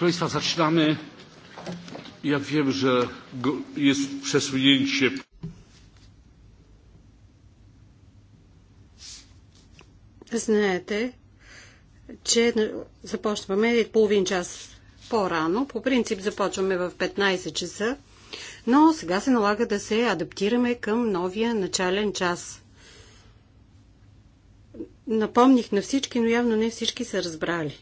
Proszę Państwa, zaczynamy. Ja wiem, że jest przesunięcie. Знаете, че започваме половин час по-рано. По принцип започваме в 15 часа, но сега се налага да се адаптираме към новия начален час. Напомних на всички, но явно не всички са разбрали.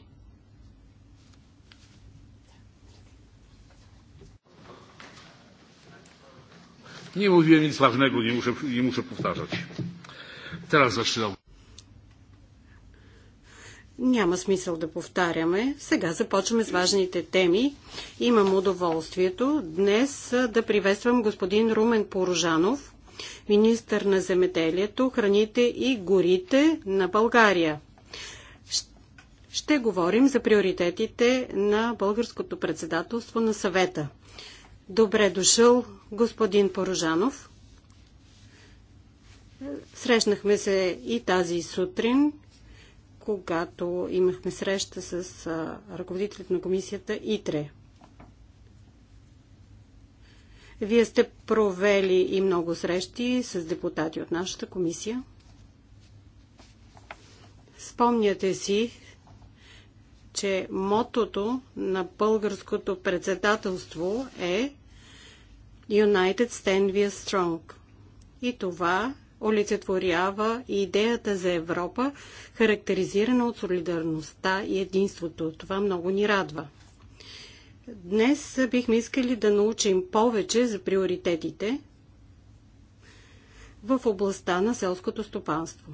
Nie mówiłem nic ważnego, nie muszę, nie muszę powtarzać. Teraz zaczynam. Няма смисъл да повтаряме. Сега започваме с важните теми. Имам удоволствието днес да приветствам господин Румен Порожанов, министър на земеделието, храните и горите на България. Ще говорим за приоритетите на българското председателство на съвета. Добре дошъл, господин Порожанов. Срещнахме се и тази сутрин, когато имахме среща с ръководителят на комисията ИТРЕ. Вие сте провели и много срещи с депутати от нашата комисия. Спомняте си, че мотото на българското председателство е United Stand We are Strong. И това олицетворява идеята за Европа, характеризирана от солидарността и единството. Това много ни радва. Днес бихме искали да научим повече за приоритетите в областта на селското стопанство.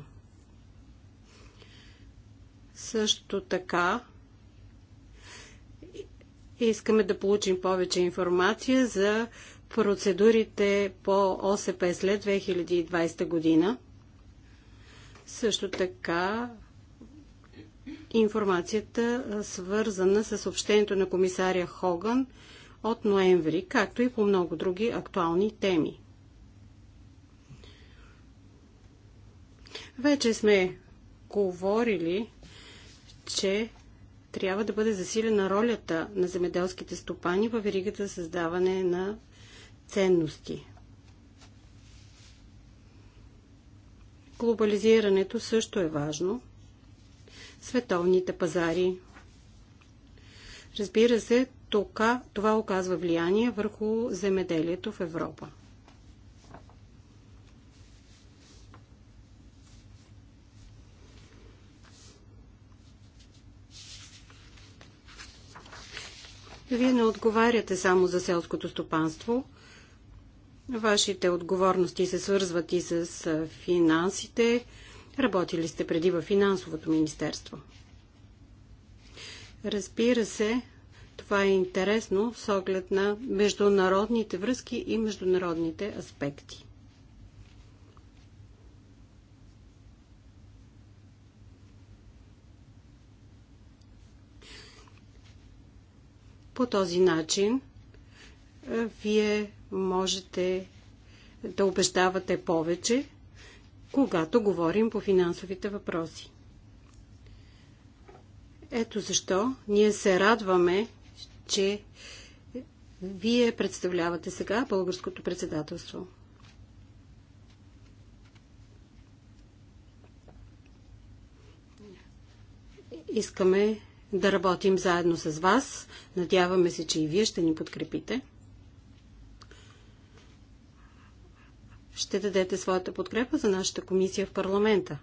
Също така Искаме да получим повече информация за процедурите по ОСП след 2020 година. Също така информацията свързана с общението на комисаря Хоган от ноември, както и по много други актуални теми. Вече сме говорили, че трябва да бъде засилена ролята на земеделските стопани във веригата за създаване на ценности. Глобализирането също е важно. Световните пазари. Разбира се, тока, това оказва влияние върху земеделието в Европа. Вие не отговаряте само за селското стопанство. Вашите отговорности се свързват и с финансите. Работили сте преди във финансовото министерство. Разбира се, това е интересно с оглед на международните връзки и международните аспекти. По този начин вие можете да убеждавате повече, когато говорим по финансовите въпроси. Ето защо ние се радваме, че вие представлявате сега българското председателство. Искаме да работим заедно с вас. Надяваме се, че и вие ще ни подкрепите. Ще дадете своята подкрепа за нашата комисия в парламента.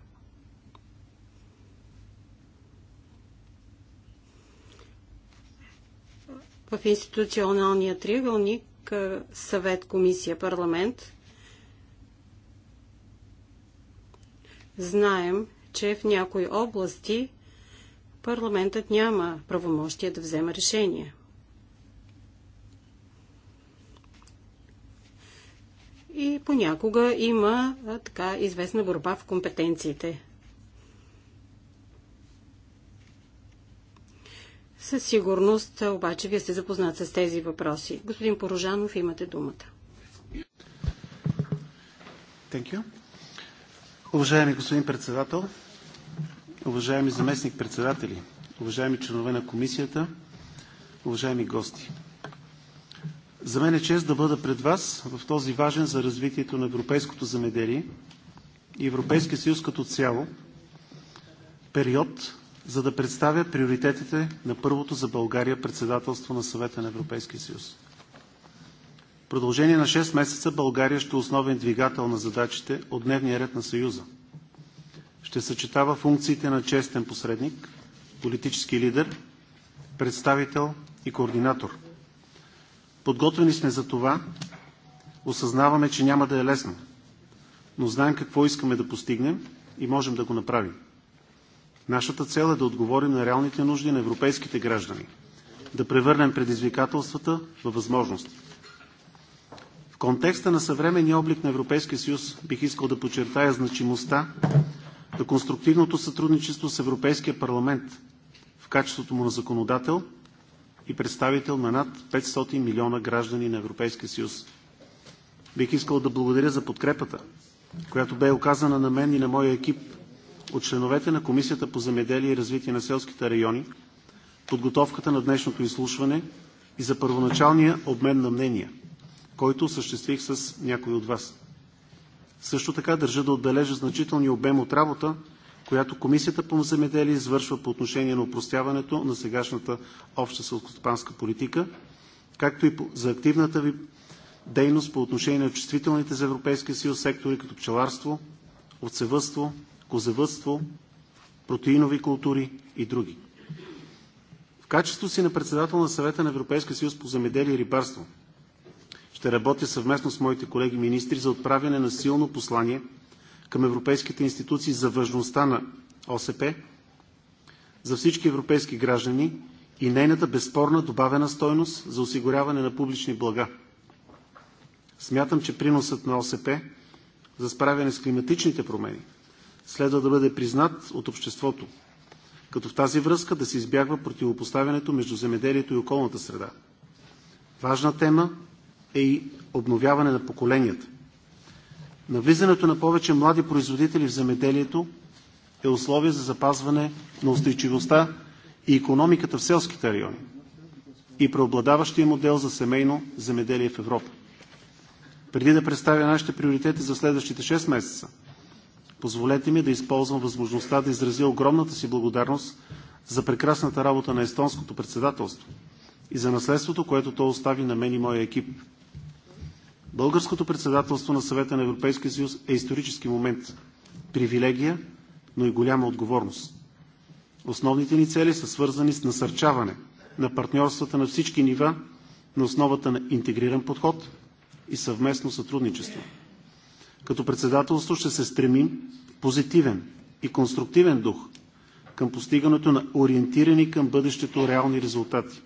В институционалния триъгълник е, съвет, комисия, парламент знаем, че в някои области парламентът няма правомощия да взема решения. И понякога има а, така известна борба в компетенциите. Със сигурност, обаче, вие сте запознат с тези въпроси. Господин Порожанов, имате думата. Thank you. Уважаеми господин председател, уважаеми заместник-председатели, уважаеми членове на комисията, уважаеми гости! За мен е чест да бъда пред Вас в този важен за развитието на европейското замеделие и Европейския съюз като цяло период, за да представя приоритетите на първото за България председателство на Съвета на Европейския съюз. В продължение на 6 месеца България ще е основен двигател на задачите от дневния ред на Съюза – ще съчетава функциите на честен посредник, политически лидер, представител и координатор. Подготвени сме за това, осъзнаваме, че няма да е лесно, но знаем какво искаме да постигнем и можем да го направим. Нашата цел е да отговорим на реалните нужди на европейските граждани, да превърнем предизвикателствата във възможности. В контекста на съвременния облик на Европейския съюз бих искал да подчертая значимостта на конструктивното сътрудничество с Европейския парламент в качеството му на законодател и представител на над 500 милиона граждани на Европейския съюз. Бих искал да благодаря за подкрепата, която бе оказана на мен и на моя екип от членовете на Комисията по земеделие и развитие на селските райони, подготовката на днешното изслушване и за първоначалния обмен на мнения, който осъществих с някои от вас. Също така държа да отбележа значителния обем от работа, която Комисията по земеделие извършва по отношение на упростяването на сегашната обща селскостопанска политика, както и за активната ви дейност по отношение на чувствителните за Европейския съюз сектори като пчеларство, овцевътство, козевътство, протеинови култури и други. В качеството си на председател на Съвета на Европейския съюз по земеделие и рибарство – ще работя съвместно с моите колеги министри за отправяне на силно послание към европейските институции за важността на ОСП за всички европейски граждани и нейната безспорна добавена стойност за осигуряване на публични блага. Смятам, че приносът на ОСП за справяне с климатичните промени следва да бъде признат от обществото, като в тази връзка да се избягва противопоставянето между земеделието и околната среда. Важна тема, е и обновяване на поколенията. Навлизането на повече млади производители в земеделието е условие за запазване на устойчивостта и економиката в селските райони и преобладаващия модел за семейно земеделие в Европа. Преди да представя нашите приоритети за следващите 6 месеца, позволете ми да използвам възможността да изразя огромната си благодарност за прекрасната работа на естонското председателство и за наследството, което то остави на мен и моя екип – Българското председателство на съвета на Европейския съюз е исторически момент, привилегия, но и голяма отговорност. Основните ни цели са свързани с насърчаване на партньорствата на всички нива на основата на интегриран подход и съвместно сътрудничество. Като председателство ще се стремим позитивен и конструктивен дух към постигането на ориентирани към бъдещето реални резултати,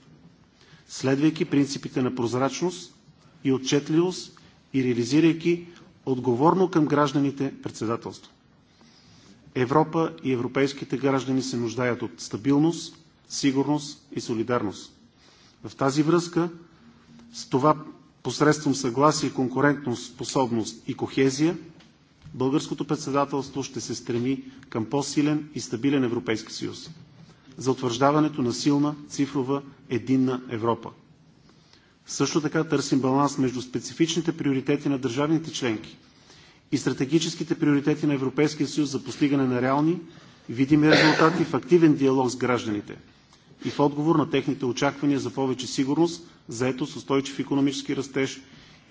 следвайки принципите на прозрачност и отчетливост и реализирайки отговорно към гражданите председателство. Европа и европейските граждани се нуждаят от стабилност, сигурност и солидарност. В тази връзка с това посредством съгласие, конкурентност, способност и кохезия, българското председателство ще се стреми към по-силен и стабилен Европейски съюз за утвърждаването на силна цифрова единна Европа – също така търсим баланс между специфичните приоритети на държавните членки и стратегическите приоритети на Европейския съюз за постигане на реални, видими резултати в активен диалог с гражданите и в отговор на техните очаквания за повече сигурност, заетост, устойчив економически растеж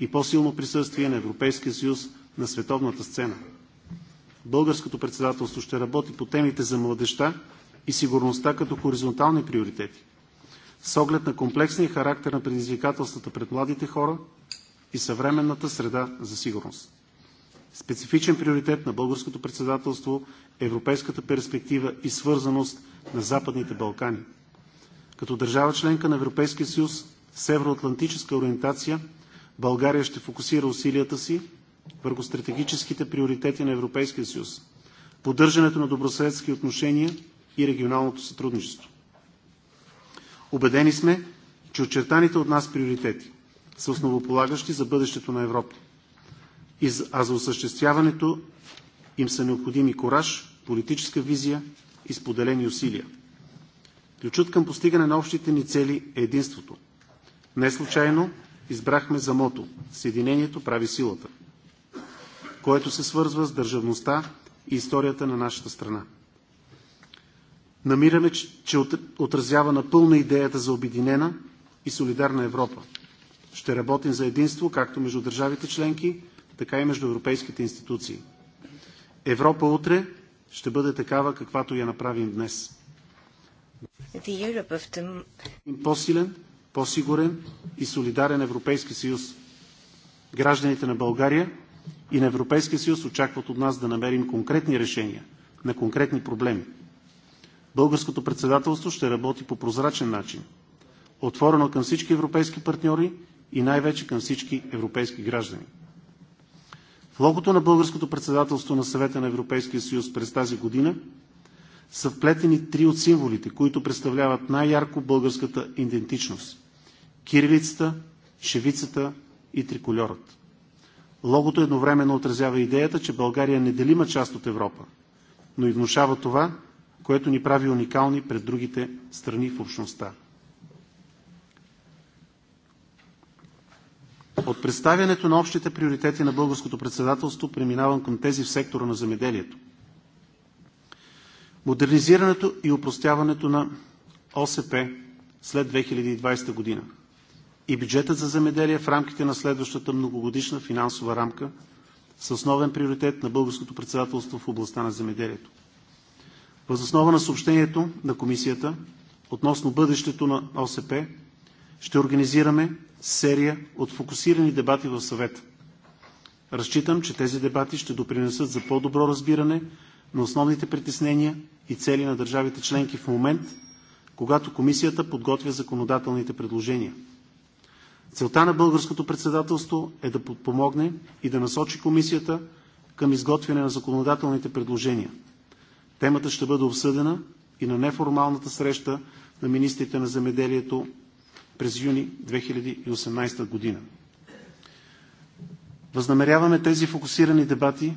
и по-силно присъствие на Европейския съюз на световната сцена. Българското председателство ще работи по темите за младеща и сигурността като хоризонтални приоритети, с оглед на комплексния характер на предизвикателствата пред младите хора и съвременната среда за сигурност. Специфичен приоритет на Българското председателство е европейската перспектива и свързаност на Западните Балкани. Като държава членка на Европейския съюз с евроатлантическа ориентация, България ще фокусира усилията си върху стратегическите приоритети на Европейския съюз, поддържането на добросъседски отношения и регионалното сътрудничество. Убедени сме, че очертаните от нас приоритети са основополагащи за бъдещето на Европа, а за осъществяването им са необходими кораж, политическа визия и споделени усилия. Ключът към постигане на общите ни цели е единството. Не случайно избрахме за мото Съединението прави силата, което се свързва с държавността и историята на нашата страна намираме, че отразява напълно идеята за обединена и солидарна Европа. Ще работим за единство както между държавите членки, така и между европейските институции. Европа утре ще бъде такава, каквато я направим днес. По-силен, по-сигурен и солидарен Европейски съюз. Гражданите на България и на Европейския съюз очакват от нас да намерим конкретни решения на конкретни проблеми. Българското председателство ще работи по прозрачен начин, отворено към всички европейски партньори и най-вече към всички европейски граждани. В логото на Българското председателство на Съвета на Европейския съюз през тази година са вплетени три от символите, които представляват най-ярко българската идентичност – кирилицата, шевицата и трикольорът. Логото едновременно отразява идеята, че България е неделима част от Европа, но и внушава това, което ни прави уникални пред другите страни в общността. От представянето на общите приоритети на българското председателство преминавам към тези в сектора на земеделието. Модернизирането и упростяването на ОСП след 2020 година и бюджетът за земеделие в рамките на следващата многогодишна финансова рамка с основен приоритет на българското председателство в областта на земеделието – Въз основа на съобщението на Комисията относно бъдещето на ОСП ще организираме серия от фокусирани дебати в съвета. Разчитам, че тези дебати ще допринесат за по-добро разбиране на основните притеснения и цели на държавите членки в момент, когато Комисията подготвя законодателните предложения. Целта на българското председателство е да подпомогне и да насочи Комисията към изготвяне на законодателните предложения – Темата ще бъде обсъдена и на неформалната среща на министрите на земеделието през юни 2018 година. Възнамеряваме тези фокусирани дебати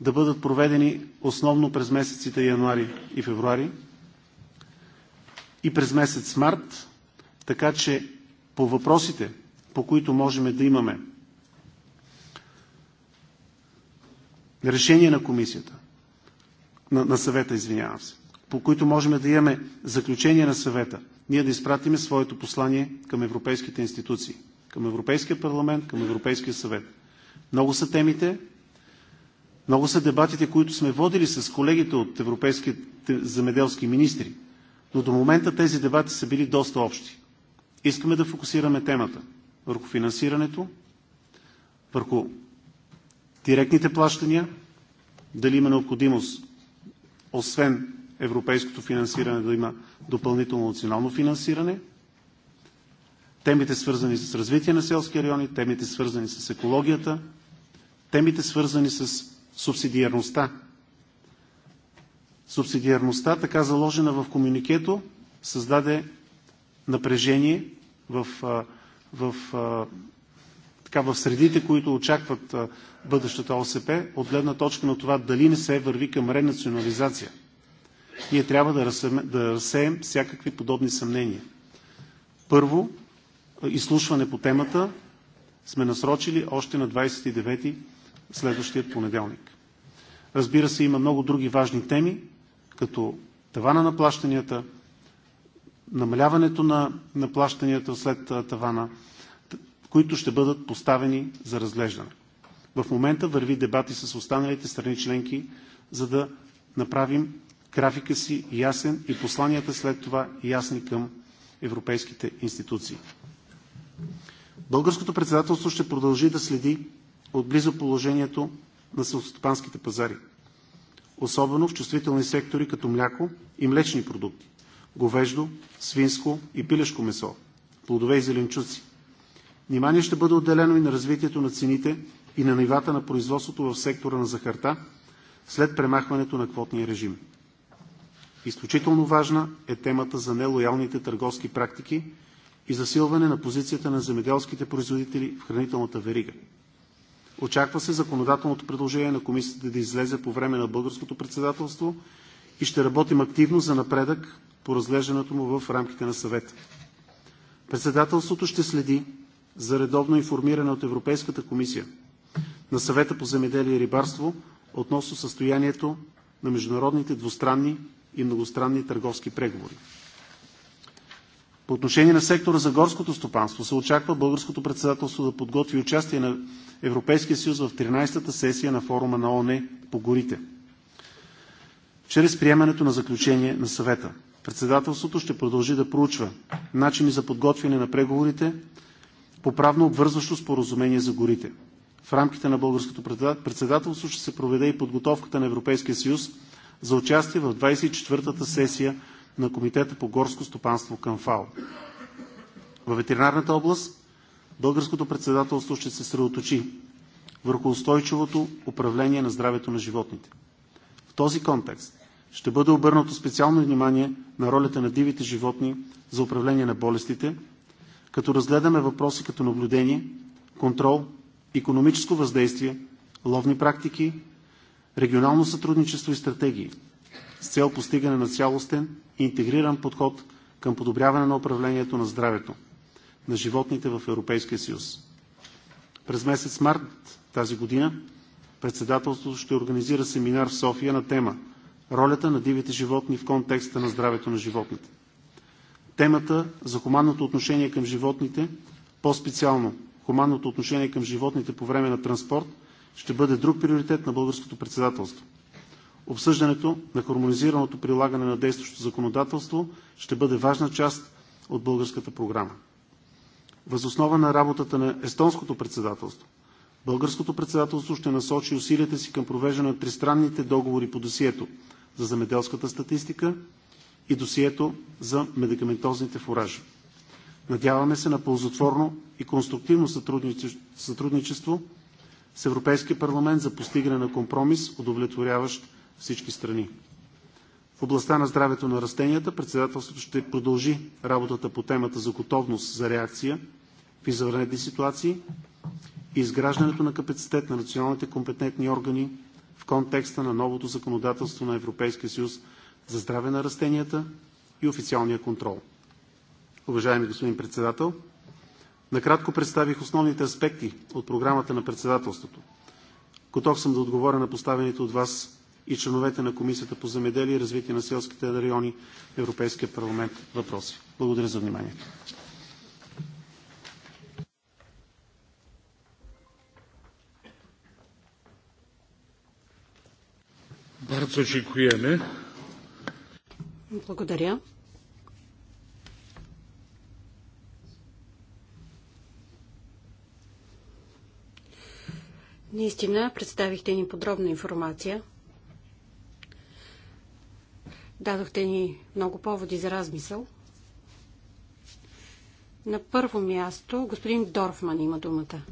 да бъдат проведени основно през месеците януари и февруари и през месец март, така че по въпросите, по които можем да имаме решение на комисията, на, на съвета, извинявам се, по които можем да имаме заключение на съвета, ние да изпратиме своето послание към европейските институции, към Европейския парламент, към Европейския съвет. Много са темите, много са дебатите, които сме водили с колегите от европейските земеделски министри, но до момента тези дебати са били доста общи. Искаме да фокусираме темата върху финансирането, върху директните плащания, дали има необходимост освен европейското финансиране, да има допълнително национално финансиране. Темите свързани с развитие на селски райони, темите свързани с екологията, темите свързани с субсидиарността. Субсидиарността, така заложена в комуникето, създаде напрежение в, в така, в средите, които очакват бъдещата ОСП, от гледна точка на това дали не се върви към ренационализация. Ние трябва да разсеем, всякакви подобни съмнения. Първо, изслушване по темата сме насрочили още на 29-ти следващия понеделник. Разбира се, има много други важни теми, като тавана на плащанията, намаляването на, на плащанията след тавана – които ще бъдат поставени за разглеждане. В момента върви дебати с останалите страни членки, за да направим графика си ясен и посланията след това ясни към европейските институции. Българското председателство ще продължи да следи отблизо положението на селскостопанските пазари, особено в чувствителни сектори като мляко и млечни продукти, говеждо, свинско и пилешко месо, плодове и зеленчуци, Внимание ще бъде отделено и на развитието на цените и на нивата на производството в сектора на захарта след премахването на квотния режим. Изключително важна е темата за нелоялните търговски практики и засилване на позицията на земеделските производители в хранителната верига. Очаква се законодателното предложение на комисията да излезе по време на българското председателство и ще работим активно за напредък по разглеждането му в рамките на съвета. Председателството ще следи за редовно информиране от Европейската комисия на Съвета по земеделие и рибарство относно състоянието на международните двустранни и многостранни търговски преговори. По отношение на сектора за горското стопанство се очаква българското председателство да подготви участие на Европейския съюз в 13-та сесия на форума на ОНЕ по горите. Чрез приемането на заключение на съвета, председателството ще продължи да проучва начини за подготвяне на преговорите по правно обвързващо споразумение за горите. В рамките на българското председателство ще се проведе и подготовката на Европейския съюз за участие в 24-та сесия на Комитета по горско стопанство към ФАО. Във ветеринарната област българското председателство ще се средоточи върху устойчивото управление на здравето на животните. В този контекст ще бъде обърнато специално внимание на ролята на дивите животни за управление на болестите, като разгледаме въпроси като наблюдение, контрол, економическо въздействие, ловни практики, регионално сътрудничество и стратегии с цел постигане на цялостен и интегриран подход към подобряване на управлението на здравето на животните в Европейския съюз. През месец март тази година председателството ще организира семинар в София на тема Ролята на дивите животни в контекста на здравето на животните темата за хуманното отношение към животните, по-специално хуманното отношение към животните по време на транспорт, ще бъде друг приоритет на българското председателство. Обсъждането на хармонизираното прилагане на действащото законодателство ще бъде важна част от българската програма. Въз основа на работата на естонското председателство, българското председателство ще насочи усилията си към провеждане на тристранните договори по досието за земеделската статистика и досието за медикаментозните фуражи. Надяваме се на ползотворно и конструктивно сътрудничество с Европейския парламент за постигане на компромис, удовлетворяващ всички страни. В областта на здравето на растенията председателството ще продължи работата по темата за готовност за реакция в извънредни ситуации и изграждането на капацитет на националните компетентни органи в контекста на новото законодателство на Европейския съюз за здраве на растенията и официалния контрол. Уважаеми господин Председател, накратко представих основните аспекти от програмата на председателството. Готов съм да отговоря на поставените от Вас и членовете на Комисията по земеделие и развитие на селските райони в Европейския парламент въпроси. Благодаря за вниманието. Bardzo dziękujemy. Благодаря. Наистина представихте ни подробна информация. Дадохте ни много поводи за размисъл. На първо място господин Дорфман има думата.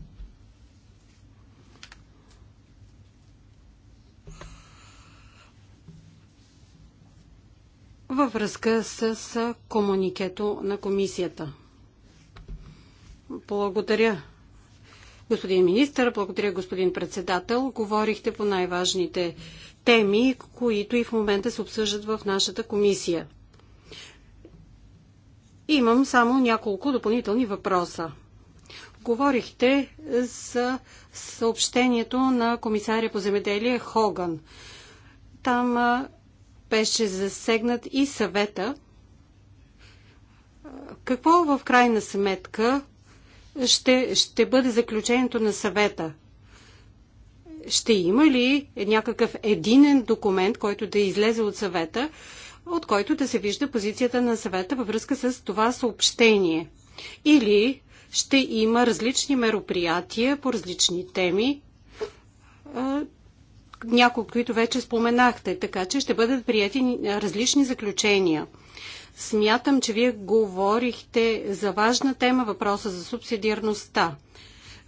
във връзка с комуникето на комисията. Благодаря. Господин министър, благодаря господин председател. Говорихте по най-важните теми, които и в момента се обсъждат в нашата комисия. Имам само няколко допълнителни въпроса. Говорихте за съобщението на комисаря по земеделие Хоган. Там беше засегнат и съвета. Какво в крайна сметка ще, ще бъде заключението на съвета? Ще има ли някакъв единен документ, който да излезе от съвета, от който да се вижда позицията на съвета във връзка с това съобщение? Или ще има различни мероприятия по различни теми, някои, които вече споменахте, така че ще бъдат прияти различни заключения. Смятам, че вие говорихте за важна тема въпроса за субсидиарността.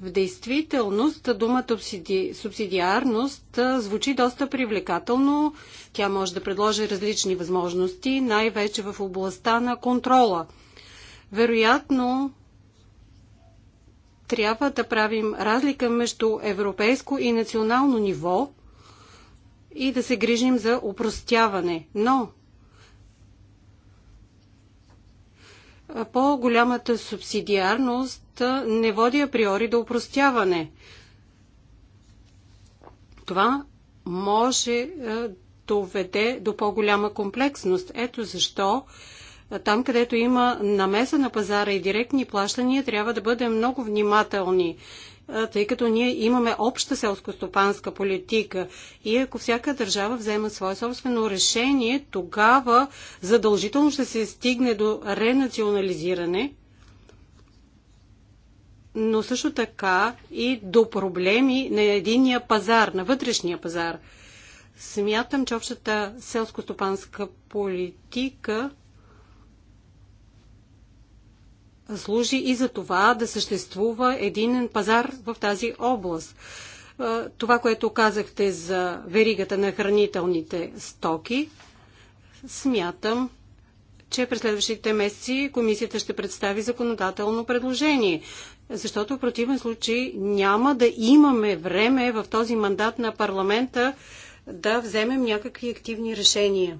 В действителност думата субсидиарност звучи доста привлекателно. Тя може да предложи различни възможности, най-вече в областта на контрола. Вероятно, трябва да правим разлика между европейско и национално ниво, и да се грижим за упростяване. Но по-голямата субсидиарност не води априори до упростяване. Това може доведе до по-голяма комплексност. Ето защо там, където има намеса на пазара и директни плащания, трябва да бъдем много внимателни тъй като ние имаме обща селско-стопанска политика и ако всяка държава взема свое собствено решение, тогава задължително ще се стигне до ренационализиране, но също така и до проблеми на единния пазар, на вътрешния пазар. Смятам, че общата селско-стопанска политика служи и за това да съществува един пазар в тази област. Това, което казахте за веригата на хранителните стоки, смятам, че през следващите месеци комисията ще представи законодателно предложение. Защото в противен случай няма да имаме време в този мандат на парламента да вземем някакви активни решения.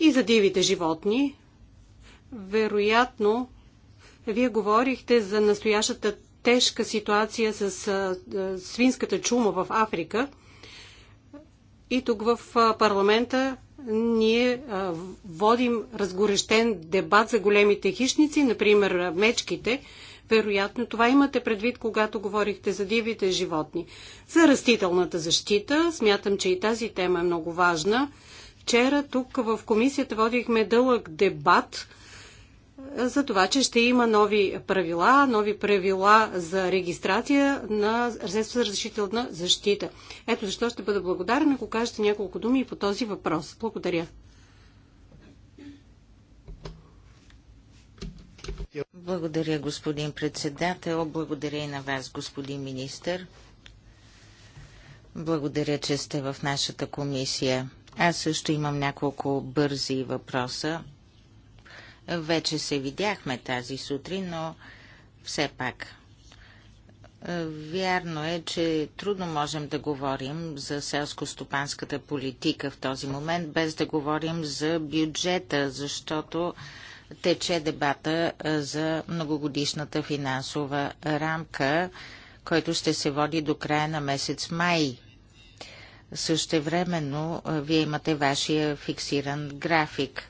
И за дивите животни, вероятно, вие говорихте за настоящата тежка ситуация с свинската чума в Африка. И тук в парламента ние водим разгорещен дебат за големите хищници, например мечките. Вероятно това имате предвид, когато говорихте за дивите животни. За растителната защита смятам, че и тази тема е много важна. Вчера тук в комисията водихме дълъг дебат – за това, че ще има нови правила, нови правила за регистрация на средства за разрешителна защита. Ето защо ще бъда благодарен, ако кажете няколко думи и по този въпрос. Благодаря. Благодаря, господин председател. Благодаря и на вас, господин министър. Благодаря, че сте в нашата комисия. Аз също имам няколко бързи въпроса. Вече се видяхме тази сутрин, но все пак. Е, вярно е, че трудно можем да говорим за селско-стопанската политика в този момент, без да говорим за бюджета, защото тече дебата е, за многогодишната финансова рамка, който ще се води до края на месец май. Същевременно е, вие имате вашия фиксиран график.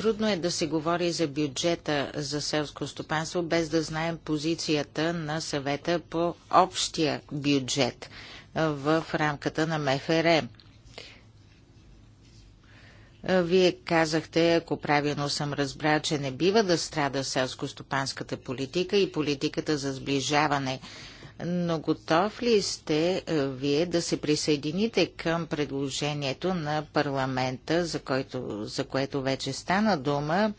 Трудно е да се говори за бюджета за селско стопанство, без да знаем позицията на съвета по общия бюджет в рамката на МФР. Вие казахте, ако правилно съм разбрал, че не бива да страда селско-стопанската политика и политиката за сближаване но готов ли сте е, вие да се присъедините към предложението на парламента, за, който, за което вече стана дума,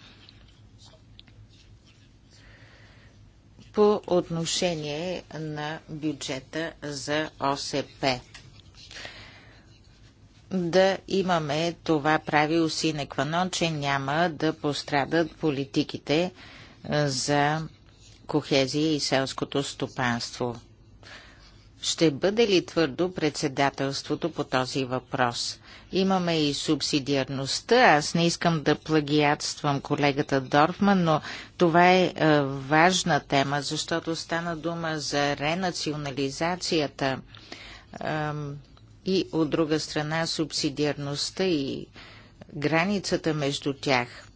по отношение на бюджета за ОСП? да имаме това правило неквано, че няма да пострадат политиките е, за кохезия и селското стопанство. Ще бъде ли твърдо председателството по този въпрос? Имаме и субсидиарността. Аз не искам да плагиатствам колегата Дорфман, но това е, е важна тема, защото стана дума за ренационализацията е, и от друга страна субсидиарността и границата между тях.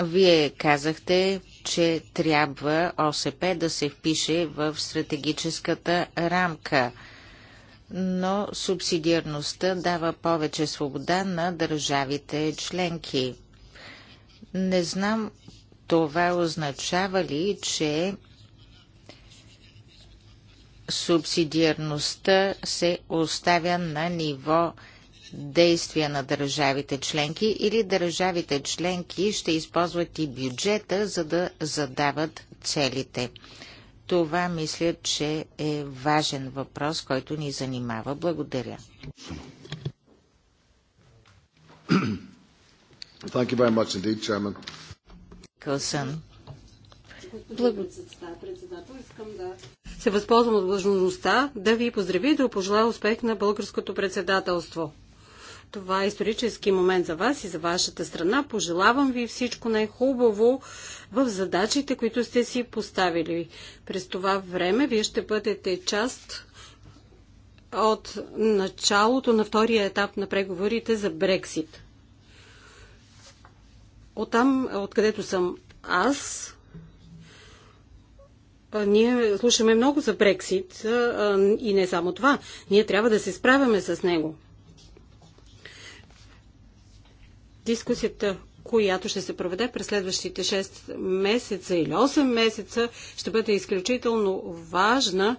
Вие казахте, че трябва ОСП да се впише в стратегическата рамка но субсидиарността дава повече свобода на държавите членки. Не знам това означава ли, че субсидиарността се оставя на ниво действия на държавите членки или държавите членки ще използват и бюджета, за да задават целите. Това мисля, че е важен въпрос, който ни занимава. Благодаря. Thank you very much indeed, Chairman. Кълсън. се възползвам от възможността да ви поздравя и да пожелая успех на българското председателство. Това е исторически момент за вас и за вашата страна. Пожелавам ви всичко най-хубаво в задачите, които сте си поставили. През това време вие ще бъдете част от началото на втория етап на преговорите за Брексит. От там, откъдето съм аз, ние слушаме много за Брексит и не само това. Ние трябва да се справяме с него. Дискусията, която ще се проведе през следващите 6 месеца или 8 месеца, ще бъде изключително важна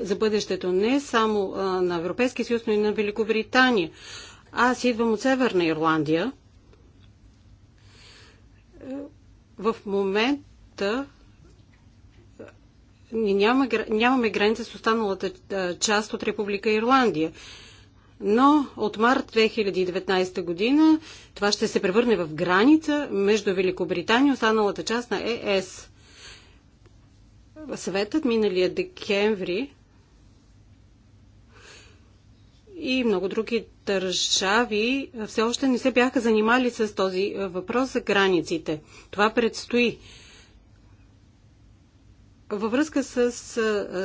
за бъдещето не само на Европейския съюз, но и на Великобритания. Аз идвам от Северна Ирландия. В момента нямаме граница с останалата част от Република Ирландия но от март 2019 година това ще се превърне в граница между Великобритания и останалата част на ЕС. Е Съветът миналия декември и много други държави все още не се бяха занимали с този въпрос за границите. Това предстои. Във връзка с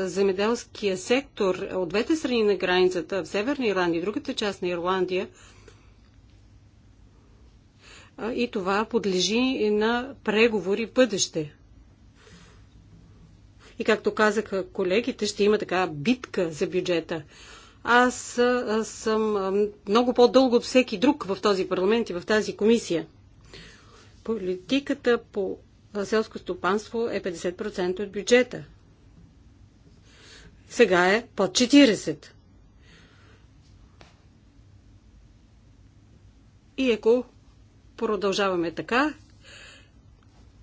земеделския сектор от двете страни на границата, в Северна Ирландия и другата част на Ирландия, и това подлежи на преговори в бъдеще. И както казаха колегите, ще има така битка за бюджета. Аз, аз съм много по-дълго от всеки друг в този парламент и в тази комисия. Политиката по селско стопанство е 50% от бюджета. Сега е под 40%. И ако продължаваме така,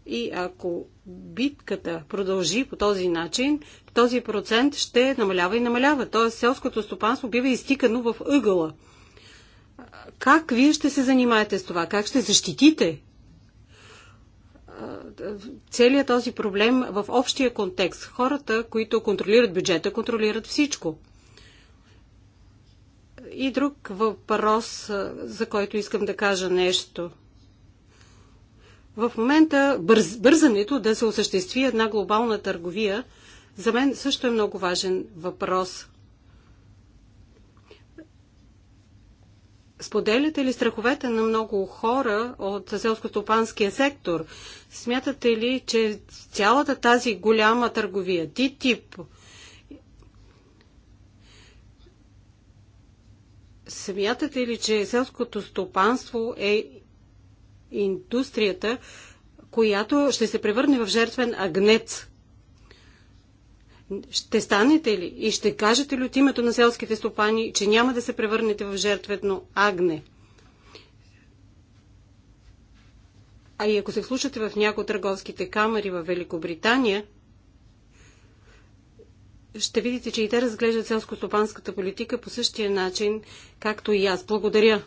и ако битката продължи по този начин, този процент ще намалява и намалява. Тоест селското стопанство бива изтикано в ъгъла. Как вие ще се занимаете с това? Как ще защитите целият този проблем в общия контекст. Хората, които контролират бюджета, контролират всичко. И друг въпрос, за който искам да кажа нещо. В момента бърз, бързането да се осъществи една глобална търговия, за мен също е много важен въпрос – Споделяте ли страховете на много хора от селско-стопанския сектор? Смятате ли, че цялата тази голяма търговия, ТИП? смятате ли, че селското стопанство е индустрията, която ще се превърне в жертвен агнец ще станете ли и ще кажете ли от името на селските стопани, че няма да се превърнете в жертвено агне? А и ако се вслушате в някои от търговските камери в Великобритания, ще видите, че и те разглеждат селско-стопанската политика по същия начин, както и аз. Благодаря.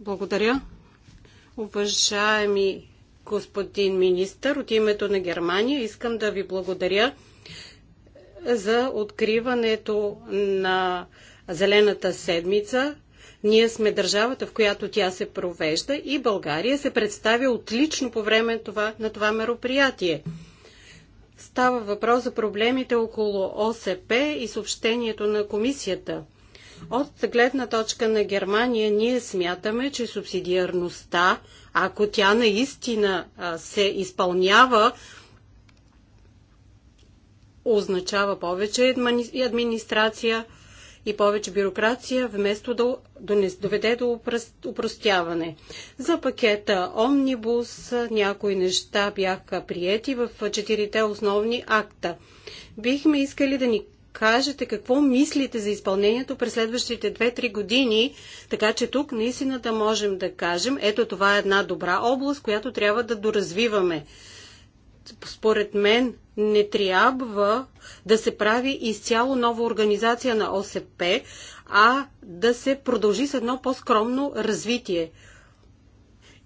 Благодаря. Уважаеми господин министър. От името на Германия искам да ви благодаря за откриването на Зелената седмица. Ние сме държавата, в която тя се провежда и България се представя отлично по време това, на това мероприятие. Става въпрос за проблемите около ОСП и съобщението на комисията. От гледна точка на Германия ние смятаме, че субсидиарността ако тя наистина се изпълнява, означава повече администрация и повече бюрокрация, вместо да доведе до упростяване. За пакета Омнибус някои неща бяха приети в четирите основни акта. Бихме искали да ни кажете какво мислите за изпълнението през следващите 2-3 години, така че тук наистина да можем да кажем, ето това е една добра област, която трябва да доразвиваме. Според мен не трябва да се прави изцяло нова организация на ОСП, а да се продължи с едно по-скромно развитие.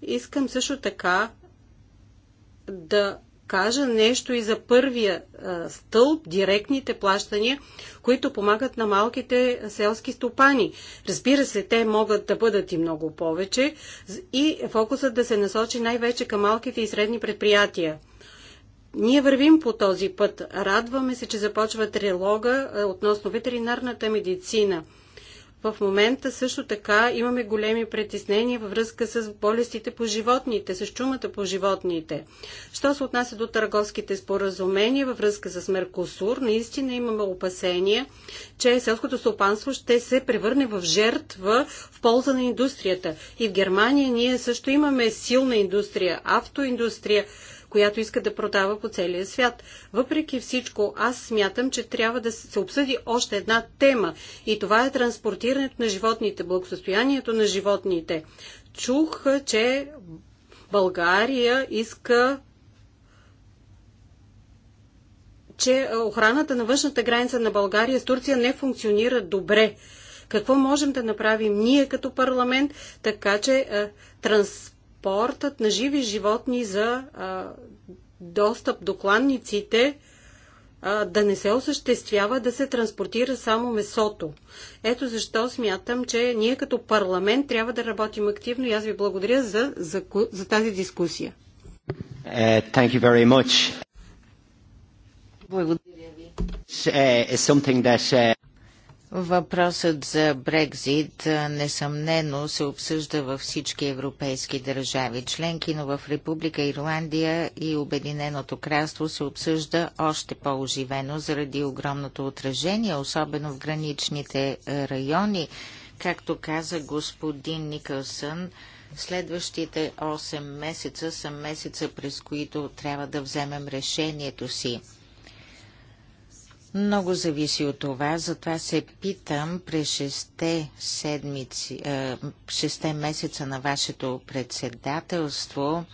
Искам също така да кажа нещо и за първия а, стълб, директните плащания, които помагат на малките селски стопани. Разбира се, те могат да бъдат и много повече и фокусът да се насочи най-вече към малките и средни предприятия. Ние вървим по този път. Радваме се, че започва трилога относно ветеринарната медицина – в момента също така имаме големи притеснения във връзка с болестите по животните, с чумата по животните. Що се отнася до търговските споразумения във връзка с Меркосур, наистина имаме опасения, че селското стопанство ще се превърне в жертва в полза на индустрията. И в Германия ние също имаме силна индустрия, автоиндустрия, която иска да продава по целия свят. Въпреки всичко, аз смятам, че трябва да се обсъди още една тема и това е транспортирането на животните, благосостоянието на животните. Чух, че България иска че охраната на външната граница на България с Турция не функционира добре. Какво можем да направим ние като парламент, така че е, транс, транспортът на живи животни за а, достъп до кланниците а, да не се осъществява, да се транспортира само месото. Ето защо смятам, че ние като парламент трябва да работим активно и аз ви благодаря за, за, за тази дискусия. Uh, thank you very much. Благодаря ви. Uh, Въпросът за Брекзит несъмнено се обсъжда във всички европейски държави членки, но в Република Ирландия и Обединеното кралство се обсъжда още по-оживено заради огромното отражение, особено в граничните райони. Както каза господин Никълсън, следващите 8 месеца са месеца, през които трябва да вземем решението си. Много зависи от това, затова се питам през 6 седмици, 6 месеца на вашето председателство,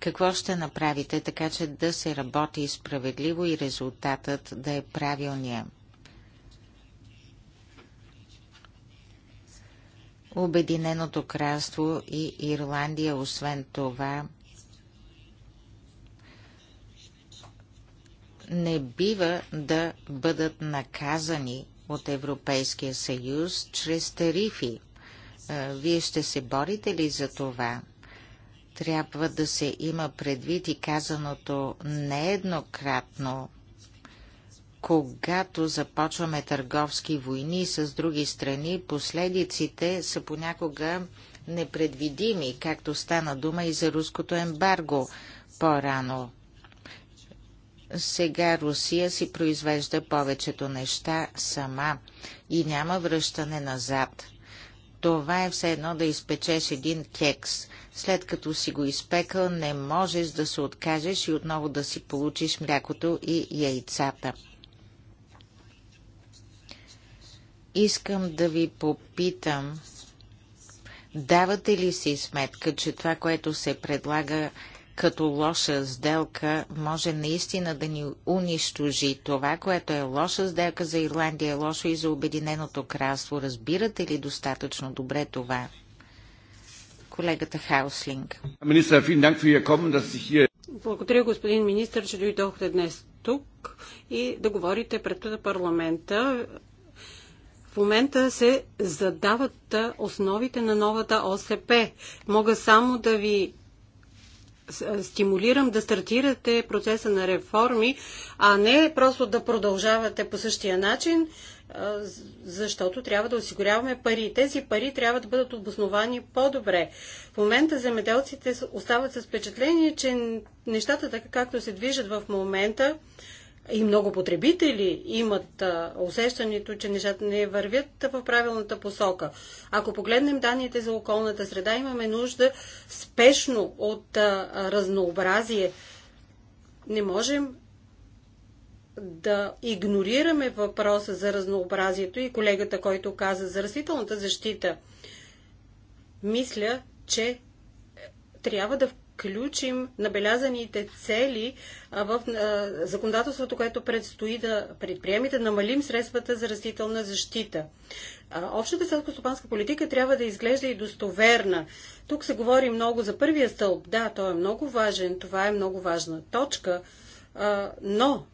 какво ще направите така, че да се работи справедливо и резултатът да е правилния? Обединеното кралство и Ирландия, освен това, не бива да бъдат наказани от Европейския съюз чрез тарифи. Вие ще се борите ли за това? Трябва да се има предвид и казаното нееднократно когато започваме търговски войни с други страни, последиците са понякога непредвидими, както стана дума и за руското ембарго по-рано. Сега Русия си произвежда повечето неща сама и няма връщане назад. Това е все едно да изпечеш един кекс. След като си го изпекал, не можеш да се откажеш и отново да си получиш млякото и яйцата. Искам да ви попитам, давате ли си сметка, че това, което се предлага като лоша сделка може наистина да ни унищожи. Това, което е лоша сделка за Ирландия, е лошо и за Обединеното кралство. Разбирате ли достатъчно добре това? Колегата Хауслинг. Благодаря, господин министр, че дойдохте днес тук и да говорите пред парламента. В момента се задават основите на новата ОСП. Мога само да ви стимулирам да стартирате процеса на реформи, а не просто да продължавате по същия начин, защото трябва да осигуряваме пари. Тези пари трябва да бъдат обосновани по-добре. В момента земеделците остават с впечатление, че нещата така както се движат в момента, и много потребители имат усещането, че нещата не вървят в правилната посока. Ако погледнем данните за околната среда, имаме нужда спешно от разнообразие. Не можем да игнорираме въпроса за разнообразието и колегата, който каза за растителната защита. Мисля, че трябва да включим набелязаните цели в законодателството, което предстои да предприемите, да намалим средствата за растителна защита. Общата селско-стопанска политика трябва да изглежда и достоверна. Тук се говори много за първия стълб. Да, той е много важен, това е много важна точка, но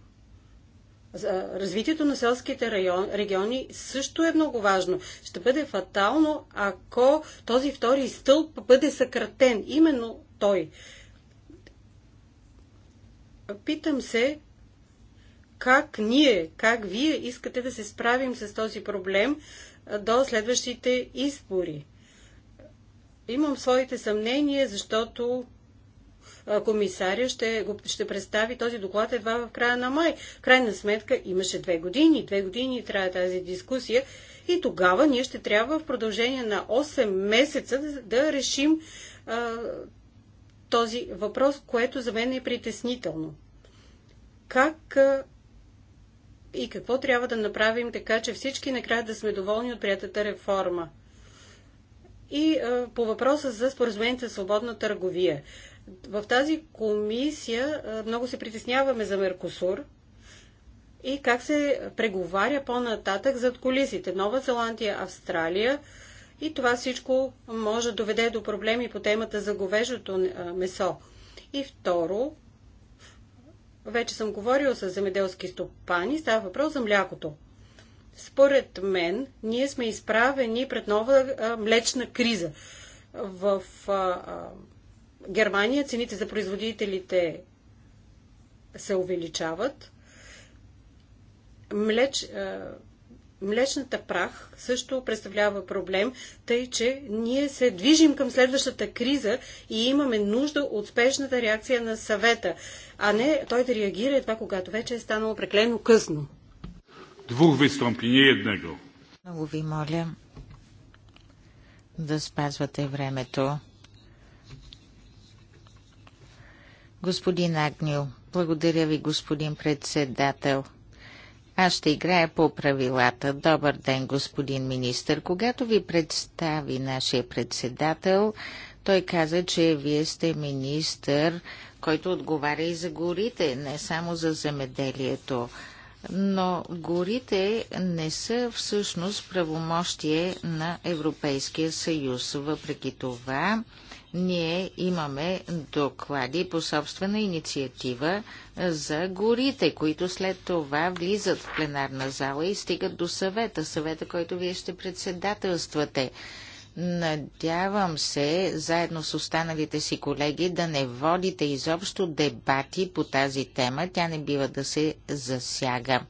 развитието на селските район, региони също е много важно. Ще бъде фатално, ако този втори стълб бъде съкратен. Именно той. Питам се, как ние, как вие искате да се справим с този проблем до следващите избори. Имам своите съмнения, защото комисаря ще, го, ще представи този доклад едва в края на май. Крайна сметка имаше две години. Две години трябва тази дискусия и тогава ние ще трябва в продължение на 8 месеца да, да решим а, този въпрос, което за мен е притеснително. Как и какво трябва да направим така, че всички накрая да сме доволни от приятата реформа? И по въпроса за споразумението за свободна търговия. В тази комисия много се притесняваме за Меркосур и как се преговаря по-нататък зад колисите. Нова Зеландия, Австралия – и това всичко може да доведе до проблеми по темата за говежото месо. И второ, вече съм говорил с земеделски стопани, става въпрос за млякото. Според мен, ние сме изправени пред нова млечна криза. В Германия цените за производителите се увеличават. Млеч, млечната прах също представлява проблем, тъй че ние се движим към следващата криза и имаме нужда от спешната реакция на съвета, а не той да реагира едва когато вече е станало преклено късно. Двух вистъпления еднаго. Много ви моля да спазвате времето. Господин Агнил, благодаря ви, господин председател. Аз ще играя по правилата. Добър ден, господин министр. Когато ви представи нашия председател, той каза, че вие сте министър, който отговаря и за горите, не само за земеделието. Но горите не са всъщност правомощие на Европейския съюз. Въпреки това, ние имаме доклади по собствена инициатива за горите, които след това влизат в пленарна зала и стигат до съвета, съвета, който вие ще председателствате. Надявам се, заедно с останалите си колеги, да не водите изобщо дебати по тази тема. Тя не бива да се засяга.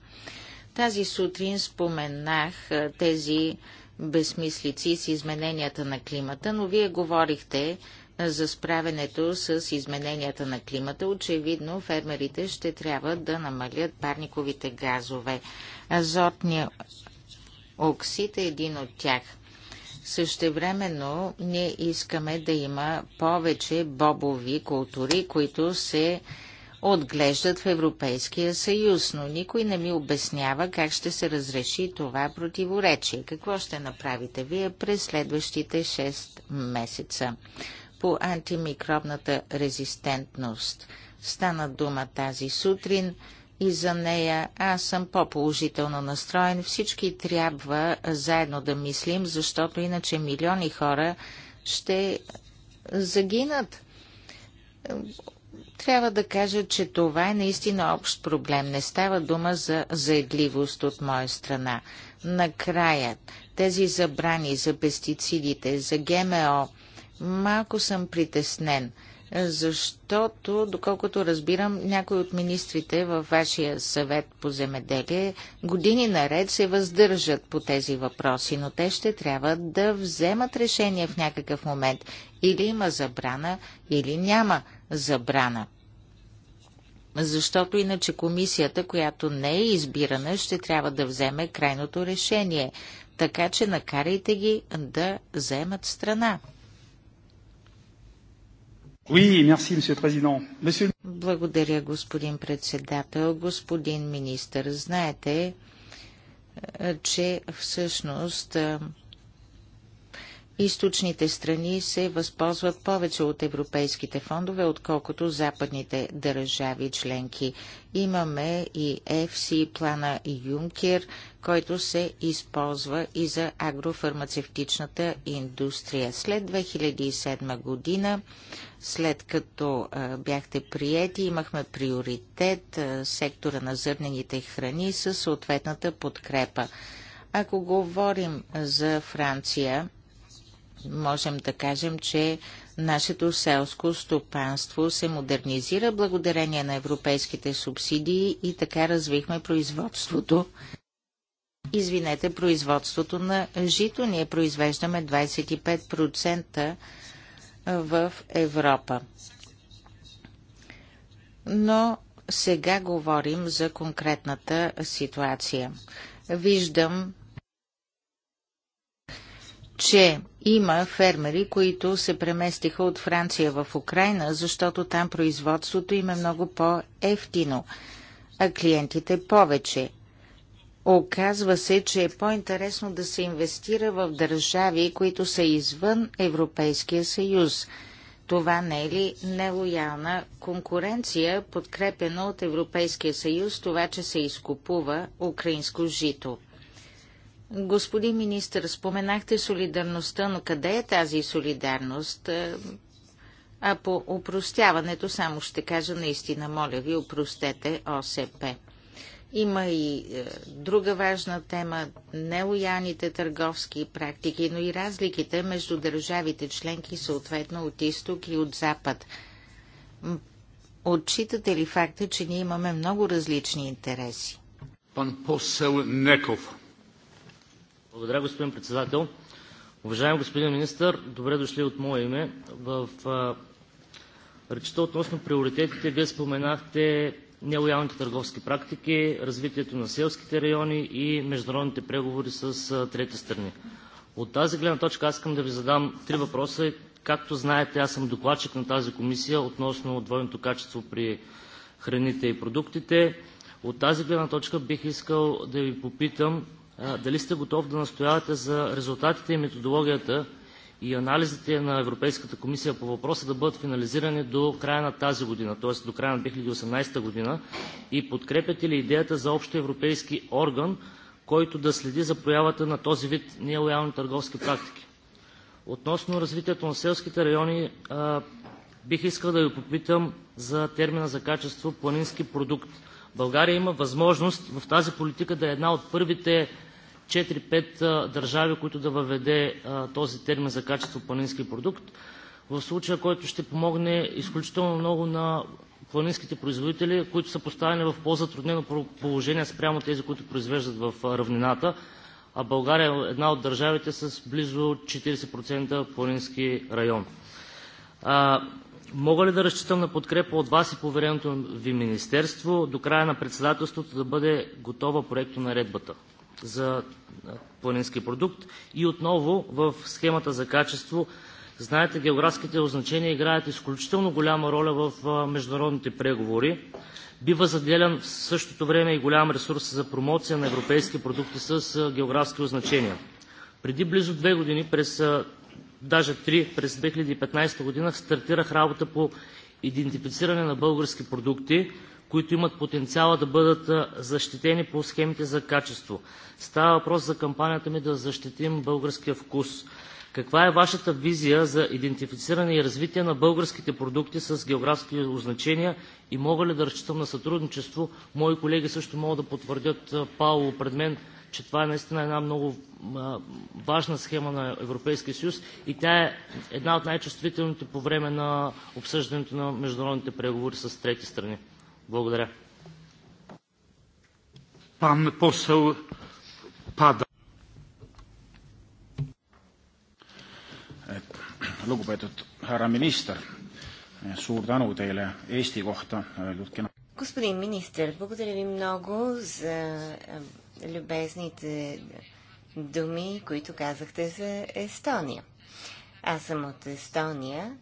Тази сутрин споменах тези безмислици с измененията на климата, но вие говорихте за справенето с измененията на климата. Очевидно фермерите ще трябва да намалят парниковите газове. Азотния оксид е един от тях. Същевременно ние искаме да има повече бобови култури, които се отглеждат в Европейския съюз, но никой не ми обяснява как ще се разреши това противоречие. Какво ще направите вие през следващите 6 месеца? По антимикробната резистентност. Стана дума тази сутрин и за нея аз съм по-положително настроен. Всички трябва заедно да мислим, защото иначе милиони хора ще загинат трябва да кажа, че това е наистина общ проблем. Не става дума за заедливост от моя страна. Накрая, тези забрани за пестицидите, за ГМО, малко съм притеснен – защото, доколкото разбирам, някои от министрите във вашия съвет по земеделие години наред се въздържат по тези въпроси, но те ще трябва да вземат решение в някакъв момент. Или има забрана, или няма забрана. Защото иначе комисията, която не е избирана, ще трябва да вземе крайното решение. Така че накарайте ги да вземат страна. Благодаря, господин председател. Господин министър, знаете, че всъщност източните страни се възползват повече от европейските фондове, отколкото западните държави членки. Имаме и FC плана Юнкер, който се използва и за агрофармацевтичната индустрия. След 2007 година, след като бяхте приети, имахме приоритет сектора на зърнените храни със съответната подкрепа. Ако говорим за Франция, можем да кажем, че нашето селско стопанство се модернизира благодарение на европейските субсидии и така развихме производството. Извинете, производството на жито ние произвеждаме 25% в Европа. Но сега говорим за конкретната ситуация. Виждам че има фермери, които се преместиха от Франция в Украина, защото там производството им е много по-ефтино, а клиентите повече. Оказва се, че е по-интересно да се инвестира в държави, които са извън Европейския съюз. Това не е ли нелоялна конкуренция, подкрепена от Европейския съюз, това, че се изкупува украинско жито? Господин министр, споменахте солидарността, но къде е тази солидарност? Е, а по упростяването само ще кажа наистина, моля ви, упростете ОСП. Има и е, друга важна тема – Нелояните търговски практики, но и разликите между държавите членки, съответно от изток и от запад. Отчитате ли факта, че ние имаме много различни интереси? Пан посел Неков. Благодаря, господин председател. Уважаеми господин министър, добре дошли от мое име. В речта относно приоритетите вие споменахте нелоялните търговски практики, развитието на селските райони и международните преговори с трети страни. От тази гледна точка аз искам да ви задам три въпроса. Както знаете, аз съм докладчик на тази комисия относно двойното качество при храните и продуктите. От тази гледна точка бих искал да ви попитам дали сте готов да настоявате за резултатите и методологията и анализите на Европейската комисия по въпроса да бъдат финализирани до края на тази година, т.е. до края на 2018 година? И подкрепяте ли идеята за европейски орган, който да следи за появата на този вид нелоялни търговски практики? Относно развитието на селските райони, бих искал да Ви попитам за термина за качество планински продукт. България има възможност в тази политика да е една от първите 4-5 държави, които да въведе този термин за качество планински продукт. В случая, който ще помогне изключително много на планинските производители, които са поставени в по-затруднено положение спрямо тези, които произвеждат в равнината. А България е една от държавите с близо 40% планински район. Мога ли да разчитам на подкрепа от Вас и повереното Ви Министерство до края на председателството да бъде готова на редбата за планински продукт? И отново в схемата за качество знаете, географските означения играят изключително голяма роля в международните преговори. Бива заделян в същото време и голям ресурс за промоция на европейски продукти с географски означения. Преди близо две години през даже три през 2015 г., стартирах работа по идентифициране на български продукти, които имат потенциала да бъдат защитени по схемите за качество. Става въпрос за кампанията ми „Да защитим българския вкус“. Каква е Вашата визия за идентифициране и развитие на българските продукти с географски означения и мога ли да разчитам на сътрудничество? Мои колеги също могат да потвърдят, Пауло пред мен, че това е наистина една много важна схема на Европейския съюз и тя е една от най-чувствителните по време на обсъждането на международните преговори с трети страни. Благодаря. Пан посъл пада. Lugupeetud härra minister, suur tänu teile Eesti kohta öeldud kena. Господин министр, благодаря ви много за е, любезните думи, които казахте за Естония. Аз съм от Естония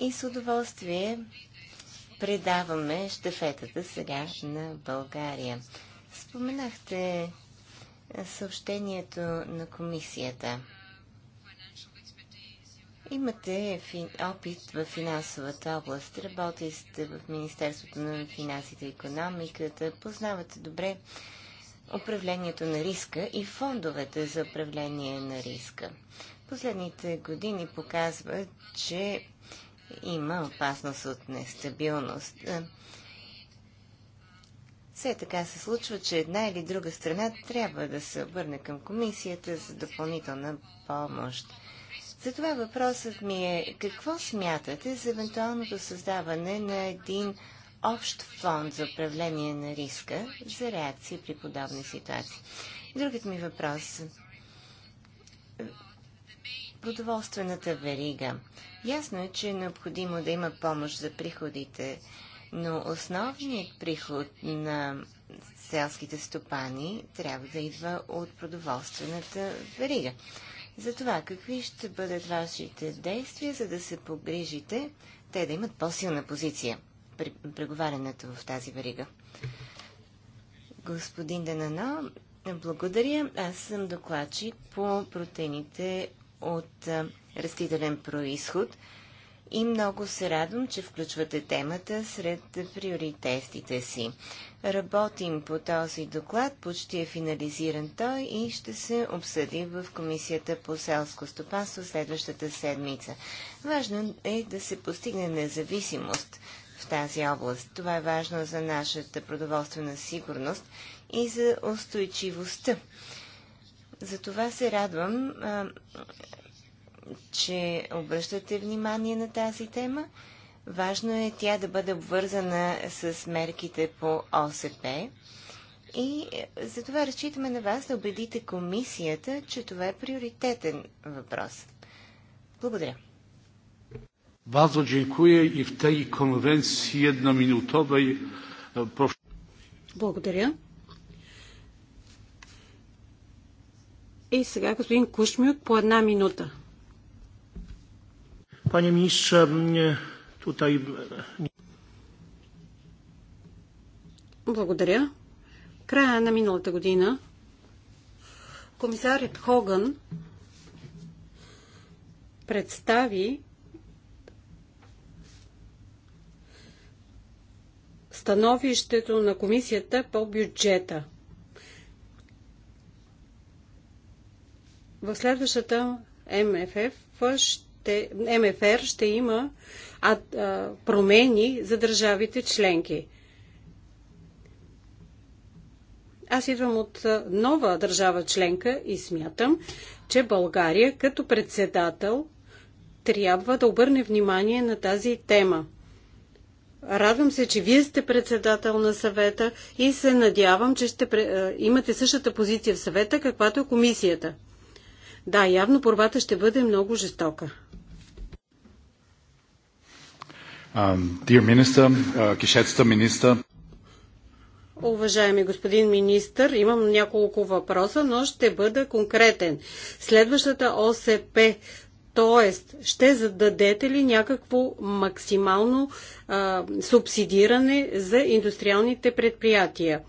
и с удоволствие предаваме щафетата сега на България. Споменахте съобщението на комисията – Имате опит в финансовата област. Работили сте в Министерството на финансите и економиката. Познавате добре управлението на риска и фондовете за управление на риска. Последните години показват, че има опасност от нестабилност. Все така се случва, че една или друга страна трябва да се обърне към комисията за допълнителна помощ. Затова въпросът ми е какво смятате за евентуалното създаване на един общ фонд за управление на риска за реакции при подобни ситуации? Другият ми въпрос продоволствената верига. Ясно е, че е необходимо да има помощ за приходите, но основният приход на селските стопани трябва да идва от продоволствената верига. За това, какви ще бъдат вашите действия, за да се погрижите те да имат по-силна позиция при преговарянето в тази верига? Господин Денано, благодаря. Аз съм докладчик по протеините от растителен происход – и много се радвам, че включвате темата сред приоритетите си. Работим по този доклад, почти е финализиран той и ще се обсъди в Комисията по селско стопанство следващата седмица. Важно е да се постигне независимост в тази област. Това е важно за нашата продоволствена сигурност и за устойчивостта. За това се радвам че обръщате внимание на тази тема. Важно е тя да бъде обвързана с мерките по ОСП. И е, за това разчитаме на вас да убедите комисията, че това е приоритетен въпрос. Благодаря. дякуя и в тази конвенция една минутова и е, Благодаря. И сега господин Кушмюк по една минута. Panie ministrze, mm, tutaj... Mm, Благодаря. Края на миналата година комисарят Хоган представи становището на комисията по бюджета. В следващата МФФ ще ще, МФР ще има а, а, промени за държавите членки. Аз идвам от нова държава членка и смятам, че България като председател трябва да обърне внимание на тази тема. Радвам се, че вие сте председател на съвета и се надявам, че ще имате същата позиция в съвета, каквато е комисията. Да, явно борбата ще бъде много жестока. Um, dear Minister, uh, geschätzter Minister. Уважаеми господин министр, имам няколко въпроса, но ще бъда конкретен. Следващата ОСП, т.е. ще зададете ли някакво максимално а, субсидиране за индустриалните предприятия?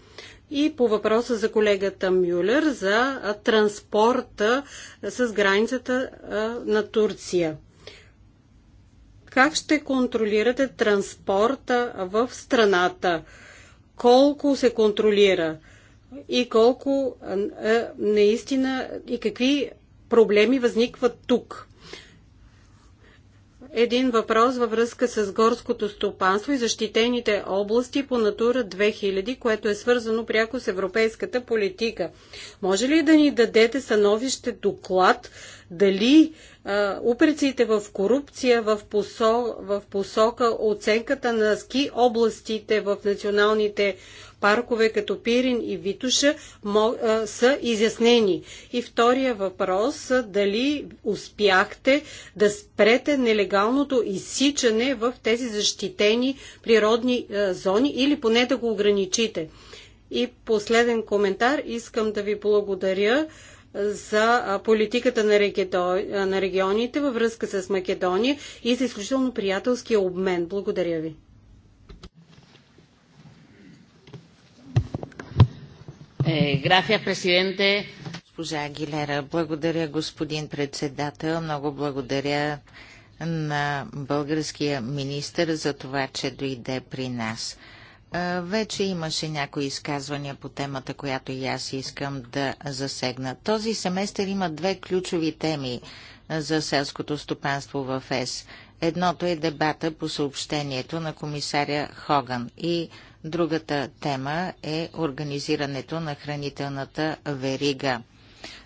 И по въпроса за колегата Мюлер за транспорта с границата а, на Турция. Как ще контролирате транспорта в страната? Колко се контролира? И колко наистина и какви проблеми възникват тук? един въпрос във връзка с горското стопанство и защитените области по Натура 2000, което е свързано пряко с европейската политика. Може ли да ни дадете становище доклад дали а, упреците в корупция в, посо, в посока оценката на ски областите в националните паркове като Пирин и Витуша са изяснени. И втория въпрос дали успяхте да спрете нелегалното изсичане в тези защитени природни зони или поне да го ограничите. И последен коментар. Искам да ви благодаря за политиката на, на регионите във връзка с Македония и за изключително приятелския обмен. Благодаря ви. Gracias, е, Госпожа Агилера, благодаря, господин председател. Много благодаря на българския министр за това, че дойде при нас. Е, вече имаше някои изказвания по темата, която и аз искам да засегна. Този семестър има две ключови теми е, за селското стопанство в ЕС. Едното е дебата по съобщението на комисаря Хоган и Другата тема е организирането на хранителната верига,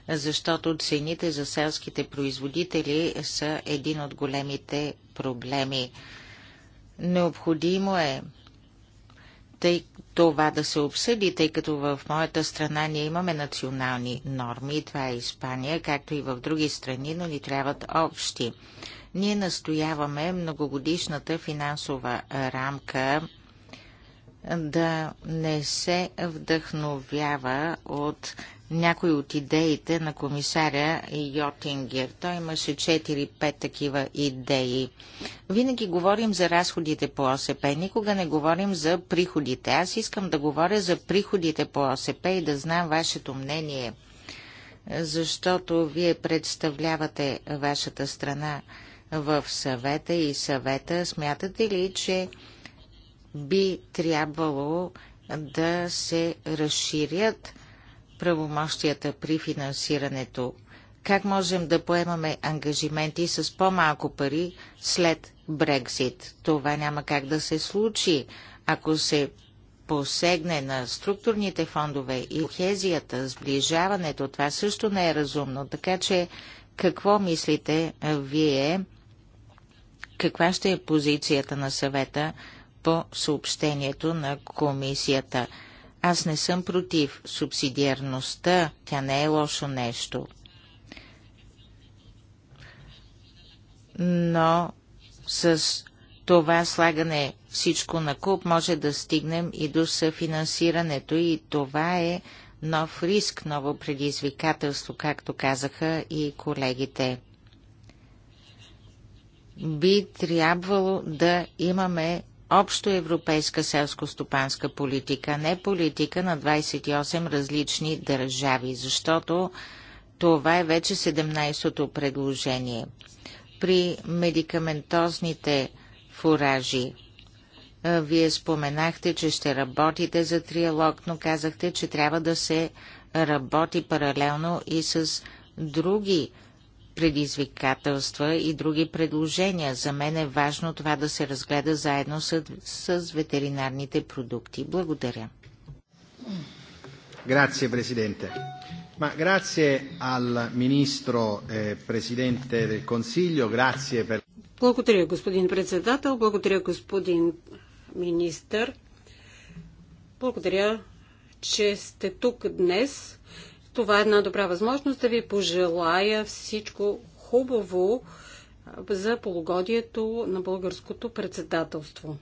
защото цените за селските производители са един от големите проблеми. Необходимо е тъй това да се обсъди, тъй като в моята страна ние имаме национални норми, това е Испания, както и в други страни, но ни трябват общи. Ние настояваме многогодишната финансова рамка да не се вдъхновява от някои от идеите на комисаря Йотингер. Той имаше 4-5 такива идеи. Винаги говорим за разходите по ОСП, никога не говорим за приходите. Аз искам да говоря за приходите по ОСП и да знам вашето мнение, защото вие представлявате вашата страна в съвета и съвета. Смятате ли, че би трябвало да се разширят правомощията при финансирането. Как можем да поемаме ангажименти с по-малко пари след Брекзит? Това няма как да се случи, ако се посегне на структурните фондове и хезията, сближаването, това също не е разумно. Така че какво мислите вие? Каква ще е позицията на съвета по съобщението на комисията. Аз не съм против субсидиарността, тя не е лошо нещо. Но с това слагане всичко на куп може да стигнем и до съфинансирането и това е нов риск, ново предизвикателство, както казаха и колегите. Би трябвало да имаме общо европейска селско-стопанска политика, не политика на 28 различни държави, защото това е вече 17-то предложение. При медикаментозните фуражи вие споменахте, че ще работите за триалог, но казахте, че трябва да се работи паралелно и с други предизвикателства и други предложения. За мен е важно това да се разгледа заедно с, с ветеринарните продукти. Благодаря. Grazie Presidente. Ma grazie al Ministro eh, Presidente del Consiglio, grazie per... Благодаря, господин председател, благодаря, господин министър. Благодаря, че сте тук днес това е една добра възможност да ви пожелая всичко хубаво за полугодието на българското председателство.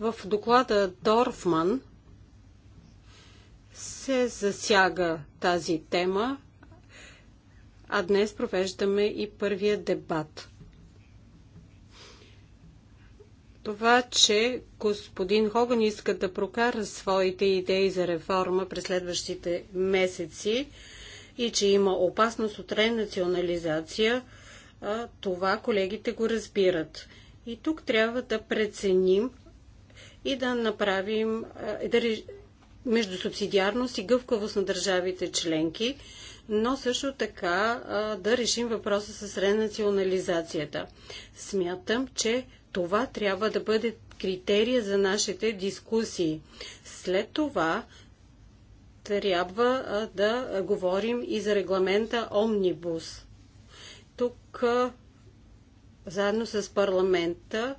В доклада Дорфман се засяга тази тема, а днес провеждаме и първия дебат. това, че господин Хоган иска да прокара своите идеи за реформа през следващите месеци и че има опасност от ренационализация, това колегите го разбират. И тук трябва да преценим и да направим да, между субсидиарност и гъвкавост на държавите членки, но също така да решим въпроса с ренационализацията. Смятам, че това трябва да бъде критерия за нашите дискусии. След това трябва да говорим и за регламента Омнибус. Тук заедно с парламента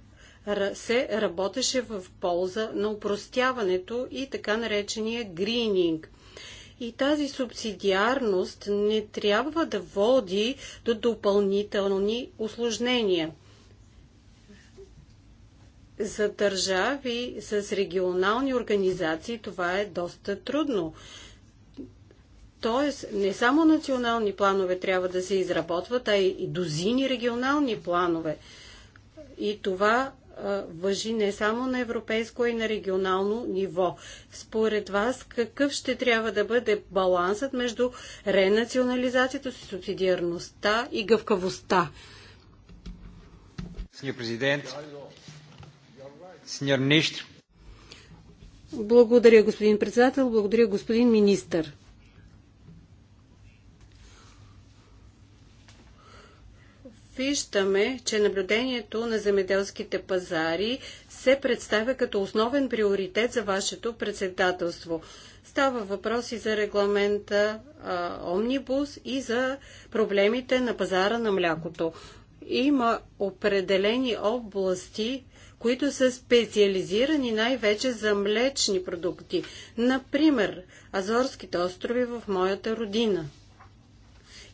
се работеше в полза на упростяването и така наречения грининг. И тази субсидиарност не трябва да води до допълнителни осложнения – за държави с регионални организации това е доста трудно. Тоест, не само национални планове трябва да се изработват, а и дозини регионални планове. И това въжи не само на европейско, и на регионално ниво. Според вас, какъв ще трябва да бъде балансът между ренационализацията, субсидиарността и гъвкавостта? Господин президент, Сеньор Нищ. Благодаря, господин председател. Благодаря, господин министър. Виждаме, че наблюдението на земеделските пазари се представя като основен приоритет за вашето председателство. Става въпрос и за регламента а, Омнибус и за проблемите на пазара на млякото. Има определени области, които са специализирани най-вече за млечни продукти. Например, Азорските острови в моята родина.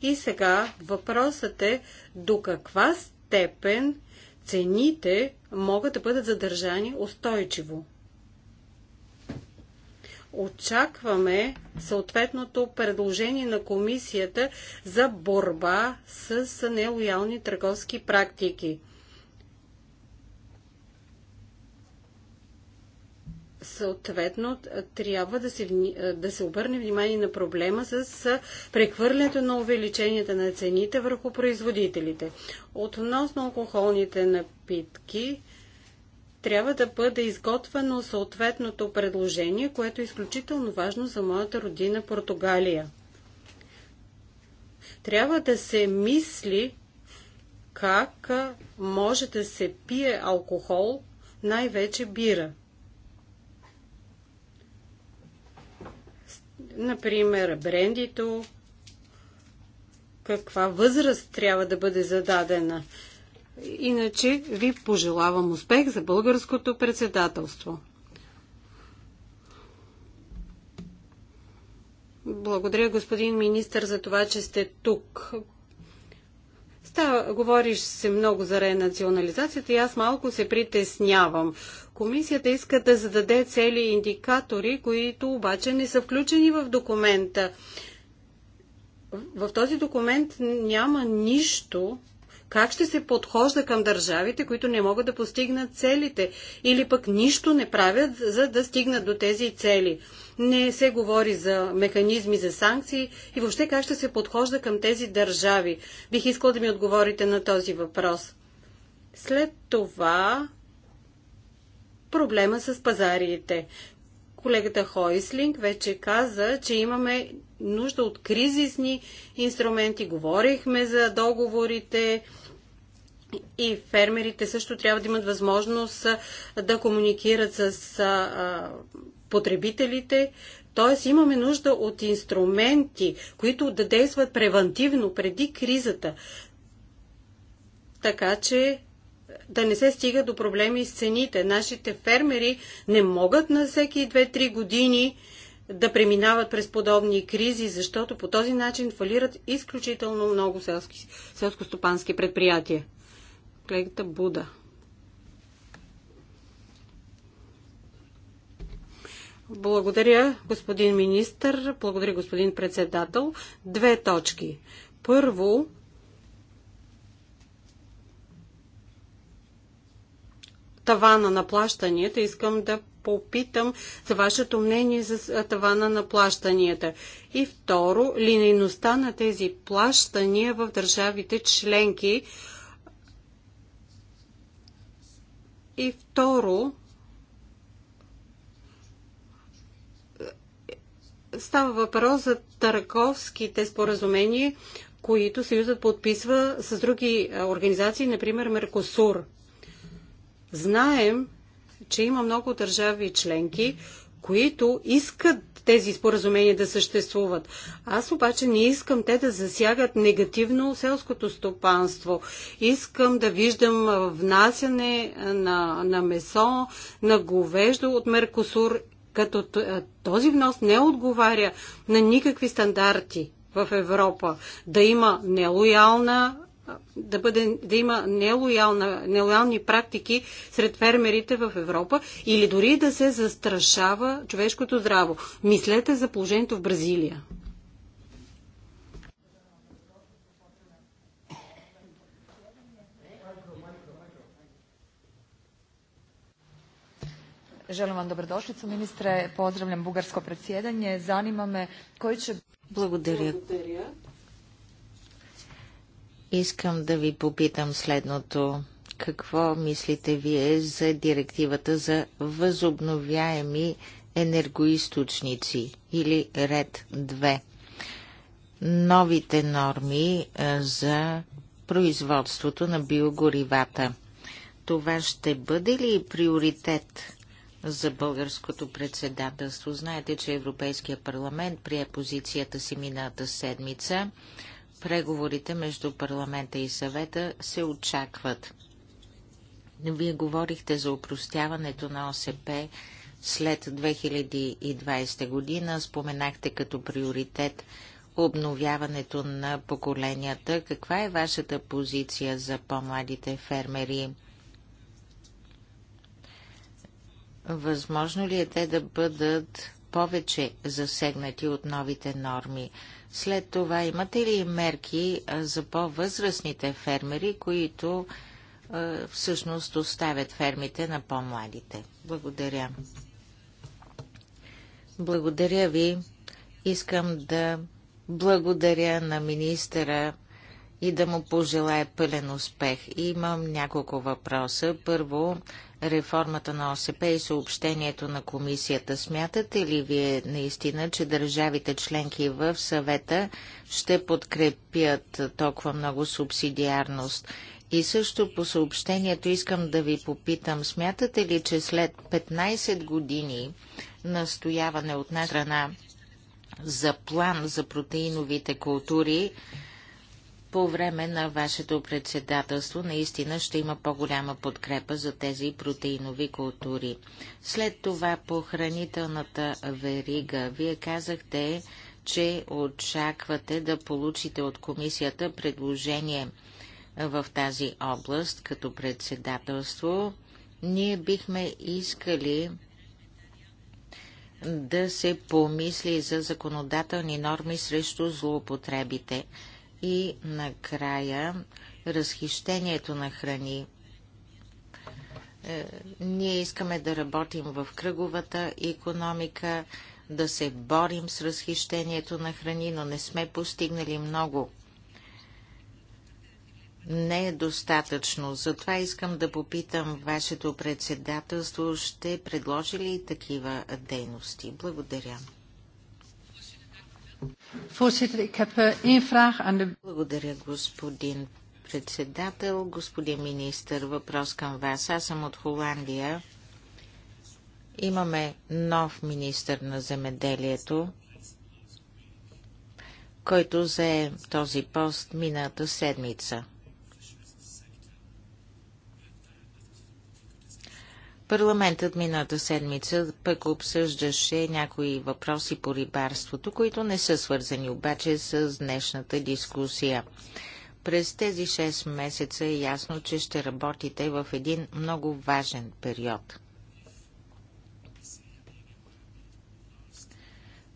И сега въпросът е до каква степен цените могат да бъдат задържани устойчиво. Очакваме съответното предложение на комисията за борба с нелоялни търговски практики. съответно трябва да се, да се обърне внимание на проблема с прехвърлянето на увеличенията на цените върху производителите. Относно алкохолните напитки, трябва да бъде изготвено съответното предложение, което е изключително важно за моята родина Португалия. Трябва да се мисли как може да се пие алкохол, най-вече бира. Например, брендито, каква възраст трябва да бъде зададена. Иначе ви пожелавам успех за българското председателство. Благодаря, господин министр, за това, че сте тук. Става, говориш се много за ренационализацията и аз малко се притеснявам. Комисията иска да зададе цели индикатори, които обаче не са включени в документа. В този документ няма нищо как ще се подхожда към държавите, които не могат да постигнат целите или пък нищо не правят, за да стигнат до тези цели. Не се говори за механизми за санкции и въобще как ще се подхожда към тези държави. Бих искал да ми отговорите на този въпрос. След това проблема с пазарите. Колегата Хойслинг вече каза, че имаме нужда от кризисни инструменти. Говорихме за договорите и фермерите също трябва да имат възможност да комуникират с потребителите. Т.е. имаме нужда от инструменти, които да действат превантивно преди кризата. Така че да не се стига до проблеми с цените. Нашите фермери не могат на всеки 2-3 години да преминават през подобни кризи, защото по този начин фалират изключително много селски, селско-стопански предприятия. Колегата Буда. Благодаря, господин министр. Благодаря, господин председател. Две точки. Първо, тавана на плащанията, искам да попитам за вашето мнение за тавана на плащанията. И второ, линейността на тези плащания в държавите членки. И второ, става въпрос за търговските споразумения, които Съюзът подписва с други организации, например Меркосур. Знаем, че има много държави членки, които искат тези споразумения да съществуват. Аз обаче не искам те да засягат негативно селското стопанство. Искам да виждам внасяне на, на месо, на говеждо от Меркосур, като този внос не отговаря на никакви стандарти в Европа. Да има нелоялна да, бъде, да има нелоялна, нелоялни практики сред фермерите в Европа или дори да се застрашава човешкото здраво. Мислете за положението в Бразилия. Želim vam dobrodošlicu, ministre. Pozdravljam bugarsko predsjedanje. Zanima me koji će... Благодаря. Благодаря. Искам да ви попитам следното. Какво мислите вие за директивата за възобновяеми енергоисточници или ред 2? Новите норми е, за производството на биогоривата. Това ще бъде ли приоритет за българското председателство? Знаете, че Европейския парламент прие позицията си мината седмица преговорите между парламента и съвета се очакват. Вие говорихте за упростяването на ОСП след 2020 година. Споменахте като приоритет обновяването на поколенията. Каква е вашата позиция за по-младите фермери? Възможно ли е те да бъдат повече засегнати от новите норми. След това имате ли мерки за по-възрастните фермери, които е, всъщност оставят фермите на по-младите? Благодаря. Благодаря ви. Искам да благодаря на министъра и да му пожелая пълен успех. Имам няколко въпроса. Първо, реформата на ОСП и съобщението на комисията. Смятате ли вие наистина, че държавите членки в съвета ще подкрепят толкова много субсидиарност? И също по съобщението искам да ви попитам, смятате ли, че след 15 години настояване от една страна за план за протеиновите култури, по време на вашето председателство наистина ще има по-голяма подкрепа за тези протеинови култури. След това по хранителната верига. Вие казахте, че очаквате да получите от комисията предложение в тази област като председателство. Ние бихме искали да се помисли за законодателни норми срещу злоупотребите и накрая разхищението на храни. Е, ние искаме да работим в кръговата економика, да се борим с разхищението на храни, но не сме постигнали много. Не е достатъчно. Затова искам да попитам вашето председателство, ще предложи ли такива дейности? Благодаря. Eh, Благодаря, господин председател. Господин министр, въпрос към вас. Аз съм от Холандия. Имаме нов министр на земеделието, който зае този пост миналата седмица – Парламентът мината седмица пък обсъждаше някои въпроси по рибарството, които не са свързани обаче с днешната дискусия. През тези 6 месеца е ясно, че ще работите в един много важен период.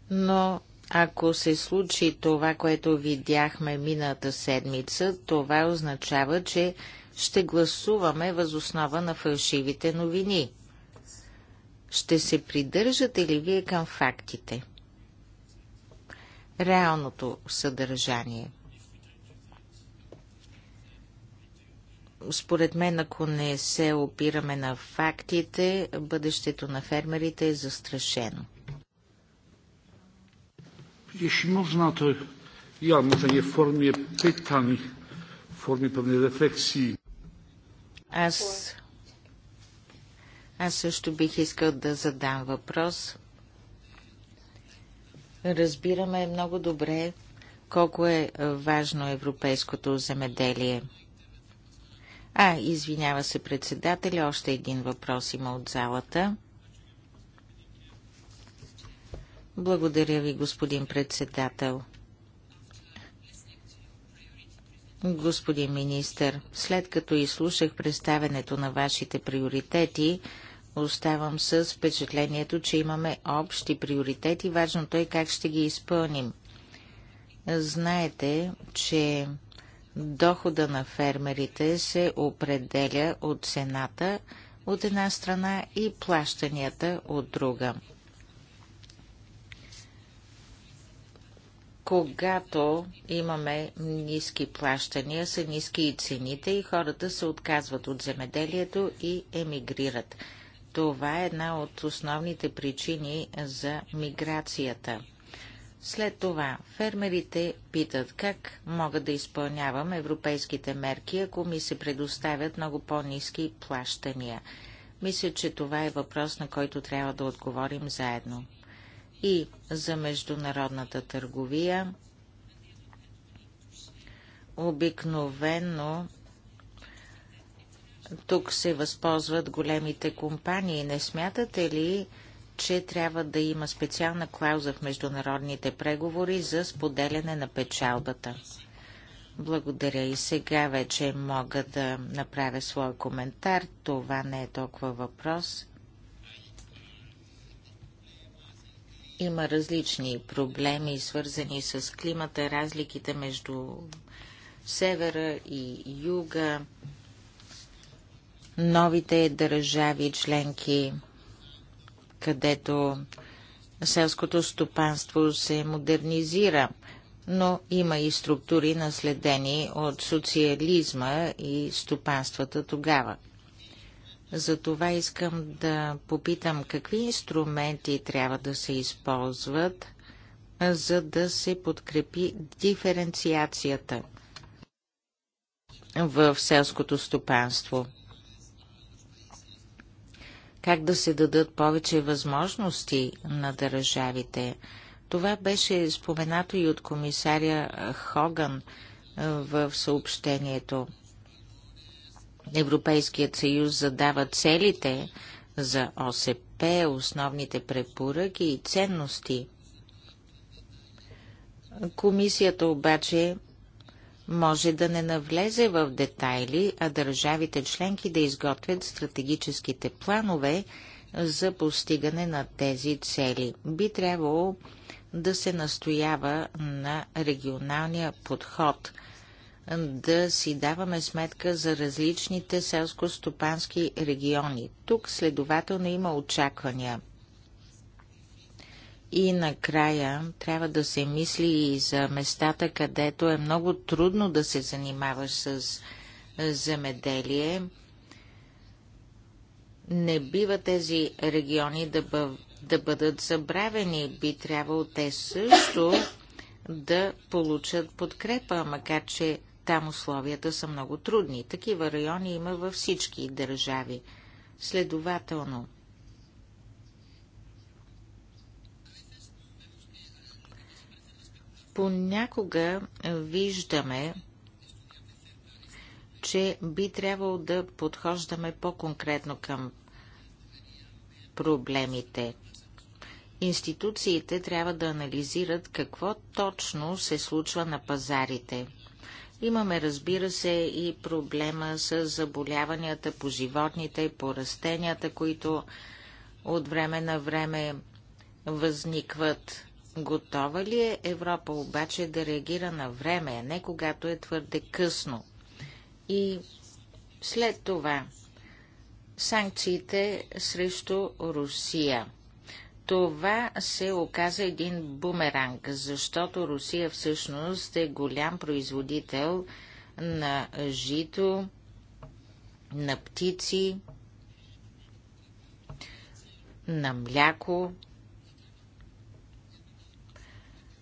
Но ако се случи това, което видяхме миналата седмица, това означава, че ще гласуваме възоснова на фалшивите новини. Ще се придържате ли вие към фактите? Реалното съдържание. Според мен, ако не се опираме на фактите, бъдещето на фермерите е застрашено. Jeśli można, to ja może nie w formie pytań, w formie pewnej refleksji. Аз, аз също бих искал да задам въпрос. Разбираме много добре колко е важно европейското земеделие. А, извинява се председател, още един въпрос има от залата. Благодаря ви, господин председател. Господин министър, след като изслушах представенето на вашите приоритети, оставам с впечатлението, че имаме общи приоритети. Важното е как ще ги изпълним. Знаете, че дохода на фермерите се определя от цената от една страна и плащанията от друга. когато имаме ниски плащания, са ниски и цените и хората се отказват от земеделието и емигрират. Това е една от основните причини за миграцията. След това фермерите питат как мога да изпълнявам европейските мерки, ако ми се предоставят много по-низки плащания. Мисля, че това е въпрос, на който трябва да отговорим заедно и за международната търговия. Обикновено тук се възползват големите компании. Не смятате ли, че трябва да има специална клауза в международните преговори за споделяне на печалбата? Благодаря и сега вече мога да направя своя коментар. Това не е толкова въпрос. Има различни проблеми, свързани с климата, разликите между севера и юга, новите държави членки, където селското стопанство се модернизира, но има и структури наследени от социализма и стопанствата тогава. Затова искам да попитам какви инструменти трябва да се използват, за да се подкрепи диференциацията в селското стопанство. Как да се дадат повече възможности на държавите? Това беше споменато и от комисаря Хоган в съобщението. Европейският съюз задава целите за ОСП, основните препоръки и ценности. Комисията обаче може да не навлезе в детайли, а държавите членки да изготвят стратегическите планове за постигане на тези цели. Би трябвало да се настоява на регионалния подход – да си даваме сметка за различните селско-стопански региони. Тук следователно има очаквания. И накрая трябва да се мисли и за местата, където е много трудно да се занимаваш с е, земеделие. Не бива тези региони да, бъв... да бъдат забравени. Би трябвало те също да получат подкрепа, макар че там условията са много трудни. Такива райони има във всички държави. Следователно, понякога виждаме, че би трябвало да подхождаме по-конкретно към проблемите. Институциите трябва да анализират какво точно се случва на пазарите – Имаме, разбира се, и проблема с заболяванията по животните, по растенията, които от време на време възникват. Готова ли е Европа обаче да реагира на време, а не когато е твърде късно? И след това санкциите срещу Русия. Това се оказа един бумеранг, защото Русия всъщност е голям производител на жито, на птици, на мляко.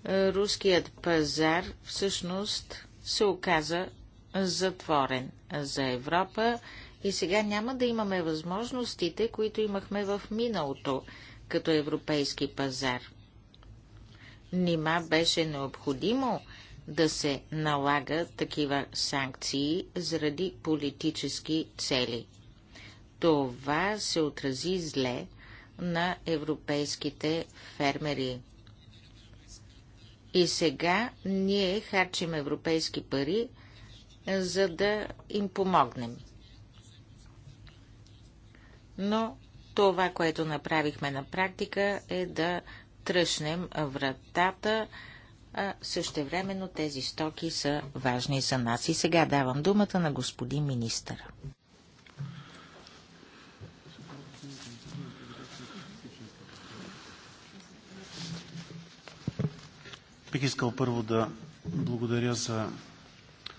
Руският пазар всъщност се оказа затворен за Европа и сега няма да имаме възможностите, които имахме в миналото като европейски пазар. Нима беше необходимо да се налага такива санкции заради политически цели. Това се отрази зле на европейските фермери. И сега ние харчим европейски пари, за да им помогнем. Но това, което направихме на практика е да тръщнем вратата, а същевременно тези стоки са важни за нас. И сега давам думата на господин министър. Бих искал първо да благодаря за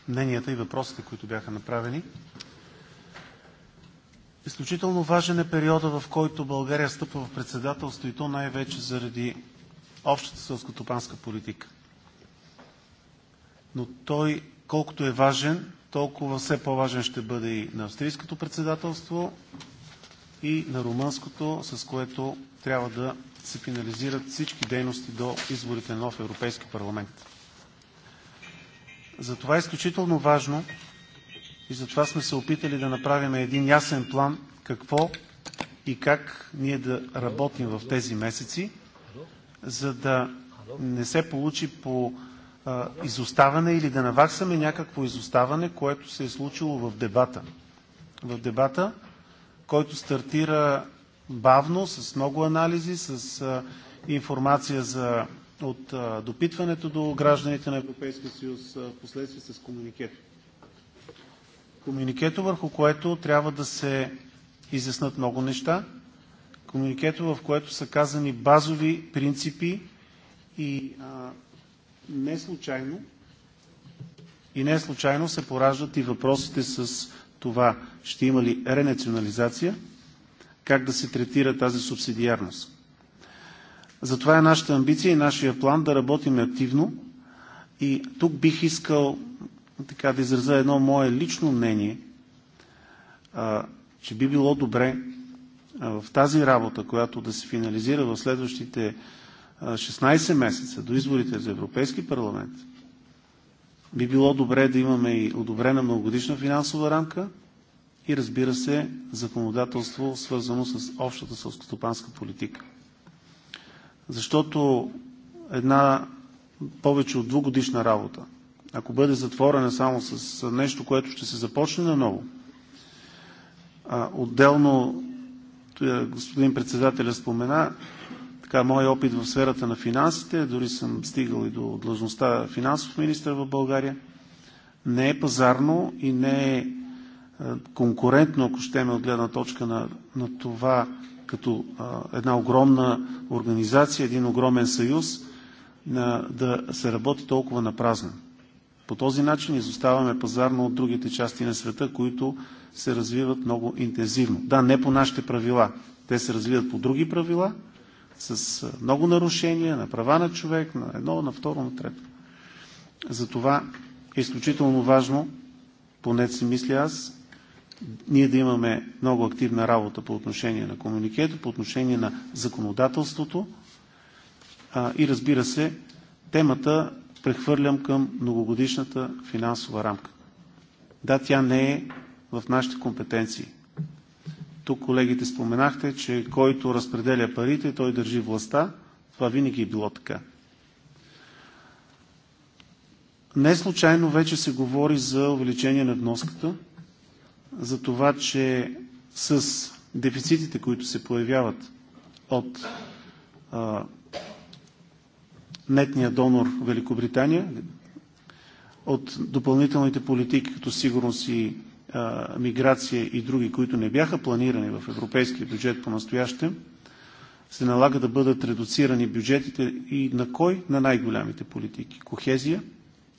мненията и въпросите, които бяха направени. Изключително важен е периода, в който България стъпва в председателство и то най-вече заради общата селскотопанска политика. Но той, колкото е важен, толкова все по-важен ще бъде и на австрийското председателство и на румънското, с което трябва да се финализират всички дейности до изборите на нов Европейски парламент. Затова е изключително важно и затова сме се опитали да направим един ясен план какво и как ние да работим в тези месеци, за да не се получи по изоставане или да наваксаме някакво изоставане, което се е случило в дебата. В дебата, който стартира бавно, с много анализи, с информация за, от допитването до гражданите на Европейския съюз, в последствие с комуникето комуникето, върху което трябва да се изяснат много неща, комуникето, в което са казани базови принципи и а, не случайно и не случайно се пораждат и въпросите с това ще има ли ренационализация, как да се третира тази субсидиарност. Затова е нашата амбиция и нашия план да работим активно. И тук бих искал така да изразя едно мое лично мнение, а, че би било добре а, в тази работа, която да се финализира в следващите а, 16 месеца до изборите за Европейски парламент, би било добре да имаме и одобрена многогодишна финансова рамка и разбира се законодателство, свързано с общата сълскостопанска политика. Защото една повече от двугодишна работа ако бъде затворена само с нещо, което ще се започне наново. А, отделно, е, господин председателя спомена, така, мой опит в сферата на финансите, дори съм стигал и до длъжността финансов министр в България, не е пазарно и не е, е конкурентно, ако ще ме от гледна точка на, на това, като а, една огромна организация, един огромен съюз, на, да се работи толкова на празно. По този начин изоставаме пазарно от другите части на света, които се развиват много интензивно. Да, не по нашите правила. Те се развиват по други правила, с много нарушения на права на човек, на едно, на второ, на трето. Затова е изключително важно, поне си мисля аз, ние да имаме много активна работа по отношение на комуникето, по отношение на законодателството а, и разбира се, темата прехвърлям към многогодишната финансова рамка. Да, тя не е в нашите компетенции. Тук колегите споменахте, че който разпределя парите, той държи властта. Това винаги е било така. Не случайно вече се говори за увеличение на вноската, за това, че с дефицитите, които се появяват от а, нетния донор Великобритания от допълнителните политики като сигурност и а, миграция и други, които не бяха планирани в европейския бюджет по настояще, се налага да бъдат редуцирани бюджетите и на кой? На най-голямите политики. Кохезия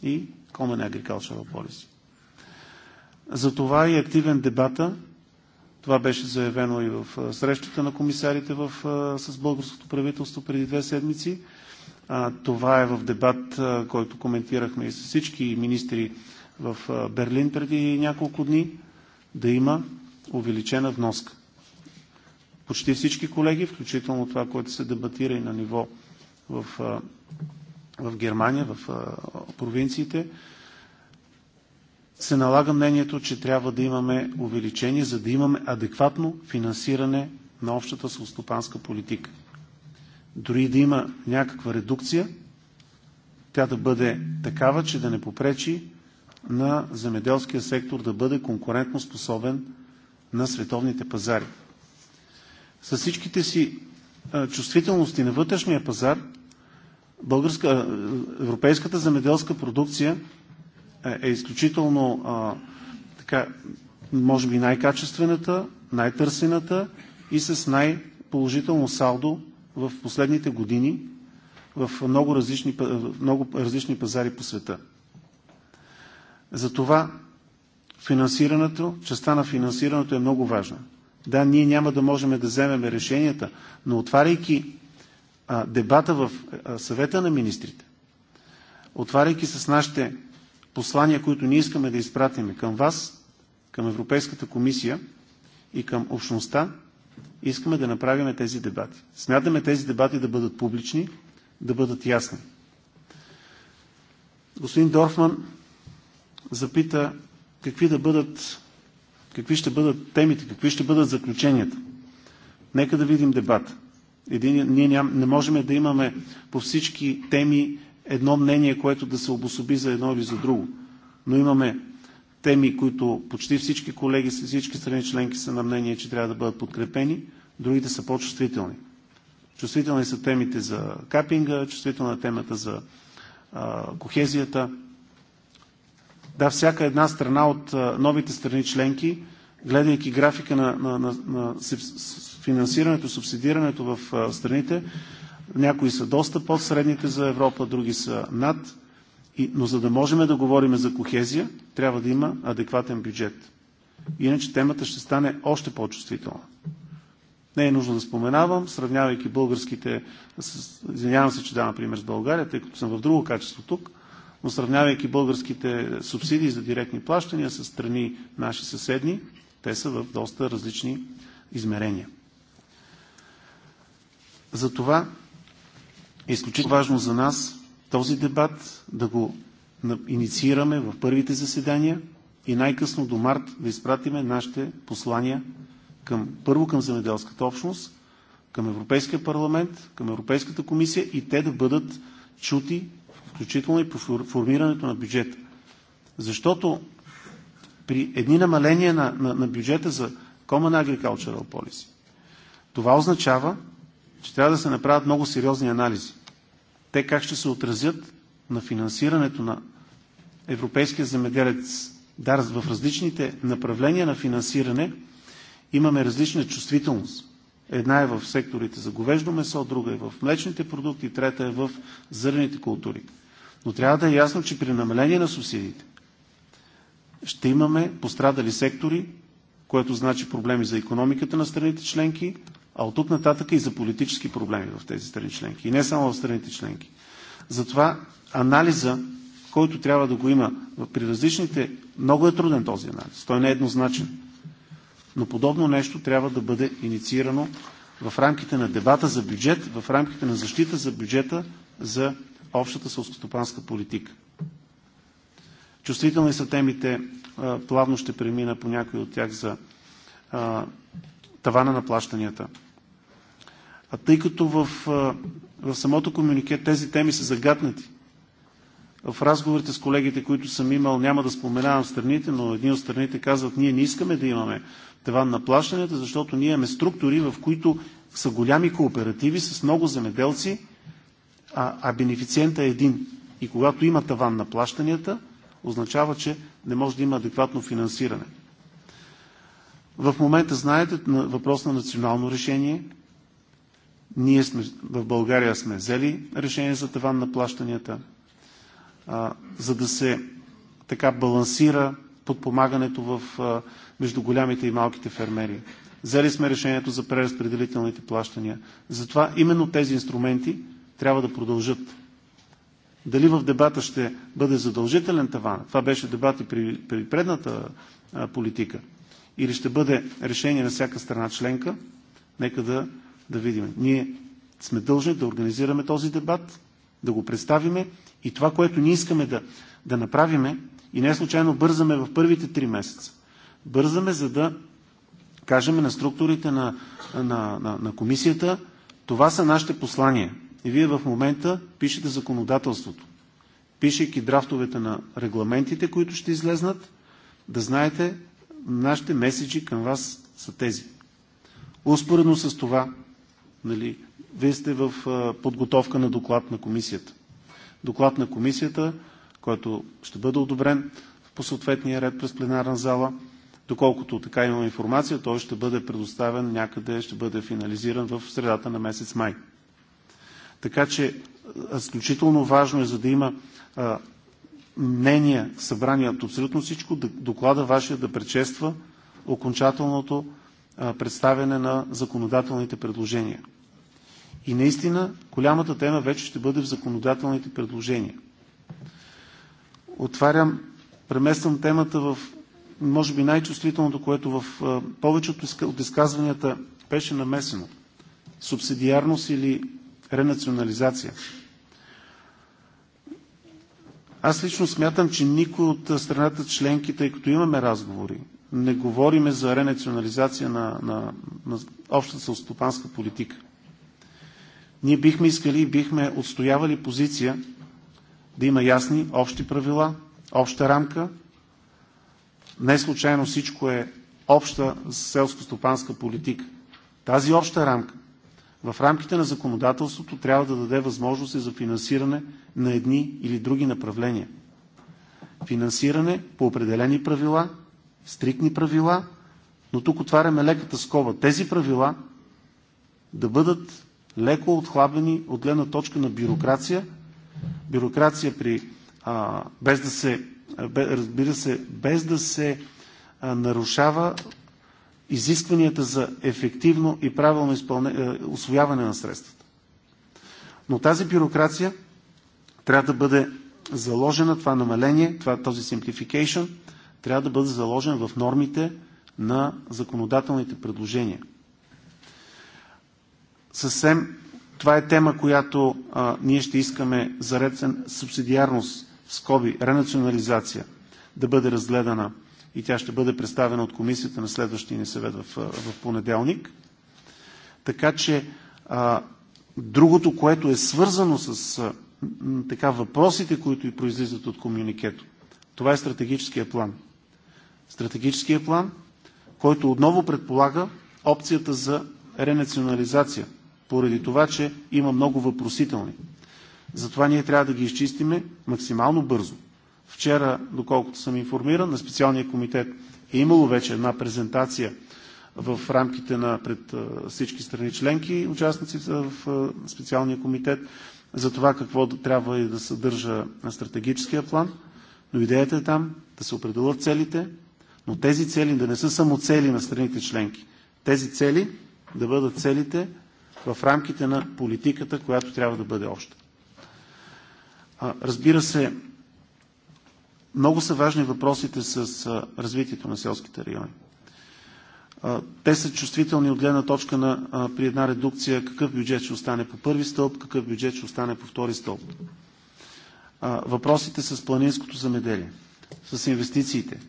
и Common Agricultural Policy. това и активен дебата това беше заявено и в срещата на комисарите в, с българското правителство преди две седмици – това е в дебат, който коментирахме и с всички министри в Берлин преди няколко дни, да има увеличена вноска. Почти всички колеги, включително това, което се дебатира и на ниво в, в Германия, в провинциите, се налага мнението, че трябва да имаме увеличение, за да имаме адекватно финансиране на общата сълстопанска политика дори да има някаква редукция, тя да бъде такава, че да не попречи на земеделския сектор да бъде конкурентно способен на световните пазари. С всичките си чувствителности на вътрешния пазар, българска, европейската земеделска продукция е изключително така, може би най-качествената, най-търсената и с най-положително салдо в последните години в много различни, много различни пазари по света. Затова финансирането, частта на финансирането е много важна. Да, ние няма да можем да вземем решенията, но отваряйки а, дебата в а, съвета на министрите, отваряйки с нашите послания, които ние искаме да изпратим към вас, към Европейската комисия и към общността, искаме да направим тези дебати. Смятаме тези дебати да бъдат публични, да бъдат ясни. Господин Дорфман запита какви да бъдат, какви ще бъдат темите, какви ще бъдат заключенията. Нека да видим дебат. Един, ние ням, не можем да имаме по всички теми едно мнение, което да се обособи за едно или за друго. Но имаме теми, които почти всички колеги с всички страни членки са на мнение, че трябва да бъдат подкрепени, другите са по-чувствителни. Чувствителни са темите за капинга, чувствителна е темата за а, кохезията. Да, всяка една страна от а, новите страни членки, гледайки графика на, на, на, на финансирането, субсидирането в а, страните, някои са доста под средните за Европа, други са над но за да можем да говорим за кохезия, трябва да има адекватен бюджет. Иначе темата ще стане още по-чувствителна. Не е нужно да споменавам, сравнявайки българските, извинявам се, че давам пример с България, тъй като съм в друго качество тук, но сравнявайки българските субсидии за директни плащания с страни наши съседни, те са в доста различни измерения. Затова е изключително важно за нас този дебат да го инициираме в първите заседания и най-късно до март да изпратиме нашите послания към, първо към земеделската общност, към Европейския парламент, към Европейската комисия и те да бъдат чути, включително и по формирането на бюджета. Защото при едни намаления на, на, на бюджета за Common Agricultural Policy, това означава, че трябва да се направят много сериозни анализи те как ще се отразят на финансирането на европейския земеделец дар в различните направления на финансиране, имаме различна чувствителност. Една е в секторите за говеждо месо, друга е в млечните продукти, трета е в зърнените култури. Но трябва да е ясно, че при намаление на субсидиите ще имаме пострадали сектори, което значи проблеми за економиката на страните членки, а от тук нататък и за политически проблеми в тези страни членки. И не само в страните членки. Затова анализа, който трябва да го има при различните, много е труден този анализ. Той не е еднозначен. Но подобно нещо трябва да бъде инициирано в рамките на дебата за бюджет, в рамките на защита за бюджета за общата сълскостопанска политика. Чувствителни са темите, плавно ще премина по някои от тях за тавана на плащанията – а тъй като в, в самото комюнике тези теми са загатнати, в разговорите с колегите, които съм имал, няма да споменавам страните, но един от страните казват, ние не искаме да имаме таван на плащанията, защото ние имаме структури, в които са голями кооперативи с много земеделци, а, а бенефициента е един. И когато има таван на плащанията, означава, че не може да има адекватно финансиране. В момента, знаете, въпрос на национално решение – ние сме, в България сме взели решение за таван на плащанията, а, за да се така балансира подпомагането в, а, между голямите и малките фермери. Взели сме решението за преразпределителните плащания. Затова именно тези инструменти трябва да продължат. Дали в дебата ще бъде задължителен таван, това беше дебат и при, при предната а, политика, или ще бъде решение на всяка страна членка, нека да да видим. Ние сме дължни да организираме този дебат, да го представиме и това, което ние искаме да, да направиме, и не случайно бързаме в първите три месеца. Бързаме, за да кажем на структурите на, на, на, на комисията, това са нашите послания. И вие в момента пишете законодателството. Пишейки драфтовете на регламентите, които ще излезнат, да знаете, нашите меседжи към вас са тези. Успоредно с това Нали, вие сте в подготовка на доклад на комисията. Доклад на комисията, който ще бъде одобрен по съответния ред през пленарна зала. Доколкото така имам информация, той ще бъде предоставен някъде, ще бъде финализиран в средата на месец май. Така че изключително важно е, за да има а, мнения, събрания от абсолютно всичко, да, доклада вашия да предшества окончателното а, представяне на законодателните предложения. И наистина голямата тема вече ще бъде в законодателните предложения. Отварям, премествам темата в може би най-чувствителното, което в повечето от изказванията беше намесено. Субсидиарност или ренационализация. Аз лично смятам, че никой от страната членки, тъй като имаме разговори, не говориме за ренационализация на, на, на общата селстопанска политика – ние бихме искали и бихме отстоявали позиция да има ясни общи правила, обща рамка. Не случайно всичко е обща селско-стопанска политика. Тази обща рамка в рамките на законодателството трябва да даде възможност за финансиране на едни или други направления. Финансиране по определени правила, стрикни правила, но тук отваряме леката скоба. Тези правила да бъдат леко отхлабени от гледна точка на бюрокрация. Бюрокрация при, а, без да се, разбира се, без да се а, нарушава изискванията за ефективно и правилно изпълне, освояване на средствата. Но тази бюрокрация трябва да бъде заложена, това намаление, това, този simplification, трябва да бъде заложен в нормите на законодателните предложения – съвсем това е тема, която а, ние ще искаме за рецен субсидиарност, скоби, ренационализация, да бъде разгледана и тя ще бъде представена от комисията на следващия ни съвет в, в понеделник. Така че а, другото, което е свързано с а, така, въпросите, които и произлизат от комюникето, това е стратегическия план. Стратегическия план, който отново предполага опцията за ренационализация поради това, че има много въпросителни. Затова ние трябва да ги изчистиме максимално бързо. Вчера, доколкото съм информиран, на специалния комитет е имало вече една презентация в рамките на пред всички страни членки, участници в специалния комитет, за това какво трябва и да съдържа на стратегическия план. Но идеята е там да се определят целите, но тези цели да не са само цели на страните членки. Тези цели да бъдат целите в рамките на политиката, която трябва да бъде обща. Разбира се, много са важни въпросите с развитието на селските райони. Те са чувствителни от гледна точка на при една редукция какъв бюджет ще остане по първи стълб, какъв бюджет ще остане по втори стълб. Въпросите с планинското замеделие, с инвестициите.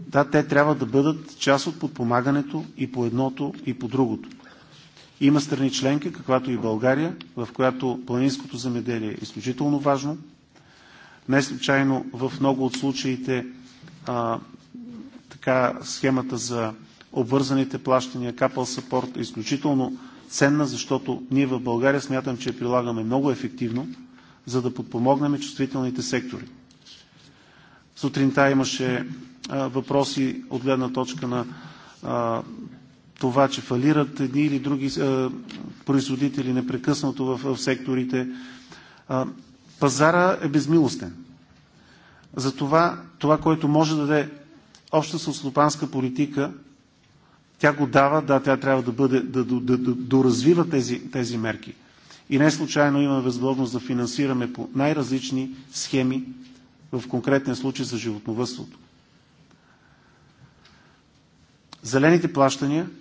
Да, те трябва да бъдат част от подпомагането и по едното, и по другото. Има страни членки, каквато и България, в която планинското замеделие е изключително важно. Не случайно в много от случаите а, така схемата за обвързаните плащания, капал сапорт е изключително ценна, защото ние в България смятам, че я прилагаме много ефективно, за да подпомогнем чувствителните сектори. Сутринта имаше а, въпроси от гледна точка на а, това, че фалират едни или други производители непрекъснато в, в секторите. пазара е безмилостен. Затова това, което може да даде обща сълстопанска политика, тя го дава, да, тя трябва да, бъде, да, да, да, да доразвива тези, тези мерки. И не случайно имаме възможност да финансираме по най-различни схеми, в конкретния случай за животновътството. Зелените плащания –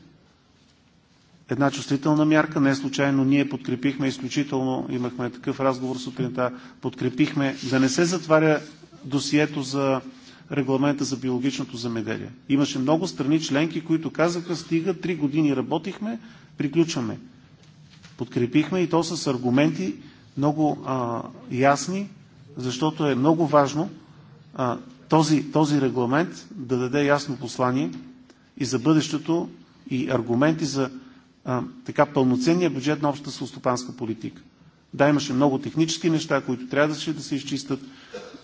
една чувствителна мярка. Не е случайно ние подкрепихме изключително, имахме такъв разговор сутринта, подкрепихме да не се затваря досието за регламента за биологичното замеделие. Имаше много страни членки, които казаха, стига, три години работихме, приключваме. Подкрепихме и то с аргументи много а, ясни, защото е много важно а, този, този регламент да даде ясно послание и за бъдещето и аргументи за така пълноценния бюджет на общата селстопанска политика. Да, имаше много технически неща, които трябваше да се изчистят.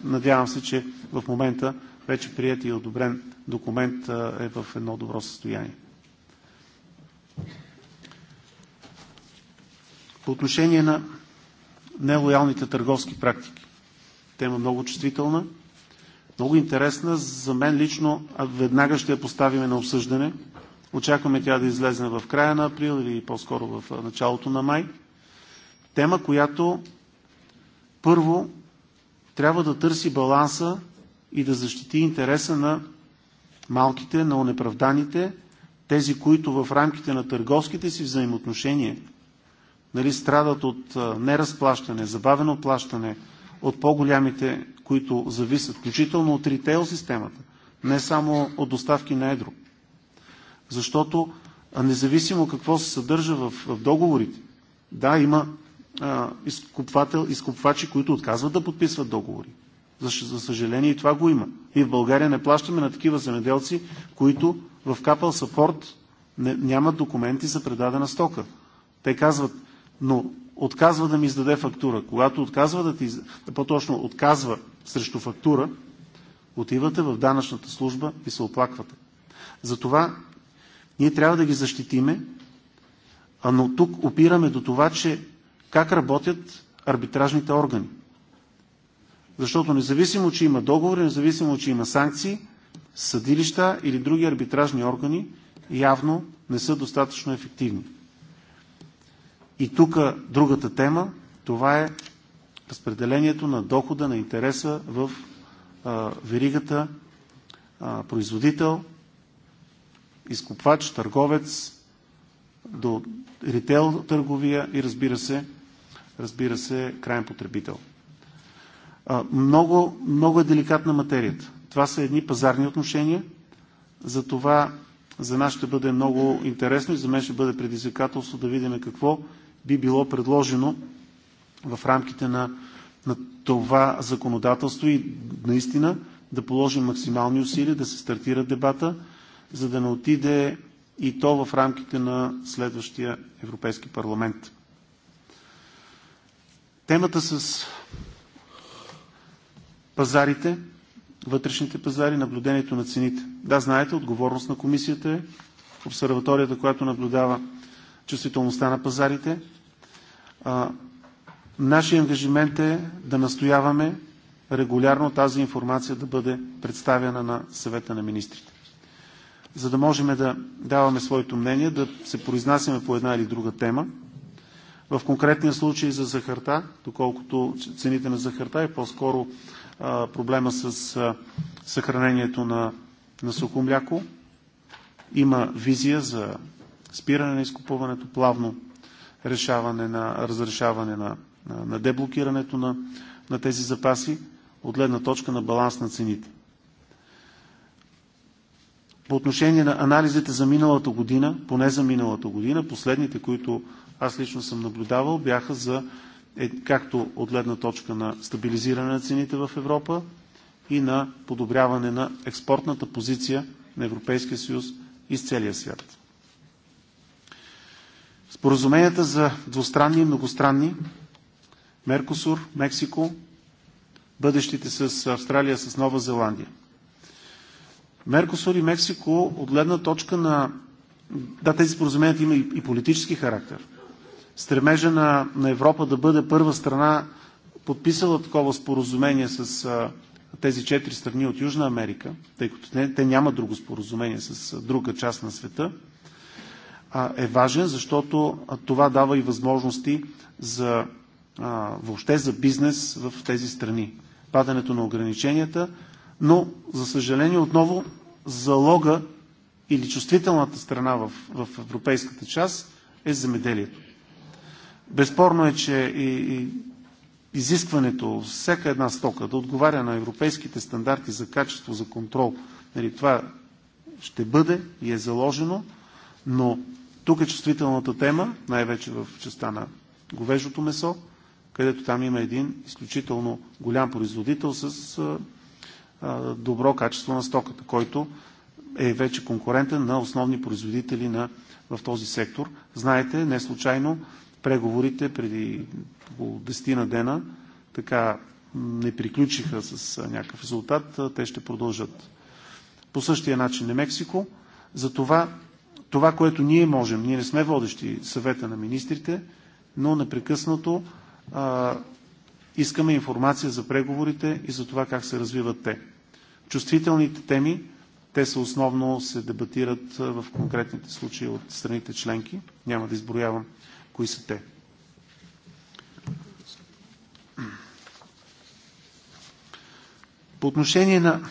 Надявам се, че в момента вече прият и одобрен документ е в едно добро състояние. По отношение на нелоялните търговски практики. Тема много чувствителна, много интересна. За мен лично веднага ще я поставим на обсъждане – Очакваме тя да излезе в края на април или по-скоро в началото на май. Тема, която първо трябва да търси баланса и да защити интереса на малките, на унеправданите, тези, които в рамките на търговските си взаимоотношения нали, страдат от неразплащане, забавено плащане, от по-голямите, които зависят, включително от ритейл системата, не само от доставки на едро защото независимо какво се съдържа в, в договорите, да, има а, изкупвачи, които отказват да подписват договори. За, за съжаление и това го има. И в България не плащаме на такива земеделци, които в Капел Сапорт нямат документи за предадена стока. Те казват, но отказва да ми издаде фактура. Когато отказва да ти, по-точно отказва срещу фактура, отивате в данъчната служба и се оплаквате. Затова ние трябва да ги защитиме, а но тук опираме до това, че как работят арбитражните органи. Защото независимо, че има договори, независимо, че има санкции, съдилища или други арбитражни органи явно не са достатъчно ефективни. И тук другата тема, това е разпределението на дохода, на интереса в а, веригата а, производител, изкупвач, търговец, до ритейл търговия и разбира се, разбира се, крайен потребител. Много, много е деликатна материята. Това са едни пазарни отношения, затова за нас ще бъде много интересно и за мен ще бъде предизвикателство да видим какво би било предложено в рамките на, на това законодателство и наистина да положим максимални усилия да се стартира дебата, за да не отиде и то в рамките на следващия Европейски парламент. Темата с пазарите, вътрешните пазари, наблюдението на цените. Да, знаете, отговорност на комисията е, обсерваторията, която наблюдава чувствителността на пазарите. А, нашия ангажимент е да настояваме регулярно тази информация да бъде представена на съвета на министрите за да можем да даваме своето мнение, да се произнасяме по една или друга тема. В конкретния случай за захарта, доколкото цените на захарта и по-скоро проблема с съхранението на, на сухо мляко, има визия за спиране на изкупуването, плавно решаване на, разрешаване на, на, на деблокирането на, на тези запаси от гледна точка на баланс на цените. По отношение на анализите за миналата година, поне за миналата година, последните, които аз лично съм наблюдавал, бяха за е, както от гледна точка на стабилизиране на цените в Европа и на подобряване на експортната позиция на Европейския съюз и с целия свят. Споразуменията за двустранни и многостранни Меркосур, Мексико, бъдещите с Австралия, с Нова Зеландия – Меркосур и Мексико от гледна точка на... Да, тези споразумения има и, политически характер. Стремежа на, на Европа да бъде първа страна, подписала такова споразумение с а, тези четири страни от Южна Америка, тъй като те, те няма друго споразумение с а, друга част на света, а, е важен, защото а, това дава и възможности за, а, въобще за бизнес в тези страни. Падането на ограниченията, но, за съжаление, отново залога или чувствителната страна в, в европейската част е земеделието. Безспорно е, че и, и изискването всяка една стока да отговаря на европейските стандарти за качество, за контрол, нали, това ще бъде и е заложено, но тук е чувствителната тема, най-вече в частта на говежото месо, където там има един изключително голям производител с добро качество на стоката, който е вече конкурентен на основни производители на, в този сектор. Знаете, не случайно преговорите преди около 10 на дена така не приключиха с някакъв резултат. Те ще продължат. По същия начин на Мексико. Затова това, което ние можем, ние не сме водещи съвета на министрите, но непрекъснато а, Искаме информация за преговорите и за това как се развиват те. Чувствителните теми, те са основно се дебатират в конкретните случаи от страните членки. Няма да изброявам кои са те. По отношение на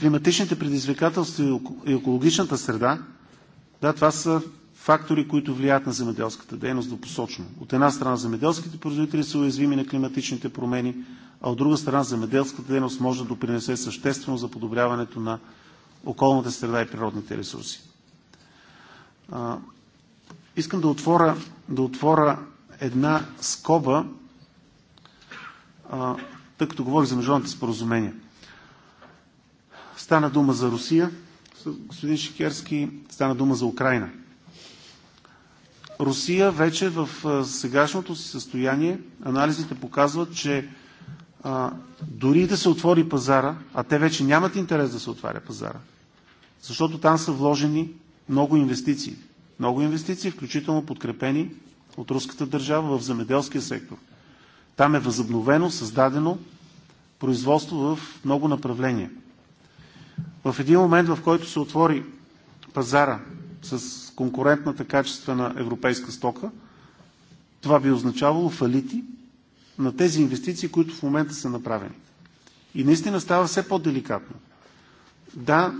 климатичните предизвикателства и екологичната среда, да, това са фактори, които влияят на земеделската дейност допосочно. От една страна земеделските производители са уязвими на климатичните промени, а от друга страна земеделската дейност може да допринесе съществено за подобряването на околната среда и природните ресурси. А, искам да отворя, да отворя една скоба, а, тъй като говорих за международните споразумения. Стана дума за Русия, господин Шикерски, стана дума за Украина – Русия вече в сегашното си състояние, анализите показват, че а, дори да се отвори пазара, а те вече нямат интерес да се отваря пазара, защото там са вложени много инвестиции. Много инвестиции, включително подкрепени от руската държава в земеделския сектор. Там е възобновено, създадено производство в много направления. В един момент, в който се отвори пазара с конкурентната качествена европейска стока, това би означавало фалити на тези инвестиции, които в момента са направени. И наистина става все по-деликатно. Да,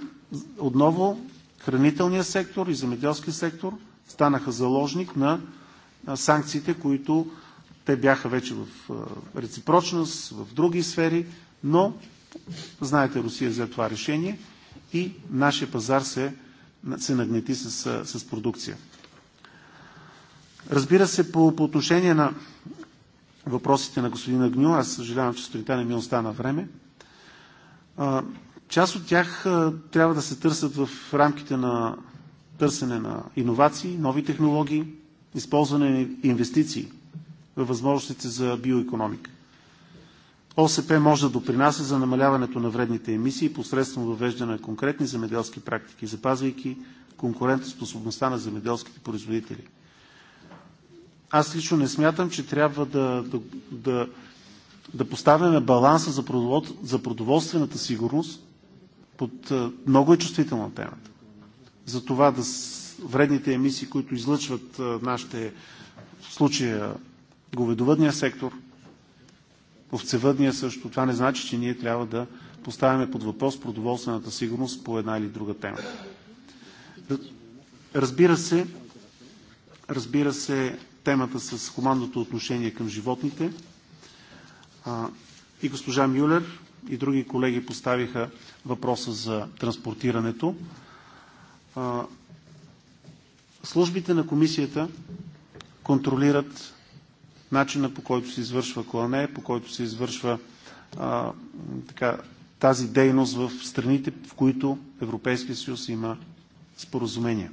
отново хранителният сектор и земеделски сектор станаха заложник на санкциите, които те бяха вече в реципрочност, в други сфери, но знаете, Русия взе това решение и нашия пазар се се нагнети с, с продукция. Разбира се, по, по отношение на въпросите на господин Агню, аз съжалявам, че сутринта не ми остана време. Част от тях трябва да се търсят в рамките на търсене на иновации, нови технологии, използване на инвестиции във възможностите за биоекономика. ОСП може да допринася за намаляването на вредните емисии посредством въвеждане на конкретни земеделски практики, запазвайки конкурентоспособността на земеделските производители. Аз лично не смятам, че трябва да, да, да, да поставяме баланса за, продовол, за продоволствената сигурност под е, много е чувствителна темата. За това да вредните емисии, които излъчват е, нашите в случая говедовъдния сектор – овцевъдния също. Това не значи, че ние трябва да поставяме под въпрос продоволствената сигурност по една или друга тема. Разбира се, разбира се темата с командното отношение към животните. И госпожа Мюлер, и други колеги поставиха въпроса за транспортирането. Службите на комисията контролират начина по който се извършва клане, по който се извършва а, така, тази дейност в страните, в които Европейския съюз има споразумения.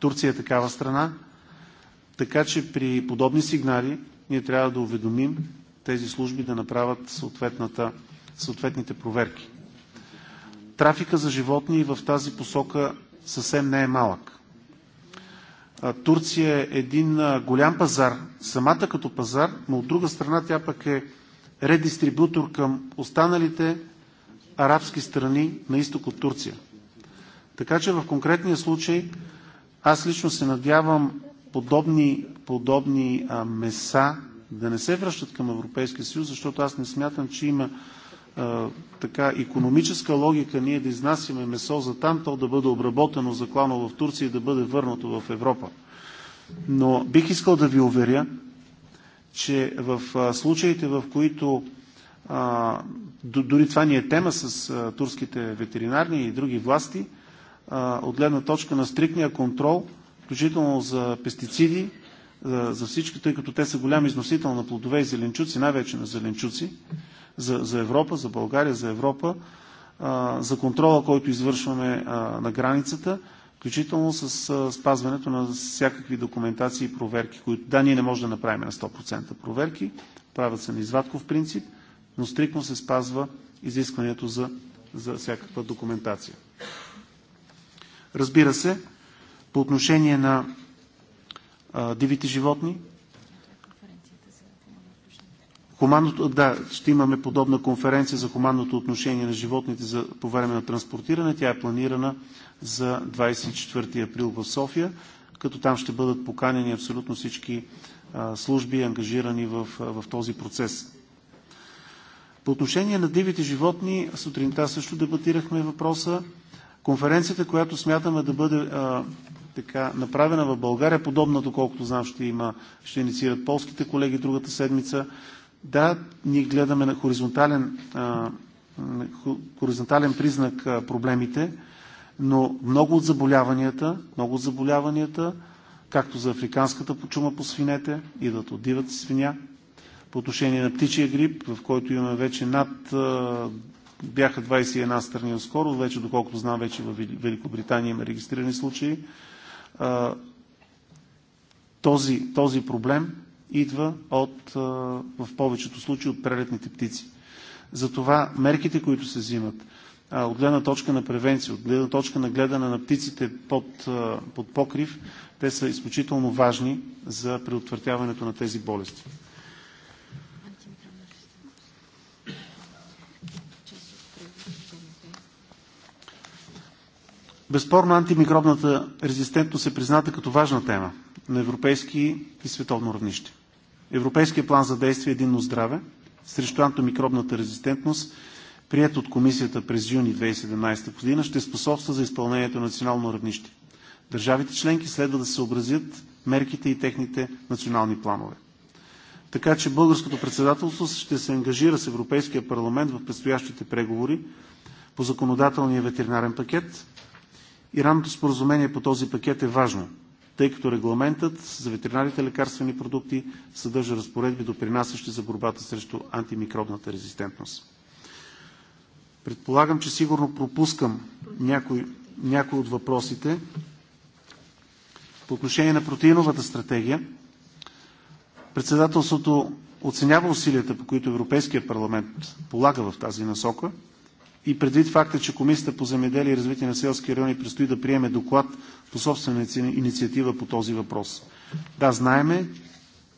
Турция е такава страна, така че при подобни сигнали ние трябва да уведомим тези служби да направят съответните проверки. Трафика за животни в тази посока съвсем не е малък. Турция е един голям пазар, самата като пазар, но от друга страна тя пък е редистрибутор към останалите арабски страни на изток от Турция. Така че в конкретния случай аз лично се надявам подобни, подобни а, меса да не се връщат към Европейския съюз, защото аз не смятам, че има така економическа логика ние да изнасяме месо за там, то да бъде обработено, заклано в Турция и да бъде върнато в Европа. Но бих искал да ви уверя, че в случаите, в които а, дори това ни е тема с а, турските ветеринарни и други власти, а, от гледна точка на стрикния контрол, включително за пестициди, за, за всички, тъй като те са голям износител на плодове и зеленчуци, най-вече на зеленчуци, за, за Европа, за България, за Европа, а, за контрола, който извършваме а, на границата, включително с а, спазването на всякакви документации и проверки, които да, ние не можем да направим на 100% проверки, правят се на извадков принцип, но стрикно се спазва изискването за, за всякаква документация. Разбира се, по отношение на а, дивите животни, Хуманното, да, ще имаме подобна конференция за хуманното отношение на животните за, по време на транспортиране. Тя е планирана за 24 април в София, като там ще бъдат поканени абсолютно всички а, служби, ангажирани в, а, в този процес. По отношение на дивите животни, сутринта също дебатирахме въпроса. Конференцията, която смятаме да бъде а, така, направена в България, подобна, доколкото знам, ще, има, ще инициират полските колеги другата седмица, да, ние гледаме на хоризонтален, а, хоризонтален признак а, проблемите, но много от заболяванията, много от заболяванията, както за африканската почума по свинете, идват от дивата свиня. По отношение на птичия грип, в който имаме вече над а, бяха 21 страни скоро, вече доколкото знам, вече в Великобритания има регистрирани случаи. Този, този проблем идва от, в повечето случаи от прелетните птици. Затова мерките, които се взимат от гледна точка на превенция, от гледна точка на гледане на птиците под, под покрив, те са изключително важни за предотвратяването на тези болести. Безспорно антимикробната резистентност е призната като важна тема на европейски и световно равнище. Европейския план за действие е Единно здраве срещу антомикробната резистентност, прият от Комисията през юни 2017 година, ще способства за изпълнението на национално равнище. Държавите членки следва да се съобразят мерките и техните национални планове. Така че българското председателство ще се ангажира с Европейския парламент в предстоящите преговори по законодателния ветеринарен пакет и ранното споразумение по този пакет е важно – тъй като регламентът за ветеринарните лекарствени продукти съдържа разпоредби, допринасящи за борбата срещу антимикробната резистентност. Предполагам, че сигурно пропускам някои, някой от въпросите. По отношение на протеиновата стратегия, председателството оценява усилията, по които Европейския парламент полага в тази насока – и предвид факта, че Комисията по земеделие и развитие на селски райони предстои да приеме доклад по собствена инициатива по този въпрос. Да, знаеме,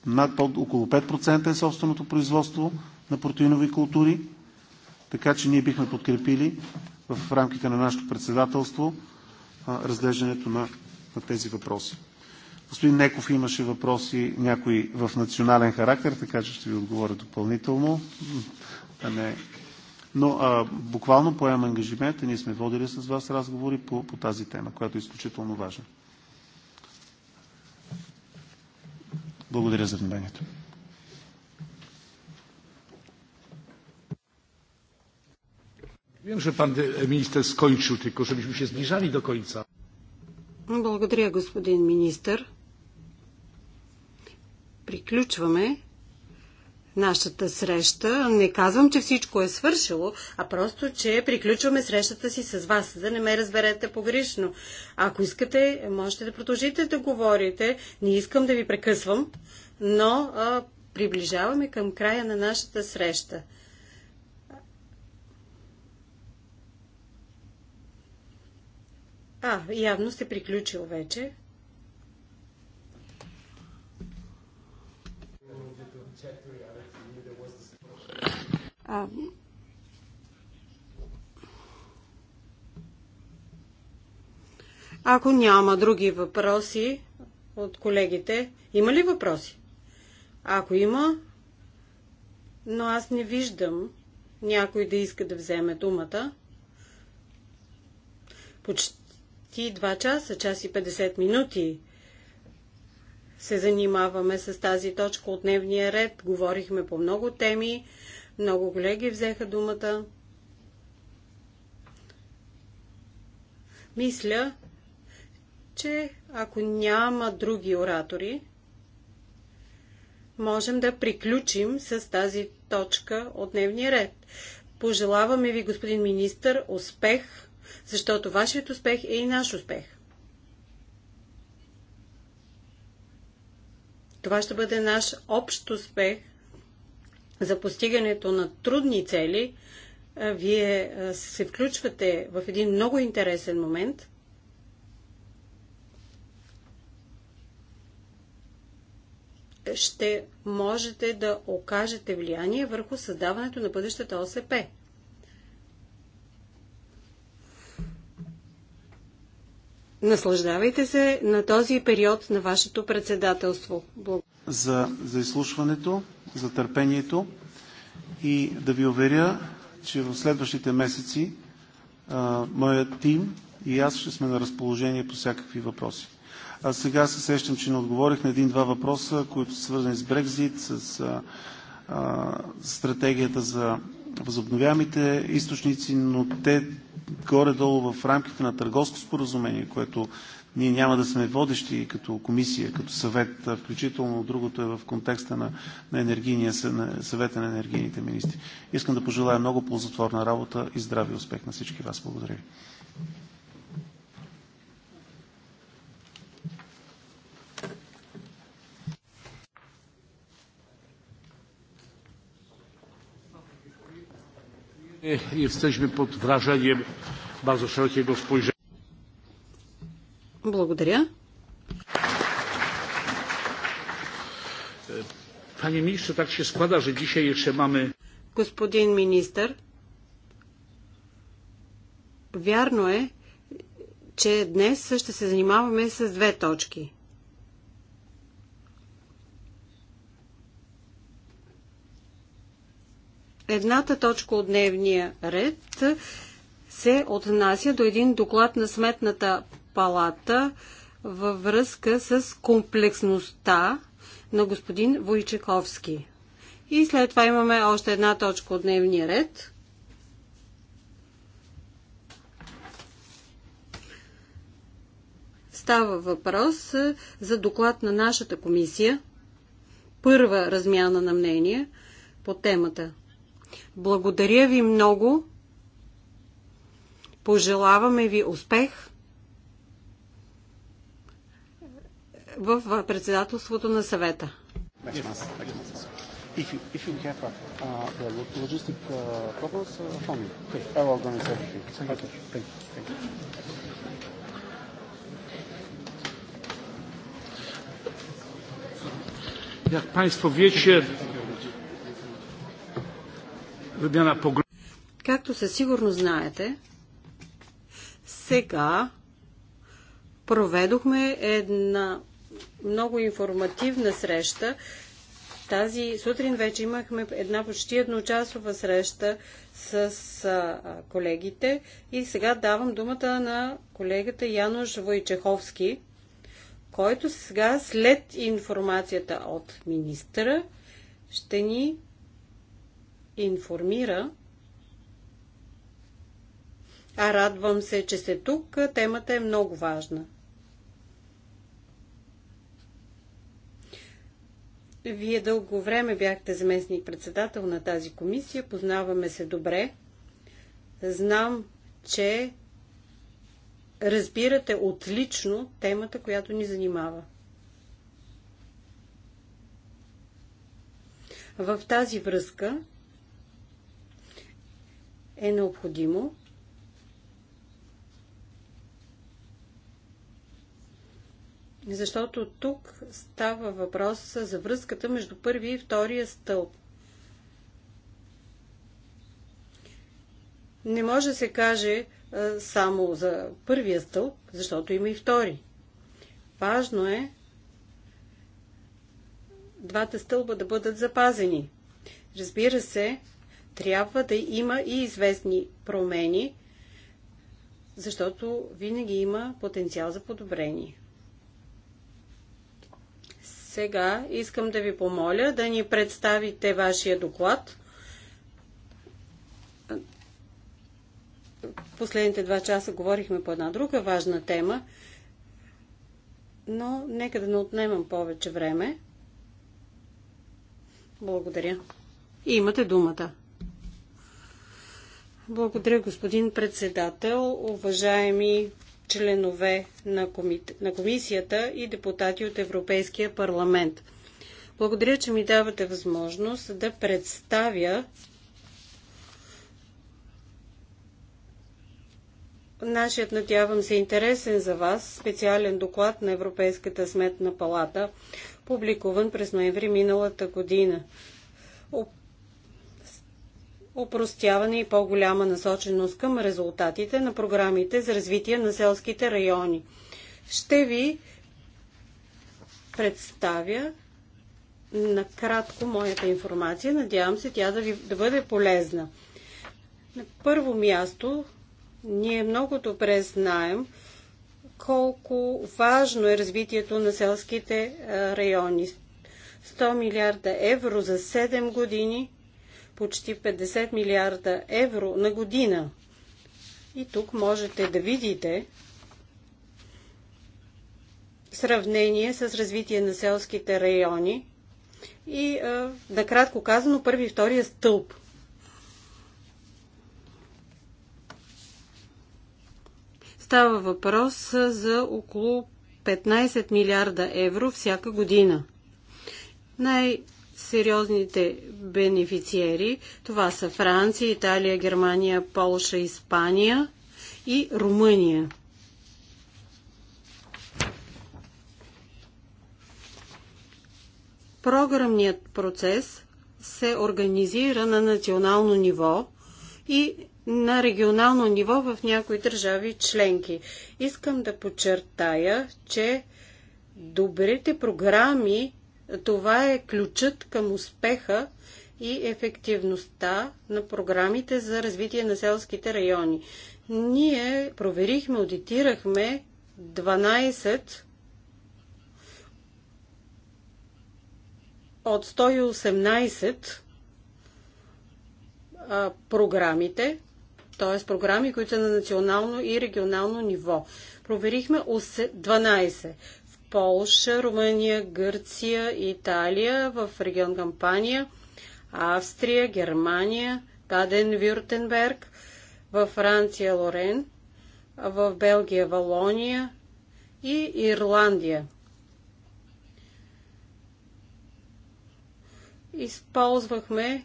над около 5% е собственото производство на протеинови култури, така че ние бихме подкрепили в рамките на нашето председателство разглеждането на, на тези въпроси. Господин Неков имаше въпроси, някои в национален характер, така че ще ви отговоря допълнително, а не но а, буквално поема ангажимент и ние сме водили с вас разговори по, по тази тема, която е изключително важна. Благодаря за вниманието. Wiem, że pan e, minister skończył, tylko żebyśmy się zbliżali do końca. Благодаря, господин министър. Приключваме нашата среща. Не казвам, че всичко е свършило, а просто, че приключваме срещата си с вас, за да не ме разберете погрешно. Ако искате, можете да продължите да говорите. Не искам да ви прекъсвам, но а, приближаваме към края на нашата среща. А, явно сте приключил вече. Ако няма други въпроси от колегите, има ли въпроси? Ако има, но аз не виждам някой да иска да вземе думата. Почти 2 часа, час и 50 минути се занимаваме с тази точка от дневния ред. Говорихме по много теми. Много колеги взеха думата. Мисля, че ако няма други оратори, можем да приключим с тази точка от дневния ред. Пожелаваме ви, господин министр, успех, защото вашият успех е и наш успех. Това ще бъде наш общ успех – за постигането на трудни цели, вие се включвате в един много интересен момент. Ще можете да окажете влияние върху създаването на бъдещата ОСП. Наслаждавайте се на този период на вашето председателство. Благодаря. За, за изслушването за търпението и да ви уверя, че в следващите месеци моят тим и аз ще сме на разположение по всякакви въпроси. А сега се сещам, че не отговорих на един-два въпроса, които са свързани с Брекзит, с а, стратегията за възобновяемите източници, но те горе-долу в рамките на търговско споразумение, което ние няма да сме водещи като комисия, като съвет, включително другото е в контекста на, на енергийния на съвета на енергийните министри. Искам да пожелая много ползотворна работа и здрави успех на всички вас. Благодаря ви. jesteśmy pod wrażeniem bardzo szerokiego spojrzenia благодаря. Panie ministrze, tak się składa, że dzisiaj jeszcze mamy... Господин министър, вярно е, че днес ще се занимаваме с две точки. Едната точка от дневния ред се отнася до един доклад на Сметната палата във връзка с комплексността на господин Войчековски. И след това имаме още една точка от дневния ред. Става въпрос е, за доклад на нашата комисия. Първа размяна на мнение по темата. Благодаря ви много. Пожелаваме ви успех. в председателството на съвета. If you, if you have uh, the logistic uh, problems, uh, phone me. Okay. I will organize everything. Thank okay. you. Thank you. Thank you. Jak Państwo wiecie, wymiana poglądów. Както със сигурност знаете, сега проведохме една много информативна среща. Тази сутрин вече имахме една почти едночасова среща с а, колегите и сега давам думата на колегата Януш Войчеховски, който сега след информацията от министъра ще ни информира. А радвам се, че сте тук. Темата е много важна. Вие дълго време бяхте заместник председател на тази комисия, познаваме се добре. Знам, че разбирате отлично темата, която ни занимава. В тази връзка е необходимо Защото тук става въпрос за връзката между първи и втория стълб. Не може да се каже а, само за първия стълб, защото има и втори. Важно е двата стълба да бъдат запазени. Разбира се, трябва да има и известни промени, защото винаги има потенциал за подобрение. Сега искам да ви помоля да ни представите вашия доклад. Последните два часа говорихме по една друга важна тема, но нека да не отнемам повече време. Благодаря. И имате думата. Благодаря, господин председател, уважаеми членове на, комит... на комисията и депутати от Европейския парламент. Благодаря, че ми давате възможност да представя нашият, надявам се, интересен за вас специален доклад на Европейската сметна палата, публикуван през ноември миналата година упростяване и по-голяма насоченост към резултатите на програмите за развитие на селските райони. Ще ви представя накратко моята информация. Надявам се тя да ви да бъде полезна. На първо място, ние много добре знаем колко важно е развитието на селските райони. 100 милиарда евро за 7 години почти 50 милиарда евро на година. И тук можете да видите сравнение с развитие на селските райони и, а, накратко казано, първи и втория стълб. Става въпрос за около 15 милиарда евро всяка година. Най- сериозните бенефициери. Това са Франция, Италия, Германия, Полша, Испания и Румъния. Програмният процес се организира на национално ниво и на регионално ниво в някои държави членки. Искам да подчертая, че добрите програми това е ключът към успеха и ефективността на програмите за развитие на селските райони. Ние проверихме, аудитирахме 12 от 118 програмите, т.е. програми, които са на национално и регионално ниво. Проверихме 12. Полша, Румъния, Гърция, Италия, в регион Кампания, Австрия, Германия, Каден-Вюртенберг, във Франция Лорен, в Белгия Валония и Ирландия. Използвахме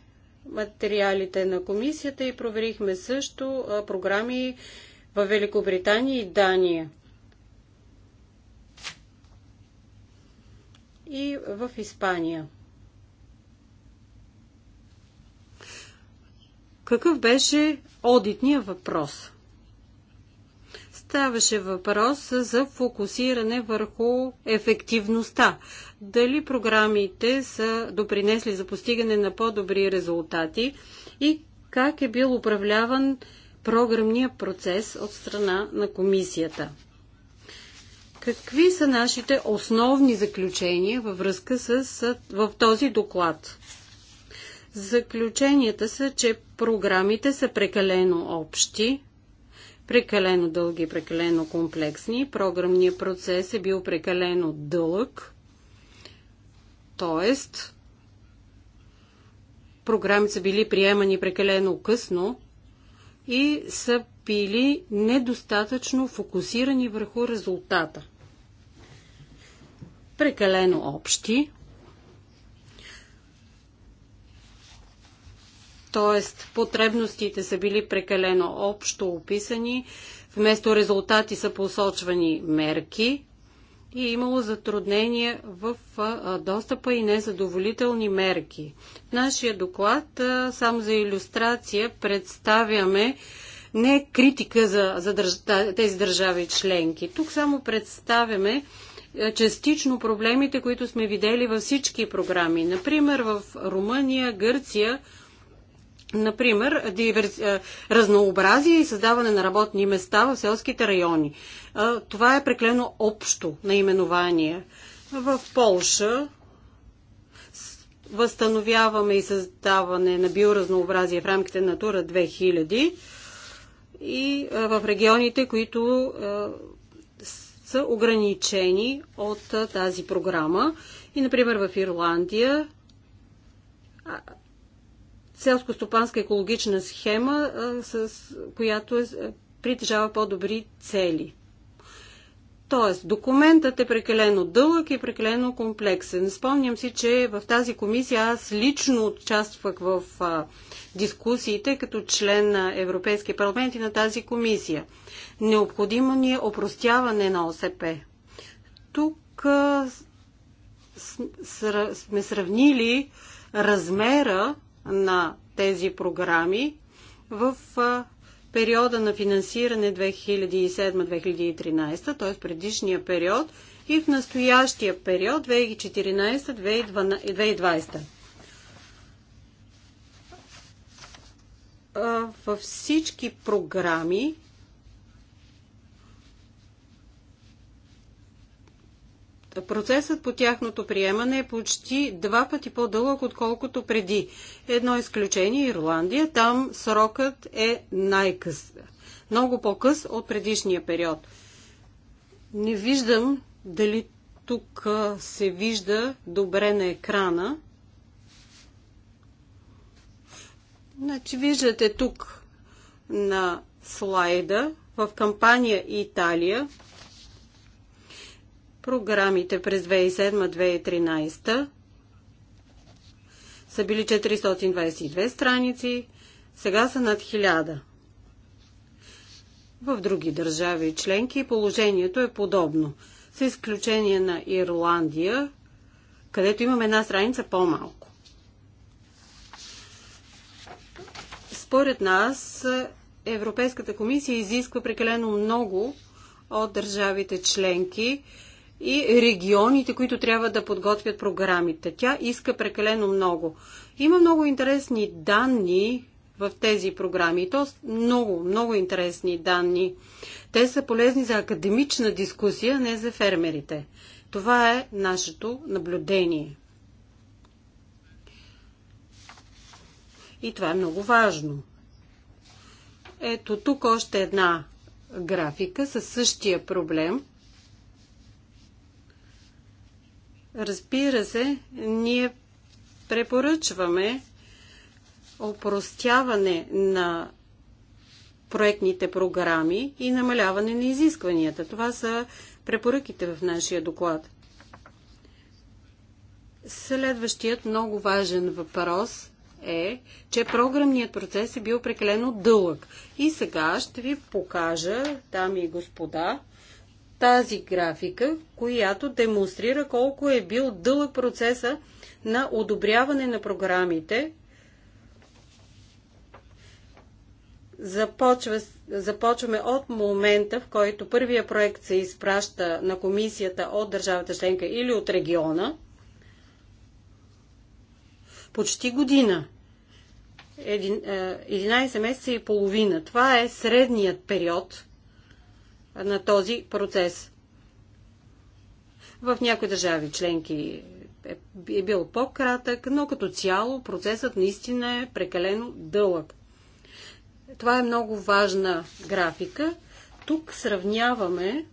материалите на комисията и проверихме също програми в Великобритания и Дания. и в Испания. Какъв беше одитния въпрос? Ставаше въпрос за фокусиране върху ефективността. Дали програмите са допринесли за постигане на по-добри резултати и как е бил управляван програмния процес от страна на комисията. Какви са нашите основни заключения във връзка с, в този доклад? Заключенията са, че програмите са прекалено общи, прекалено дълги, прекалено комплексни, програмният процес е бил прекалено дълъг, т.е. програмите са били приемани прекалено късно и са били недостатъчно фокусирани върху резултата прекалено общи. Тоест, потребностите са били прекалено общо описани, вместо резултати са посочвани мерки и е имало затруднения в достъпа и незадоволителни мерки. В нашия доклад, само за иллюстрация, представяме не критика за, за държ... тези държави членки. Тук само представяме е, частично проблемите, които сме видели във всички програми. Например, в Румъния, Гърция, Например, диверс... Е, разнообразие и създаване на работни места в селските райони. Е, това е преклено общо наименование. В Полша възстановяваме и създаване на биоразнообразие в рамките на Тура 2000 и в регионите, които са ограничени от тази програма. И, например, в Ирландия селско-стопанска екологична схема, с която е, притежава по-добри цели. Тоест, документът е прекалено дълъг и прекалено комплексен. Спомням си, че в тази комисия аз лично участвах в а, дискусиите като член на Европейския парламент и на тази комисия. Необходимо ни е опростяване на ОСП. Тук а, сра, сме сравнили размера на тези програми в а, периода на финансиране 2007-2013, т.е. предишния период, и в настоящия период 2014-2020. Във всички програми Процесът по тяхното приемане е почти два пъти по-дълъг, отколкото преди. Едно изключение Ирландия. Там срокът е най-къс. Много по-къс от предишния период. Не виждам дали тук се вижда добре на екрана. Значи виждате тук на слайда в кампания Италия Програмите през 2007-2013 са били 422 страници, сега са над 1000. В други държави и членки положението е подобно, с изключение на Ирландия, където имаме една страница по-малко. Според нас Европейската комисия изисква прекалено много от държавите членки, и регионите, които трябва да подготвят програмите. Тя иска прекалено много. Има много интересни данни в тези програми. то много, много интересни данни. Те са полезни за академична дискусия, не за фермерите. Това е нашето наблюдение. И това е много важно. Ето тук още една графика със същия проблем – Разбира се, ние препоръчваме опростяване на проектните програми и намаляване на изискванията. Това са препоръките в нашия доклад. Следващият много важен въпрос е, че програмният процес е бил прекалено дълъг. И сега ще ви покажа, дами и господа, тази графика, която демонстрира колко е бил дълъг процеса на одобряване на програмите. Започва, започваме от момента, в който първия проект се изпраща на комисията от държавата членка или от региона. Почти година. 11 е, месеца и половина. Това е средният период – на този процес. В някои държави членки е, е бил по-кратък, но като цяло процесът наистина е прекалено дълъг. Това е много важна графика. Тук сравняваме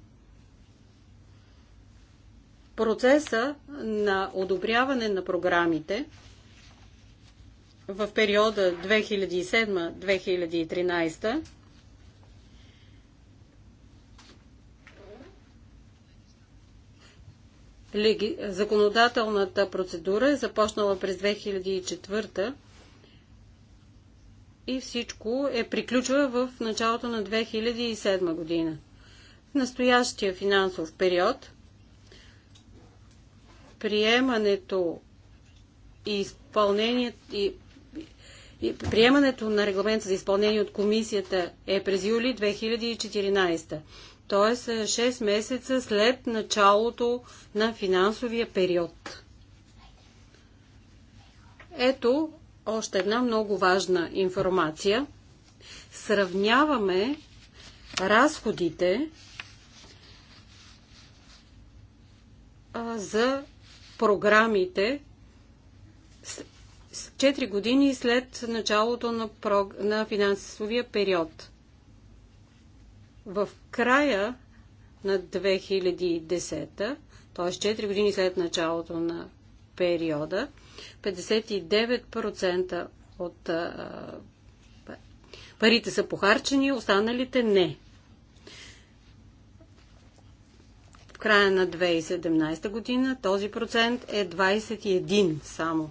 процеса на одобряване на програмите в периода 2007-2013 леги... законодателната процедура е започнала през 2004 и всичко е приключва в началото на 2007 година. В настоящия финансов период приемането и изпълнението и Приемането на регламент за изпълнение от комисията е през юли 2014 т.е. 6 месеца след началото на финансовия период. Ето още една много важна информация. Сравняваме разходите за програмите 4 години след началото на, на финансовия период в края на 2010, т.е. 4 години след началото на периода, 59% от а, парите са похарчени, останалите не. В края на 2017 година този процент е 21 само.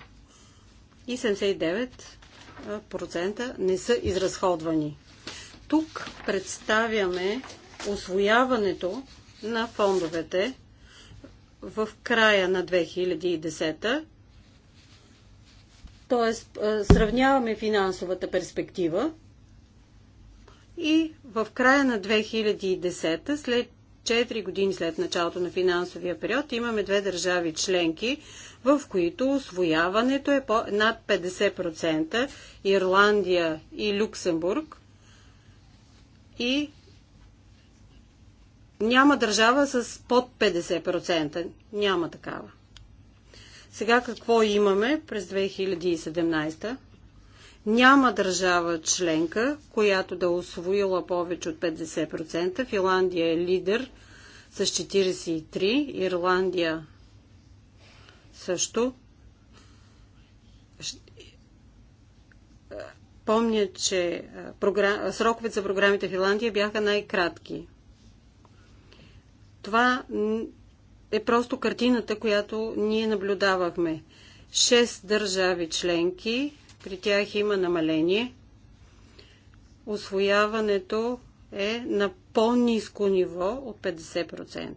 И 79% не са изразходвани. Тук представяме освояването на фондовете в края на 2010 т.е. сравняваме финансовата перспектива и в края на 2010 след 4 години след началото на финансовия период, имаме две държави членки, в които освояването е по над 50%, Ирландия и Люксембург и няма държава с под 50%. Няма такава. Сега какво имаме през 2017? Няма държава членка, която да е освоила повече от 50%. Финландия е лидер с 43, Ирландия също Помня, че програм... сроковете за програмите в Ирландия бяха най-кратки. Това е просто картината, която ние наблюдавахме. Шест държави членки, при тях има намаление. Освояването е на по-низко ниво от 50%.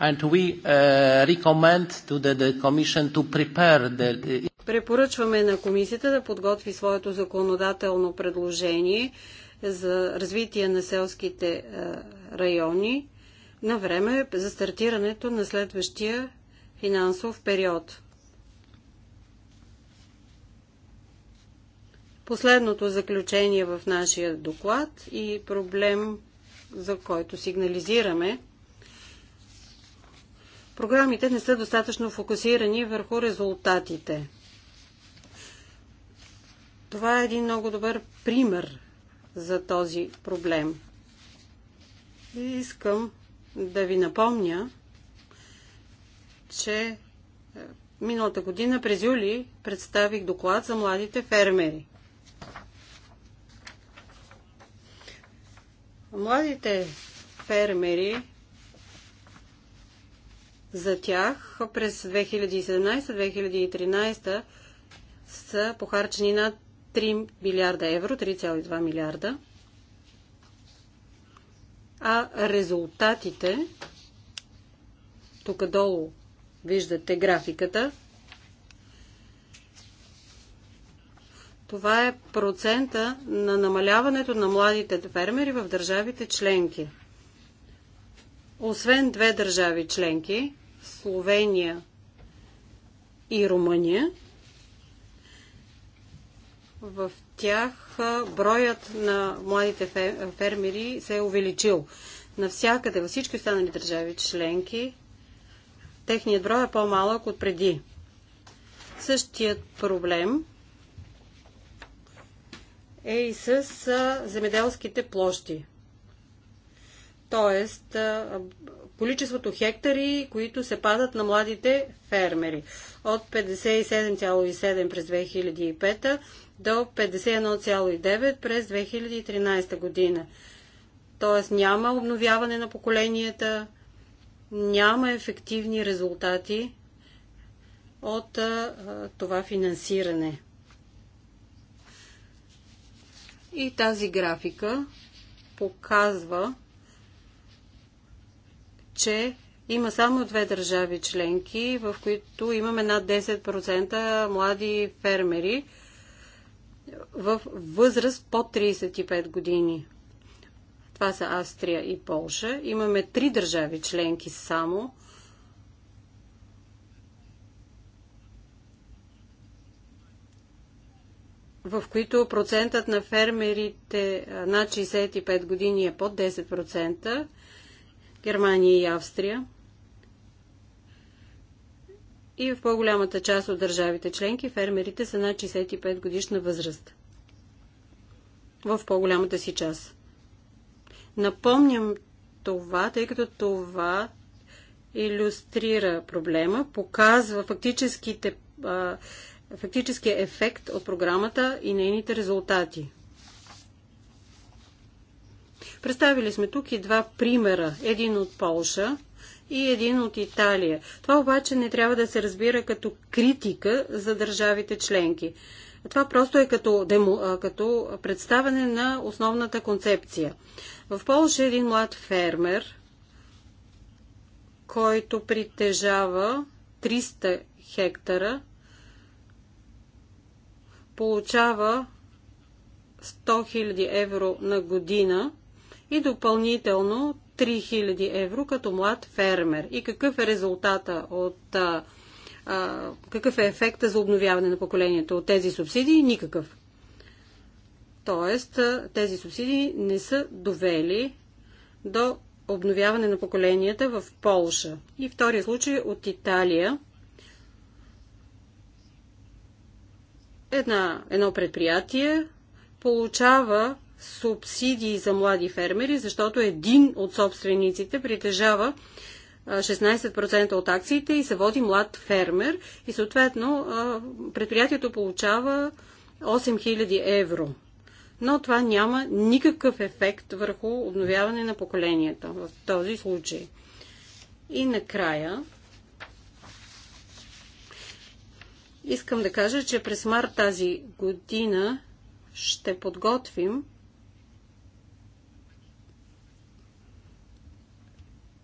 And we uh, recommend to the, the Commission to prepare the Препоръчваме на комисията да подготви своето законодателно предложение за развитие на селските е, райони на време за стартирането на следващия финансов период. Последното заключение в нашия доклад и проблем, за който сигнализираме, програмите не са достатъчно фокусирани върху резултатите. Това е един много добър пример за този проблем. И искам да ви напомня, че е, миналата година през юли представих доклад за младите фермери. Младите фермери за тях през 2017-2013 са похарчени над 3 милиарда евро, 3,2 милиарда, а резултатите, тук долу виждате графиката, това е процента на намаляването на младите фермери в държавите членки. Освен две държави членки, Словения и Румъния, в тях броят на младите фермери се е увеличил. Навсякъде, във всички останали държави членки, техният брой е по-малък от преди. Същият проблем е и с земеделските площи. Тоест, количеството хектари, които се падат на младите фермери. От 57,7 през 2005 до 51,9 през 2013 година. Тоест няма обновяване на поколенията, няма ефективни резултати от а, това финансиране. И тази графика показва, че има само две държави членки, в които имаме над 10% млади фермери, в възраст под 35 години. Това са Австрия и Полша. Имаме три държави членки само. в които процентът на фермерите над 65 години е под 10%, Германия и Австрия. И в по-голямата част от държавите членки фермерите са над 65 годишна възраст в по-голямата си част. Напомням това, тъй като това иллюстрира проблема, показва фактическите, а, фактическия ефект от програмата и нейните резултати. Представили сме тук и два примера. Един от Полша и един от Италия. Това обаче не трябва да се разбира като критика за държавите членки. Това просто е като, демо, като представяне на основната концепция. В Польша един млад фермер, който притежава 300 хектара, получава 100 000 евро на година и допълнително 3000 евро като млад фермер. И какъв е резултата от а, какъв е ефекта за обновяване на поколението от тези субсидии? Никакъв. Тоест, тези субсидии не са довели до обновяване на поколенията в Полша. И втория случай е от Италия. Една, едно предприятие получава субсидии за млади фермери, защото един от собствениците притежава 16% от акциите и се води млад фермер и съответно предприятието получава 8000 евро. Но това няма никакъв ефект върху обновяване на поколенията в този случай. И накрая искам да кажа, че през март тази година ще подготвим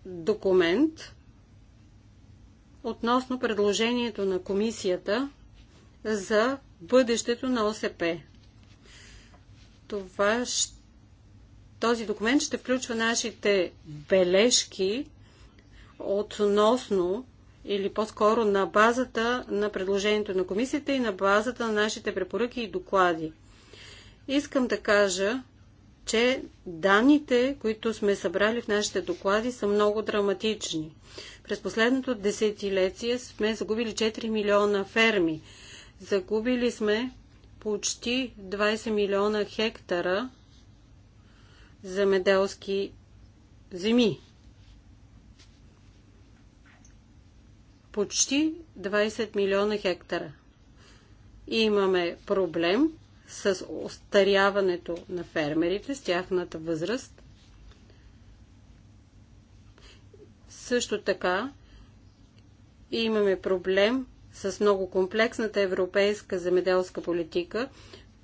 документ относно предложението на комисията за бъдещето на ОСП. Това, този документ ще включва нашите бележки относно или по-скоро на базата на предложението на комисията и на базата на нашите препоръки и доклади. Искам да кажа, че данните, които сме събрали в нашите доклади, са много драматични. През последното десетилетие сме загубили 4 милиона ферми. Загубили сме почти 20 милиона хектара земеделски земи. Почти 20 милиона хектара. И имаме проблем, с остаряването на фермерите, с тяхната възраст. Също така имаме проблем с много комплексната европейска земеделска политика.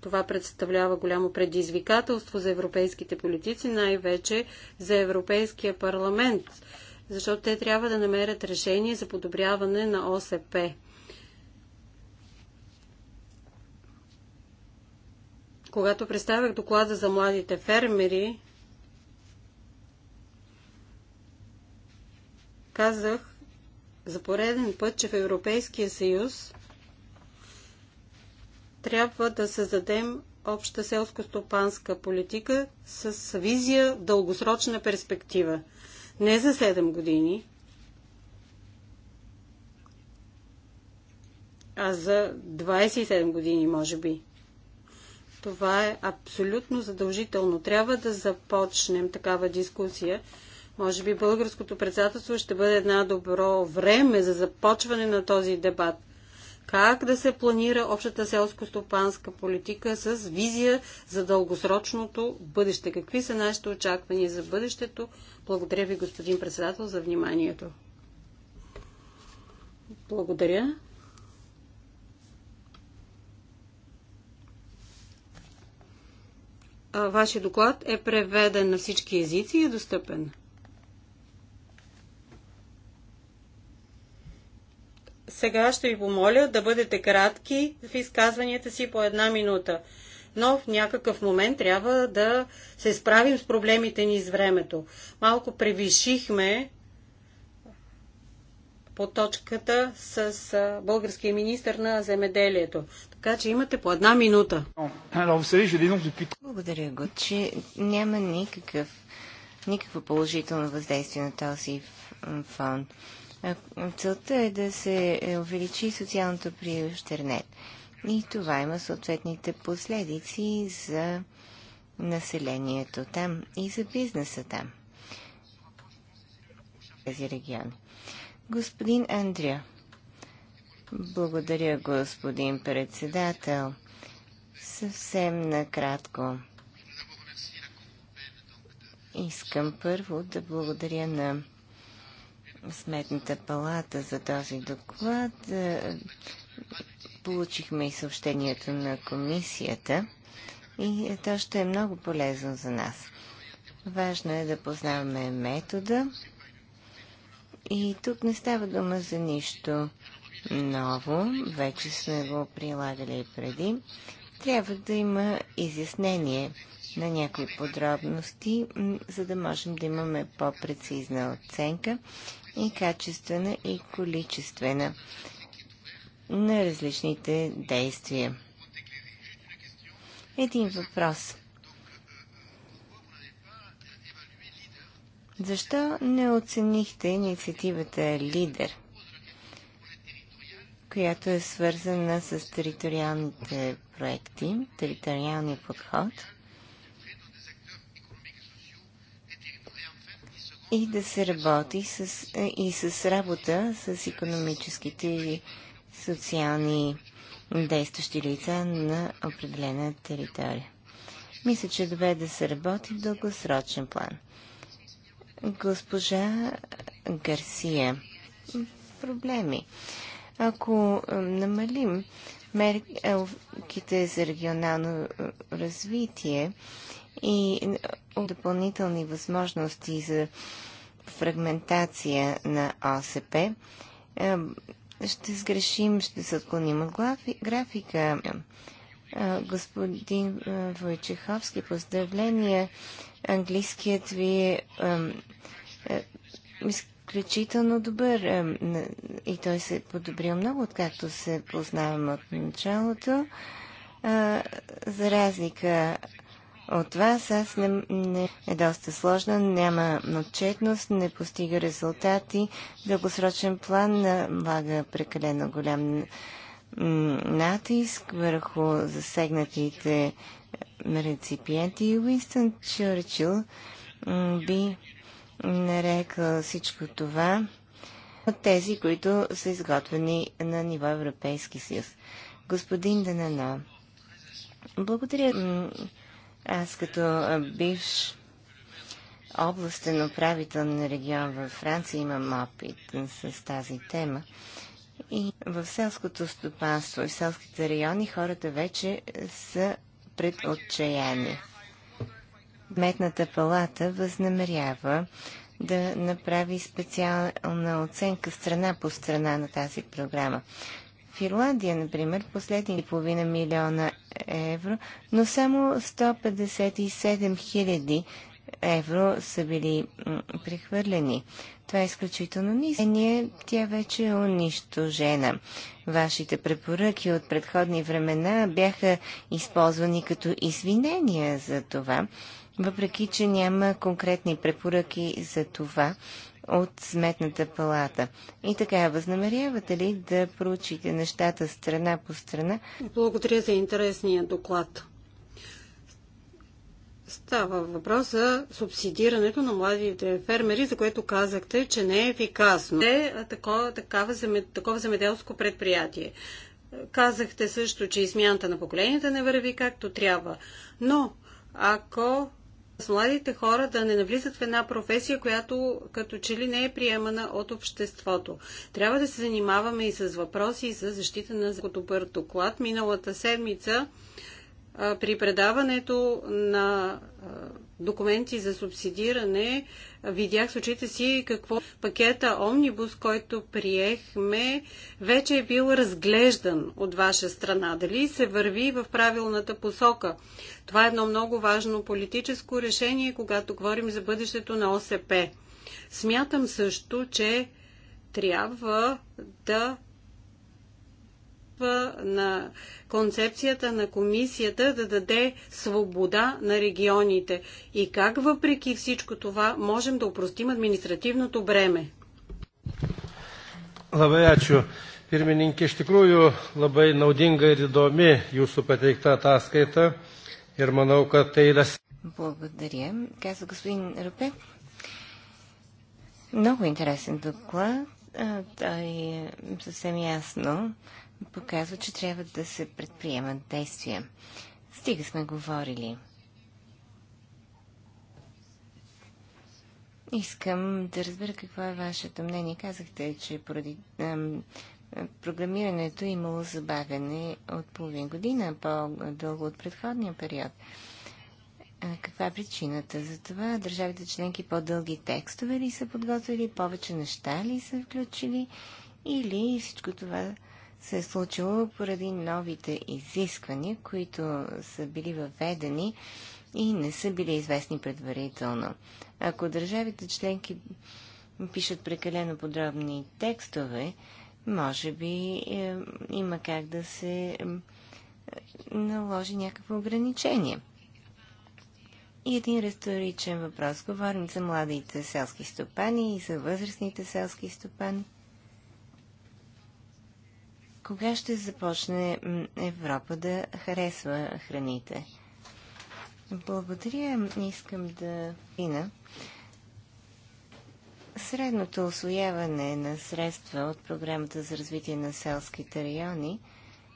Това представлява голямо предизвикателство за европейските политици, най-вече за Европейския парламент, защото те трябва да намерят решение за подобряване на ОСП. Когато представях доклада за младите фермери, казах за пореден път, че в Европейския съюз трябва да създадем обща селско-стопанска политика с визия в дългосрочна перспектива. Не за 7 години, а за 27 години, може би. Това е абсолютно задължително. Трябва да започнем такава дискусия. Може би българското председателство ще бъде една добро време за започване на този дебат. Как да се планира общата селско-стопанска политика с визия за дългосрочното бъдеще? Какви са нашите очаквания за бъдещето? Благодаря ви, господин председател, за вниманието. Благодаря. вашия доклад е преведен на всички езици и е достъпен. Сега ще ви помоля да бъдете кратки в изказванията си по една минута. Но в някакъв момент трябва да се справим с проблемите ни с времето. Малко превишихме по точката с българския министр на земеделието. Така че имате по една минута. Благодаря го, че няма никакъв, никакво положително въздействие на този фонд. Целта е да се е, увеличи социалното приощернет. И това има съответните последици за населението там и за бизнеса там. Тези региони. Господин Андрио. Благодаря, господин председател. Съвсем накратко. Искам първо да благодаря на Сметната палата за този доклад. Получихме и съобщението на комисията и то ще е много полезно за нас. Важно е да познаваме метода, и тук не става дума за нищо ново, вече сме го прилагали и преди. Трябва да има изяснение на някои подробности, за да можем да имаме по-прецизна оценка и качествена и количествена на различните действия. Един въпрос Защо не оценихте инициативата Лидер, която е свързана с териториалните проекти, териториалния подход и да се работи с, и с работа с економическите и социални действащи лица на определена територия. Мисля, че е добре да се работи в дългосрочен план – Госпожа Гарсия, проблеми. Ако е, намалим мерките за регионално е, развитие и е, допълнителни възможности за фрагментация на ОСП, ще сгрешим, ще се отклоним от графика. Господин Войчеховски, поздравления английският ви е, е, изключително добър и той се е подобрил много, откакто се познаваме от началото. За разлика от вас, аз не, не е доста сложна, няма отчетност, не постига резултати, дългосрочен план налага прекалено голям натиск върху засегнатите реципиенти. Уинстън Чърчил би нарекал всичко това от тези, които са изготвени на ниво Европейски съюз. Господин Данано, благодаря. Аз като бивш областен управител на регион във Франция имам опит с тази тема. И в селското стопанство и в селските райони хората вече са пред отчаяние. Метната палата възнамерява да направи специална оценка страна по страна на тази програма. В Ирландия, например, последни половина милиона евро, но само 157 хиляди евро са били прехвърлени. Това е изключително ниско. Е, тя вече е унищожена. Вашите препоръки от предходни времена бяха използвани като извинения за това, въпреки че няма конкретни препоръки за това от Сметната палата. И така, възнамерявате ли да проучите нещата страна по страна? Благодаря за интересния доклад. Става въпрос за субсидирането на младите фермери, за което казахте, че не е ефикасно. Е такова, такова, земеделско предприятие. Казахте също, че смяната на поколенията не върви както трябва. Но ако с младите хора да не навлизат в една професия, която като че ли не е приемана от обществото. Трябва да се занимаваме и с въпроси за защита на добър доклад. Миналата седмица при предаването на документи за субсидиране видях с очите си какво пакета Омнибус, който приехме, вече е бил разглеждан от ваша страна. Дали се върви в правилната посока? Това е едно много важно политическо решение, когато говорим за бъдещето на ОСП. Смятам също, че трябва да изисква на концепцията на комисията да даде свобода на регионите и как въпреки всичко това можем да упростим административното бреме. Labai ačiū. Pirmininkė, iš tikrųjų labai naudinga ir įdomi jūsų pateikta ataskaita ir manau, kad tai yra. Благодаря. Казва господин Рупе. Много интересен доклад. Той е съвсем ясно показва, че трябва да се предприемат действия. Стига сме говорили. Искам да разбера какво е вашето мнение. Казахте, че поради ам, програмирането е имало забавяне от половин година, по-дълго от предходния период. А, каква е причината за това? Държавите членки по-дълги текстове ли са подготвили, повече неща ли са включили или всичко това се е случило поради новите изисквания, които са били въведени и не са били известни предварително. Ако държавите членки пишат прекалено подробни текстове, може би е, има как да се е, наложи някакво ограничение. И един ресторичен въпрос. Говорим за младите селски стопани и за възрастните селски стопани. Кога ще започне Европа да харесва храните? Благодаря. Искам да пина. Средното освояване на средства от програмата за развитие на селските райони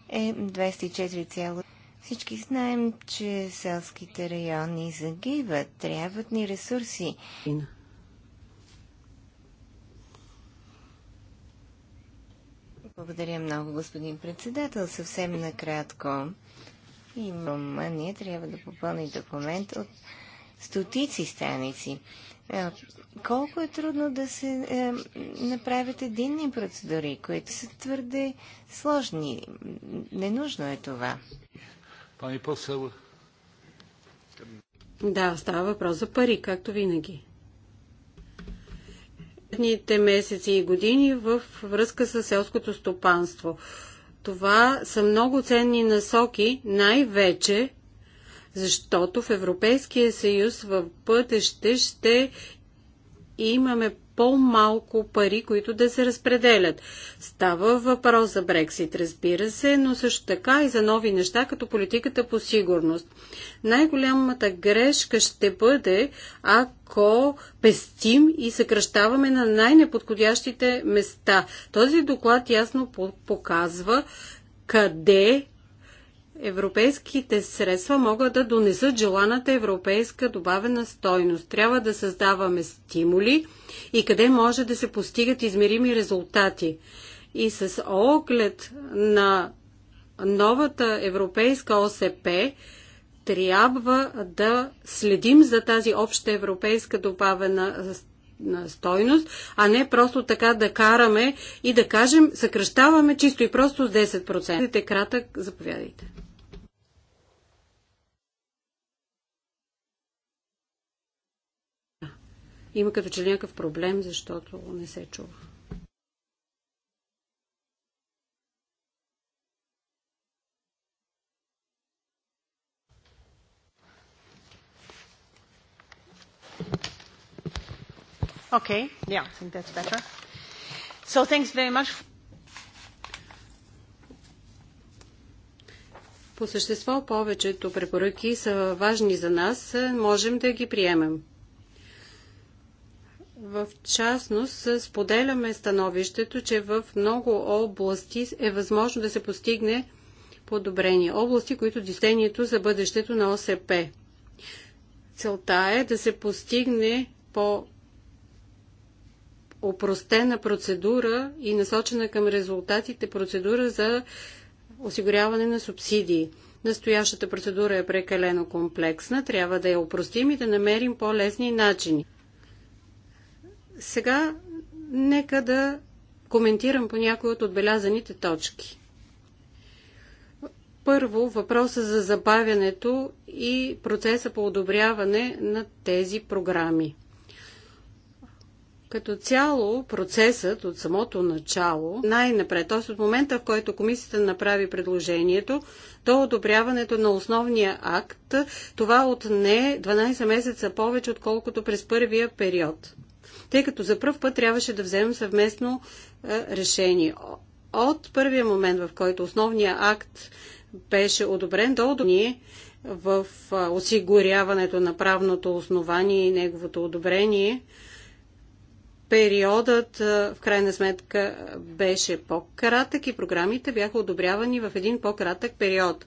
е 24, всички знаем, че селските райони загиват, трябват ни ресурси. Ина. Благодаря много, господин председател. Съвсем накратко. И Румъния трябва да попълни документ от стотици страници. Колко е трудно да се е, направят единни процедури, които са твърде сложни. Ненужно е това. Да, става въпрос за пари, както винаги последните месеци и години в връзка с селското стопанство. Това са много ценни насоки, най-вече защото в Европейския съюз в пътеще ще имаме по-малко пари, които да се разпределят. Става въпрос за Брексит, разбира се, но също така и за нови неща, като политиката по сигурност. Най-голямата грешка ще бъде, ако пестим и съкръщаваме на най-неподходящите места. Този доклад ясно показва къде Европейските средства могат да донесат желаната европейска добавена стойност. Трябва да създаваме стимули и къде може да се постигат измерими резултати. И с оглед на новата европейска ОСП трябва да следим за тази обща европейска добавена стойност стойност, а не просто така да караме и да кажем, съкръщаваме чисто и просто с 10%. Кратък, заповядайте. Има като че някакъв проблем, защото не се чува. Thank you. Okay, yeah, I think that's better. So thanks very much. По същество повечето препоръки са важни за нас, можем да ги приемем. В частност, споделяме становището, че в много области е възможно да се постигне подобрение. Области, които дистението за бъдещето на ОСП. Целта е да се постигне по опростена процедура и насочена към резултатите процедура за осигуряване на субсидии. Настоящата процедура е прекалено комплексна, трябва да я опростим и да намерим по-лесни начини. Сега нека да коментирам по някои от отбелязаните точки. Първо, въпроса за забавянето и процеса по одобряване на тези програми. Като цяло, процесът от самото начало, най-напред, т.е. от момента, в който комисията направи предложението, до одобряването на основния акт, това отне 12 месеца повече, отколкото през първия период. Тъй като за първ път трябваше да вземем съвместно е, решение. От първия момент, в който основния акт беше одобрен, до одобрение в е, осигуряването на правното основание и неговото одобрение – периодът в крайна сметка беше по-кратък и програмите бяха одобрявани в един по-кратък период.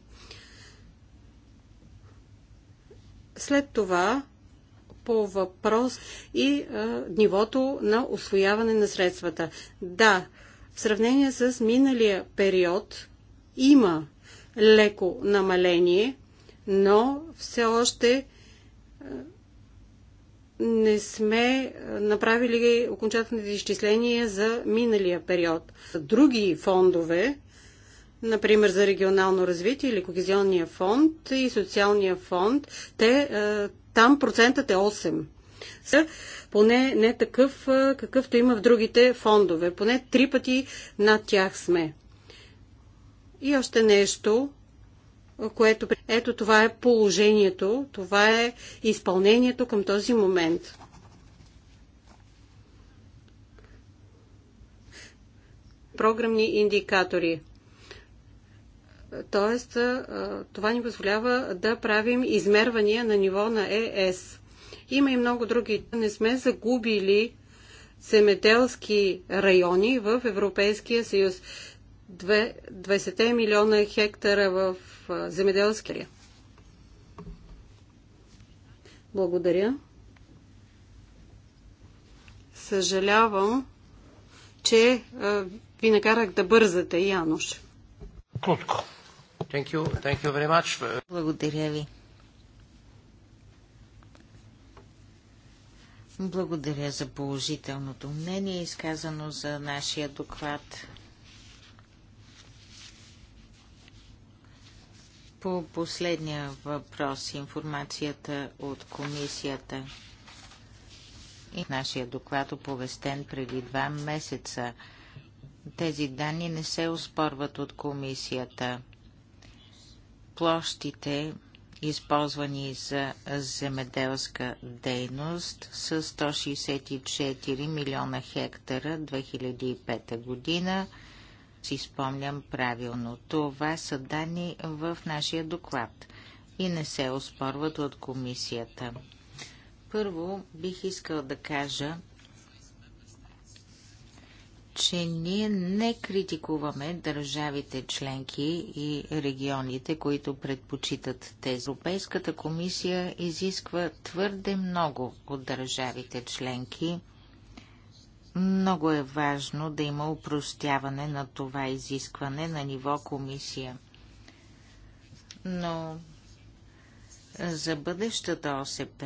След това по въпрос и а, нивото на освояване на средствата. Да, в сравнение с миналия период има леко намаление, но все още не сме направили окончателните изчисления за миналия период. Други фондове, например за регионално развитие или когезионния фонд и социалния фонд, те, там процентът е 8. Поне не такъв, какъвто има в другите фондове. Поне три пъти над тях сме. И още нещо което... Ето това е положението, това е изпълнението към този момент. Програмни индикатори. Тоест, това ни позволява да правим измервания на ниво на ЕС. Има и много други. Не сме загубили земеделски райони в Европейския съюз. 20 милиона хектара в земеделския. Благодаря. Съжалявам, че ви накарах да бързате, Януш. Кратко. Thank you. Thank you very much. Благодаря ви. Благодаря за положителното мнение, изказано за нашия доклад. По последния въпрос, информацията от комисията и нашия доклад оповестен преди два месеца. Тези данни не се оспорват от комисията. Площите, използвани за земеделска дейност, са 164 милиона хектара 2005 година – си спомням правилно. Това са данни в нашия доклад и не се оспорват от комисията. Първо бих искал да кажа, че ние не критикуваме държавите членки и регионите, които предпочитат тези. Европейската комисия изисква твърде много от държавите членки – много е важно да има упростяване на това изискване на ниво комисия. Но за бъдещата ОСП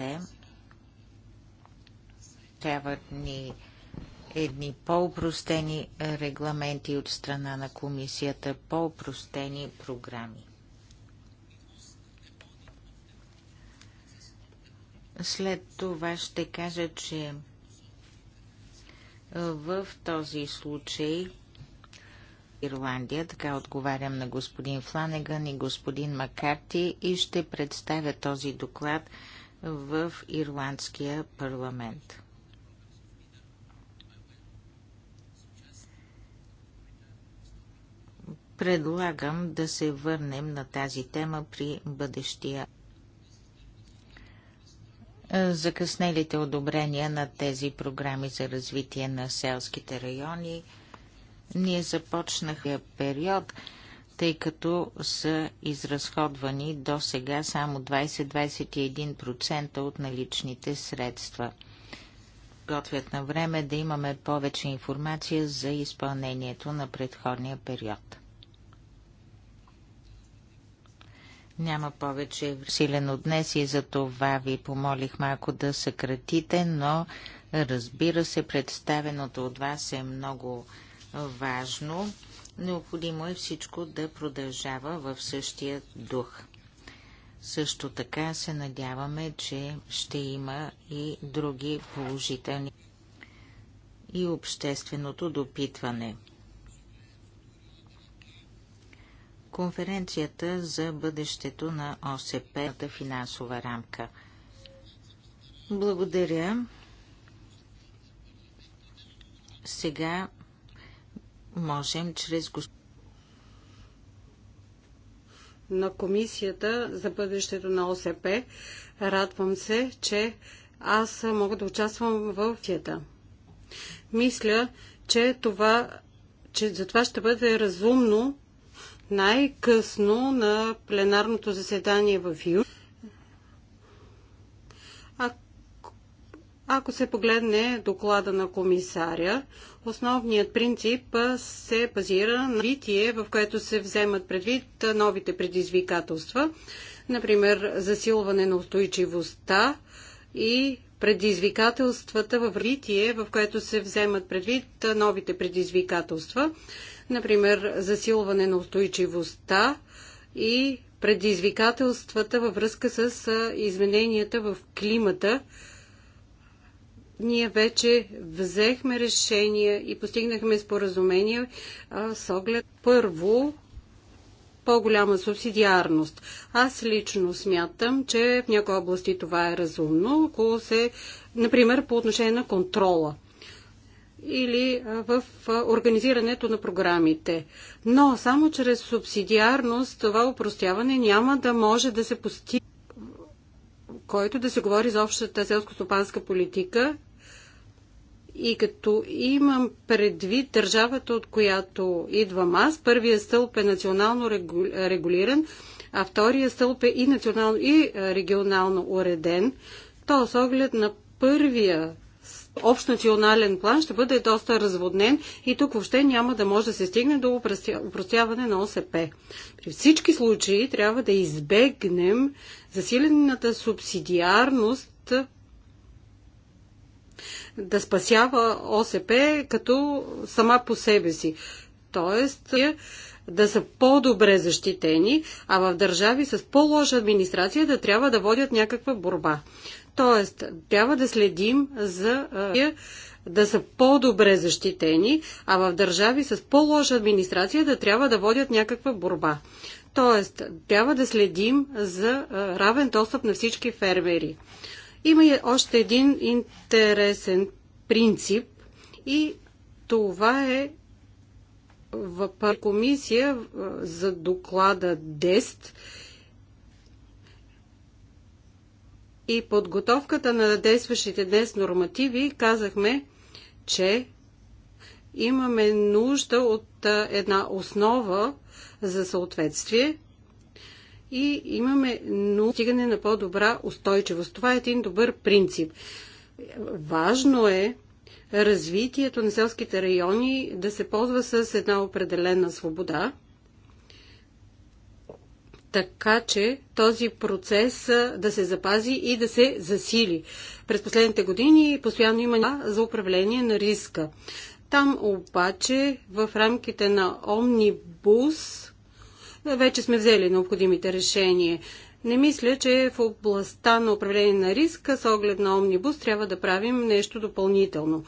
трябват ни едни по-упростени регламенти от страна на комисията, по-упростени програми. След това ще кажа, че в този случай Ирландия, така отговарям на господин Фланеган и господин Макарти и ще представя този доклад в Ирландския парламент. Предлагам да се върнем на тази тема при бъдещия закъснелите одобрения на тези програми за развитие на селските райони. Ние започнахме период, тъй като са изразходвани до сега само 20-21% от наличните средства. Готвят на време да имаме повече информация за изпълнението на предходния период. Няма повече от днес и за това ви помолих малко да съкратите, но разбира се, представеното от вас е много важно. Необходимо е всичко да продължава в същия дух. Също така се надяваме, че ще има и други положителни и общественото допитване – конференцията за бъдещето на ОСП на финансова рамка. Благодаря. Сега можем чрез на комисията за бъдещето на ОСП. Радвам се, че аз мога да участвам в тията. Мисля, че това че за това ще бъде разумно най-късно на пленарното заседание в юни. Ако се погледне доклада на комисаря, основният принцип се базира на развитие, в което се вземат предвид новите предизвикателства, например засилване на устойчивостта и предизвикателствата в развитие, в което се вземат предвид новите предизвикателства, например засилване на устойчивостта и предизвикателствата във връзка с измененията в климата. Ние вече взехме решения и постигнахме споразумения с оглед първо по-голяма субсидиарност. Аз лично смятам, че в някои области това е разумно, ако се, например, по отношение на контрола или в организирането на програмите. Но само чрез субсидиарност това упростяване няма да може да се постигне който да се говори за общата селско-стопанска политика и като имам предвид държавата, от която идвам аз, първия стълб е национално регулиран, а втория стълб е и национално и е, регионално уреден, то с оглед на първия общ национален план ще бъде доста разводнен и тук въобще няма да може да се стигне до упростяване на ОСП. При всички случаи трябва да избегнем засилената субсидиарност да спасява ОСП като сама по себе си. Тоест е да са по-добре защитени, а в държави с по-лоша администрация да трябва да водят някаква борба. Тоест, трябва да следим за е, да са по-добре защитени, а в държави с по-лоша администрация да трябва да водят някаква борба. Тоест, трябва да следим за е, равен достъп на всички фермери. Има и още един интересен принцип и това е в комисия за доклада ДЕСТ и подготовката на действащите днес нормативи казахме, че имаме нужда от една основа за съответствие – и имаме стигане на по-добра устойчивост. Това е един добър принцип. Важно е развитието на селските райони да се ползва с една определена свобода, така че този процес да се запази и да се засили. През последните години постоянно има за управление на риска. Там обаче в рамките на Омнибус вече сме взели необходимите решения. Не мисля, че в областта на управление на риска с оглед на омнибус трябва да правим нещо допълнително.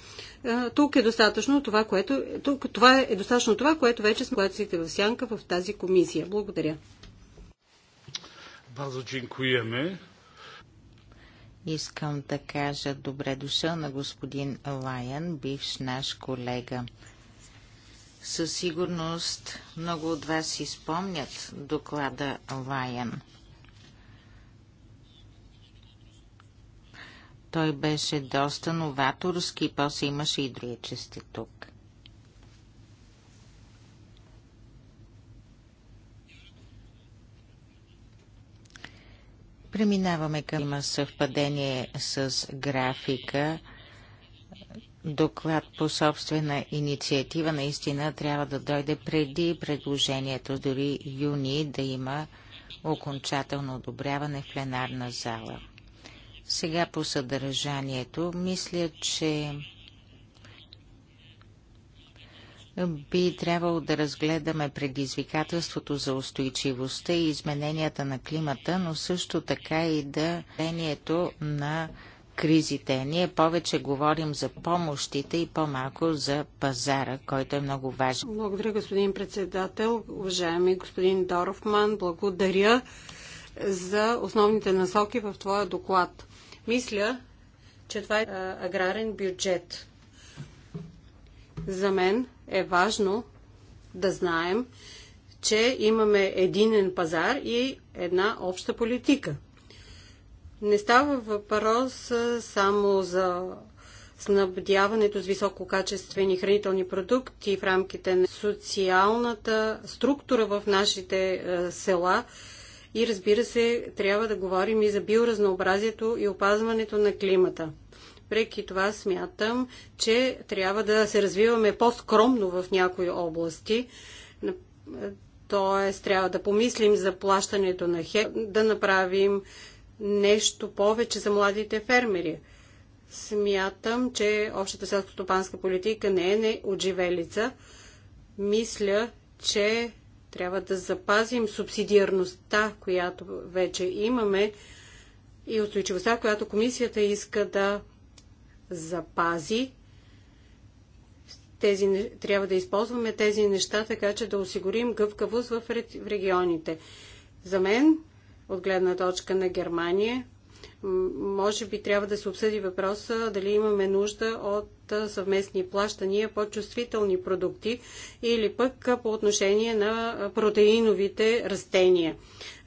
Тук е достатъчно това, което, тук, това е достатъчно това, което вече сме ситуациите в сянка в тази комисия. Благодаря. Базо дякуваме. Искам да кажа добре дошъл на господин Лайан, бивш наш колега. Със сигурност много от вас си спомнят доклада Лайен. Той беше доста новаторски, после имаше и други чести тук. Преминаваме към съвпадение с графика – доклад по собствена инициатива наистина трябва да дойде преди предложението, дори юни да има окончателно одобряване в пленарна зала. Сега по съдържанието, мисля, че би трябвало да разгледаме предизвикателството за устойчивостта и измененията на климата, но също така и да на кризите. Ние повече говорим за помощите и по-малко за пазара, който е много важен. Благодаря, господин председател. Уважаеми господин Дорфман, благодаря за основните насоки в твоя доклад. Мисля, че това е аграрен бюджет. За мен е важно да знаем, че имаме единен пазар и една обща политика. Не става въпрос само за снабдяването с висококачествени хранителни продукти в рамките на социалната структура в нашите села. И разбира се, трябва да говорим и за биоразнообразието и опазването на климата. Преки това смятам, че трябва да се развиваме по-скромно в някои области. Тоест, трябва да помислим за плащането на хек, да направим нещо повече за младите фермери. Смятам, че общата селско-стопанска политика не е не отживелица. Мисля, че трябва да запазим субсидиарността, която вече имаме и устойчивостта, която комисията иска да запази. Тези, трябва да използваме тези неща, така че да осигурим гъвкавост в регионите. За мен от гледна точка на Германия. Може би трябва да се обсъди въпроса дали имаме нужда от съвместни плащания по чувствителни продукти или пък по отношение на протеиновите растения.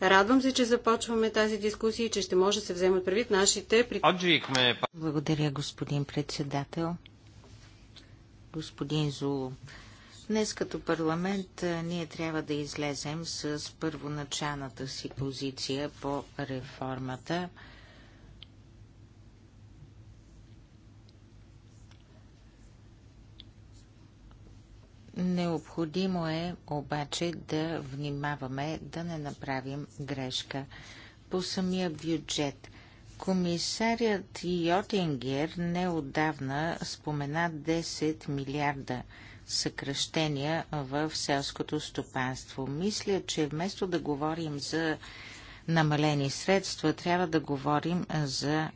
Радвам се, че започваме тази дискусия и че ще може да се вземат предвид нашите... Благодаря, господин председател. Господин Зулу. Днес като парламент ние трябва да излезем с първоначалната си позиция по реформата. Необходимо е обаче да внимаваме да не направим грешка по самия бюджет. Комисарят Йотингер неодавна спомена 10 милиарда съкръщения в селското стопанство. Мисля, че вместо да говорим за намалени средства, трябва да говорим за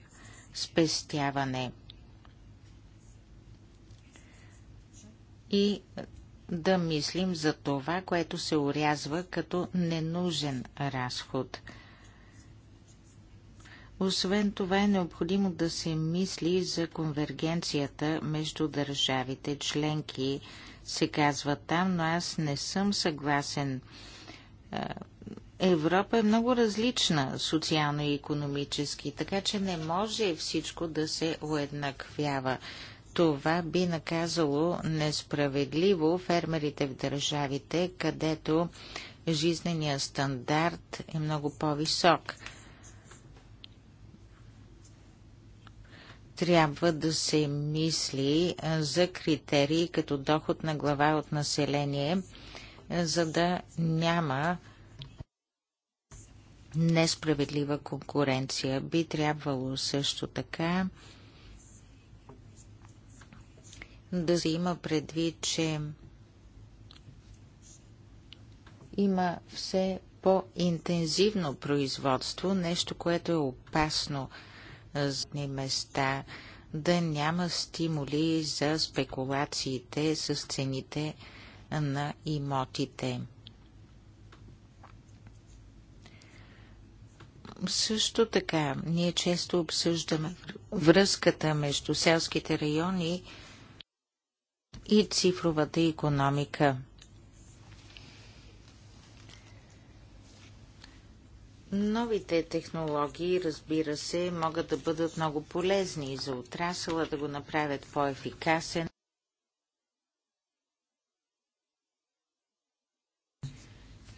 спестяване. И да мислим за това, което се урязва като ненужен разход – освен това е необходимо да се мисли за конвергенцията между държавите членки, се казва там, но аз не съм съгласен. Европа е много различна социално и економически, така че не може всичко да се уеднаквява. Това би наказало несправедливо фермерите в държавите, където жизненият стандарт е много по-висок – трябва да се мисли за критерии като доход на глава от население, за да няма несправедлива конкуренция. Би трябвало също така да се има предвид, че има все по-интензивно производство, нещо, което е опасно – зни места, да няма стимули за спекулациите с цените на имотите. Също така, ние често обсъждаме връзката между селските райони и цифровата економика. Новите технологии, разбира се, могат да бъдат много полезни за отрасъла, да го направят по-ефикасен.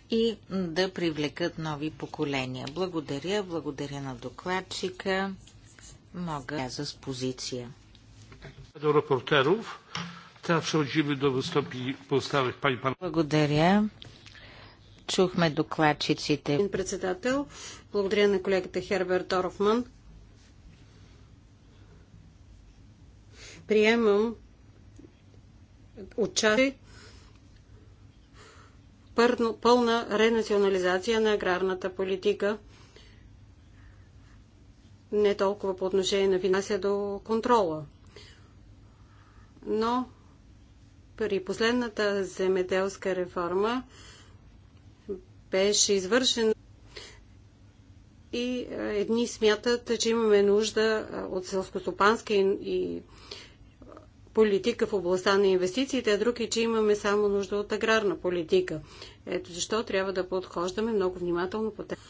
и да привлекат нови поколения. Благодаря, благодаря на докладчика. Мога за с позиция. Благодаря. Чухме докладчиците. Председател, благодаря на колегата Херберт Орфман. Приемам отчасти пълна ренационализация на аграрната политика, не толкова по отношение на финансия до контрола. Но при последната земеделска реформа беше извършен и едни смятат, че имаме нужда от селскостопанска и, политика в областта на инвестициите, а други, че имаме само нужда от аграрна политика. Ето защо трябва да подхождаме много внимателно по темата.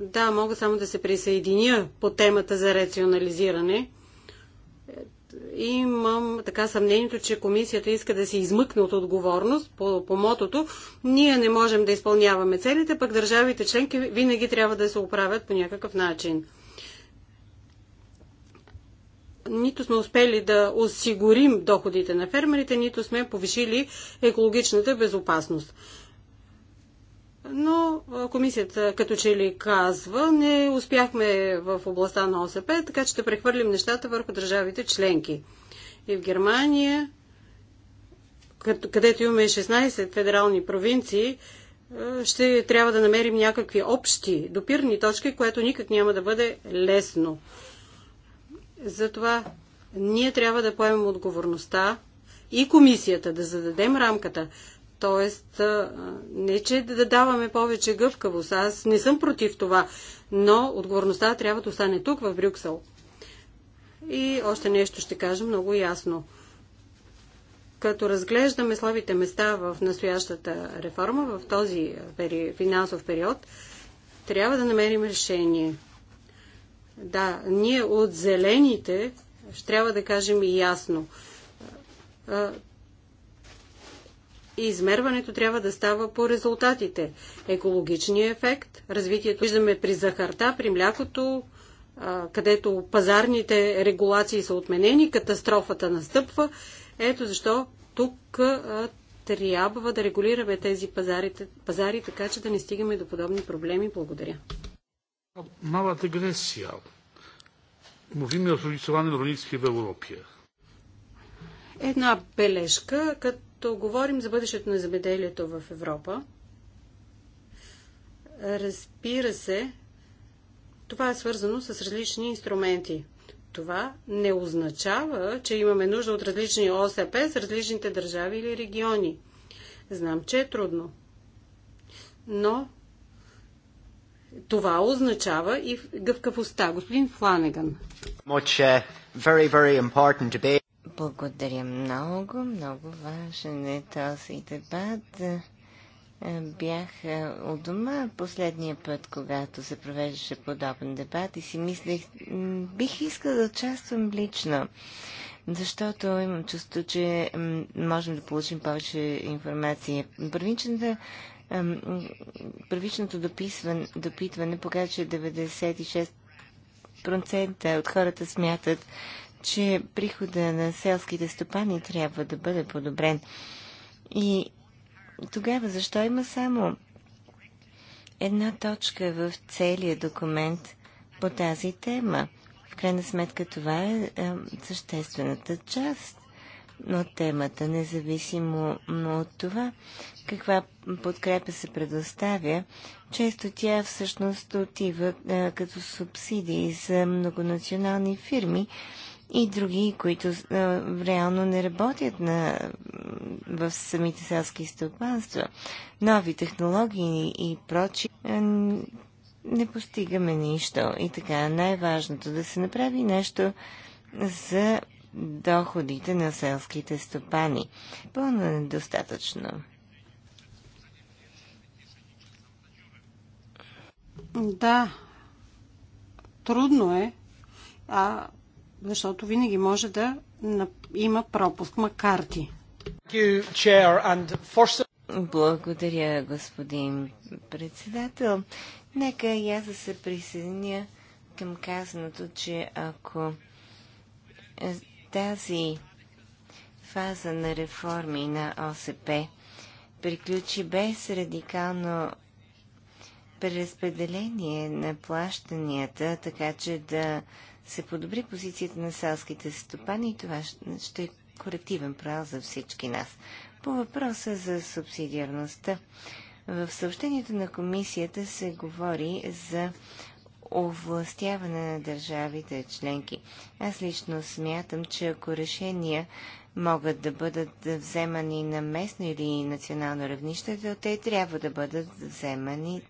Да, мога само да се присъединя по темата за рационализиране имам така съмнението, че комисията иска да се измъкне от отговорност по, по мотото. Ние не можем да изпълняваме целите, пък държавите членки винаги трябва да се оправят по някакъв начин. Нито сме успели да осигурим доходите на фермерите, нито сме повишили екологичната безопасност. Но комисията като че ли казва, не успяхме в областта на ОСП, така че ще прехвърлим нещата върху държавите членки. И в Германия, където имаме 16 федерални провинции, ще трябва да намерим някакви общи допирни точки, което никак няма да бъде лесно. Затова ние трябва да поемем отговорността и комисията да зададем рамката, Тоест, не че да даваме повече гъвкавост. Аз не съм против това, но отговорността трябва да остане тук, в Брюксел. И още нещо ще кажа много ясно. Като разглеждаме слабите места в настоящата реформа, в този пери... финансов период, трябва да намерим решение. Да, ние от зелените ще трябва да кажем и ясно и измерването трябва да става по резултатите. Екологичния ефект, развитието виждаме при захарта, при млякото, където пазарните регулации са отменени, катастрофата настъпва. Ето защо тук трябва да регулираме тези пазари, пазари така че да не стигаме до подобни проблеми. Благодаря. Мала дегресия. Mówimy o zróżnicowanym rolnictwie в Една бележка, като когато говорим за бъдещето на земеделието в Европа, разбира се, това е свързано с различни инструменти. Това не означава, че имаме нужда от различни ОСП с различните държави или региони. Знам, че е трудно. Но това означава и гъвкавостта. Господин Фланеган. Uh, благодаря много. Много важен е този дебат. Е, бях е, у дома последния път, когато се провеждаше подобен дебат и си мислех, бих искала да участвам лично, защото имам чувство, че можем да получим повече информация. Първичната първичното дописване, допитване показва, че 96% от хората смятат, че прихода на селските стопани трябва да бъде подобрен. И тогава защо има само една точка в целия документ по тази тема? В крайна сметка това е, е съществената част на темата, независимо от това каква подкрепа се предоставя. Често тя всъщност отива е, като субсидии за многонационални фирми, и други, които а, реално не работят на, в самите селски стопанства. Нови технологии и прочи не постигаме нищо. И така, най-важното да се направи нещо за доходите на селските стопани. Пълно недостатъчно. Да, трудно е. А защото винаги може да има пропуск макар ти. Благодаря, господин председател. Нека и аз да се присъединя към казаното, че ако тази фаза на реформи на ОСП приключи без радикално преразпределение на плащанията, така че да се подобри позицията на селските стопани и това ще е корективен правил за всички нас. По въпроса за субсидиарността. В съобщението на комисията се говори за овластяване на държавите членки. Аз лично смятам, че ако решения могат да бъдат вземани на местно или национално равнище, то те трябва да бъдат вземани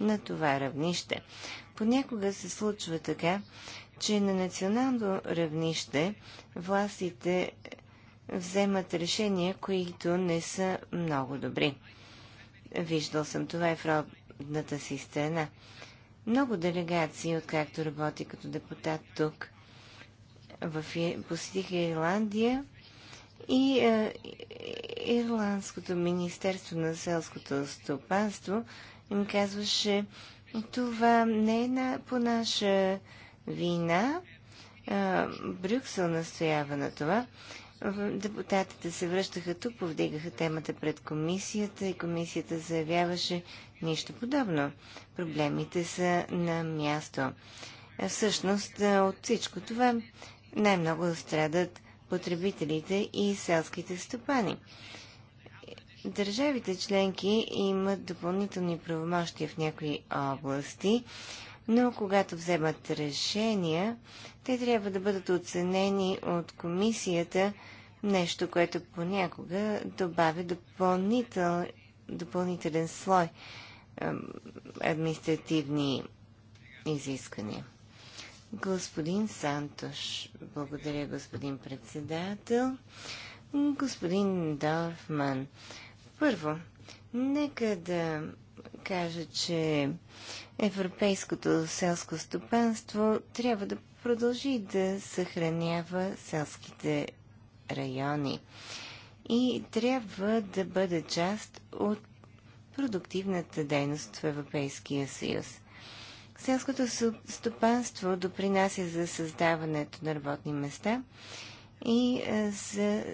на това равнище. Понякога се случва така, че на национално равнище властите вземат решения, които не са много добри. Виждал съм това и в родната си страна. Много делегации, откакто работи като депутат тук, в, посетиха Ирландия и е, Ирландското министерство на селското стопанство им казваше, това не е на, по наша вина. Брюксел настоява на това. Депутатите се връщаха тук, повдигаха темата пред комисията и комисията заявяваше нищо подобно. Проблемите са на място. Всъщност от всичко това най-много страдат потребителите и селските стопани. Държавите членки имат допълнителни правомощия в някои области но когато вземат решения, те трябва да бъдат оценени от комисията, нещо, което понякога добавя допълнител, допълнителен слой административни изисквания. Господин Сантош, благодаря господин председател. Господин Дорфман, първо, нека да кажа, че европейското селско стопанство трябва да продължи да съхранява селските райони и трябва да бъде част от продуктивната дейност в Европейския съюз. Селското стопанство допринася за създаването на работни места и е, за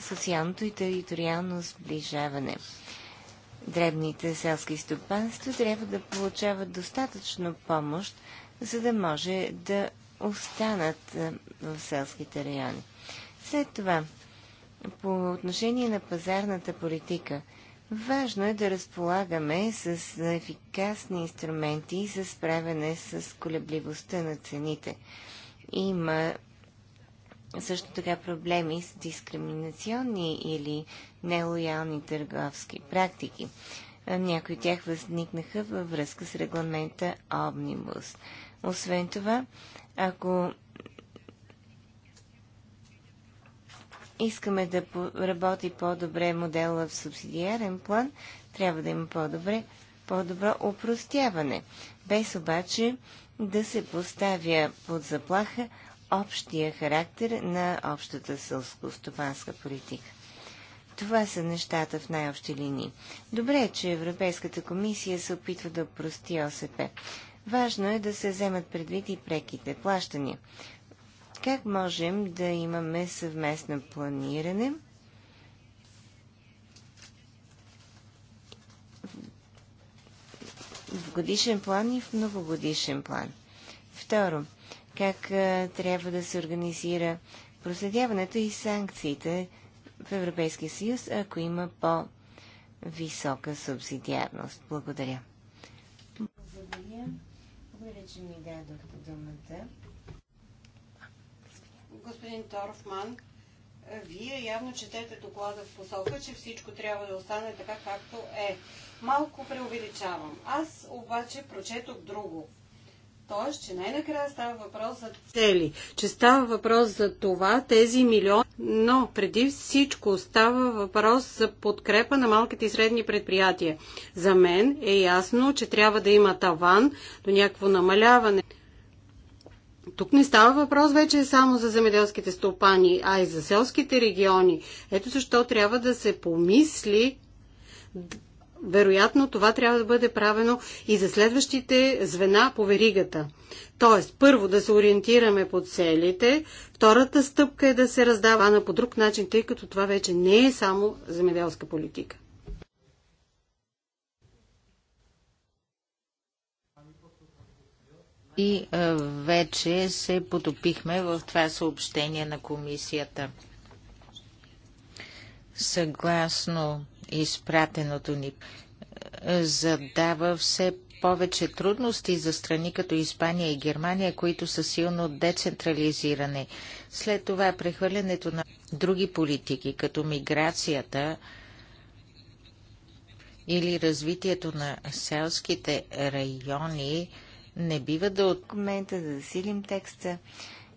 социалното и териториално сближаване дребните селски стопанства трябва да получават достатъчно помощ, за да може да останат е, в селските райони. След това, по отношение на пазарната политика, важно е да разполагаме с ефикасни инструменти за справяне с колебливостта на цените. Има също така проблеми с дискриминационни или нелоялни търговски практики. Някои от тях възникнаха във връзка с регламента Обнибус. Освен това, ако искаме да работи по-добре модела в субсидиарен план, трябва да има по-добре, по-добро упростяване, без обаче да се поставя под заплаха общия характер на общата сълско-стопанска политика. Това са нещата в най-общи линии. Добре е, че Европейската комисия се опитва да прости ОСП. Важно е да се вземат предвид и преките плащания. Как можем да имаме съвместно планиране в годишен план и в многогодишен план? Второ, как трябва да се организира проследяването и санкциите в Европейския съюз, ако има по-висока субсидиарност. Благодаря. Благодаря. Благодаря, че ми дадохте думата. Господин Торфман, вие явно четете доклада в посока, че всичко трябва да остане така, както е. Малко преувеличавам. Аз обаче прочетох друго. Тоест, че най-накрая става въпрос за цели, че става въпрос за това, тези милиони, но преди всичко става въпрос за подкрепа на малките и средни предприятия. За мен е ясно, че трябва да има таван до някакво намаляване. Тук не става въпрос вече само за земеделските стопани, а и за селските региони. Ето защо трябва да се помисли вероятно това трябва да бъде правено и за следващите звена по веригата. Тоест, първо да се ориентираме по целите, втората стъпка е да се раздава на по друг начин, тъй като това вече не е само земеделска политика. И е, вече се потопихме в това съобщение на комисията. Съгласно изпратеното ни е, задава все повече трудности за страни като Испания и Германия, които са силно децентрализирани. След това прехвърлянето на други политики, като миграцията или развитието на селските райони, не бива да от момента да засилим текста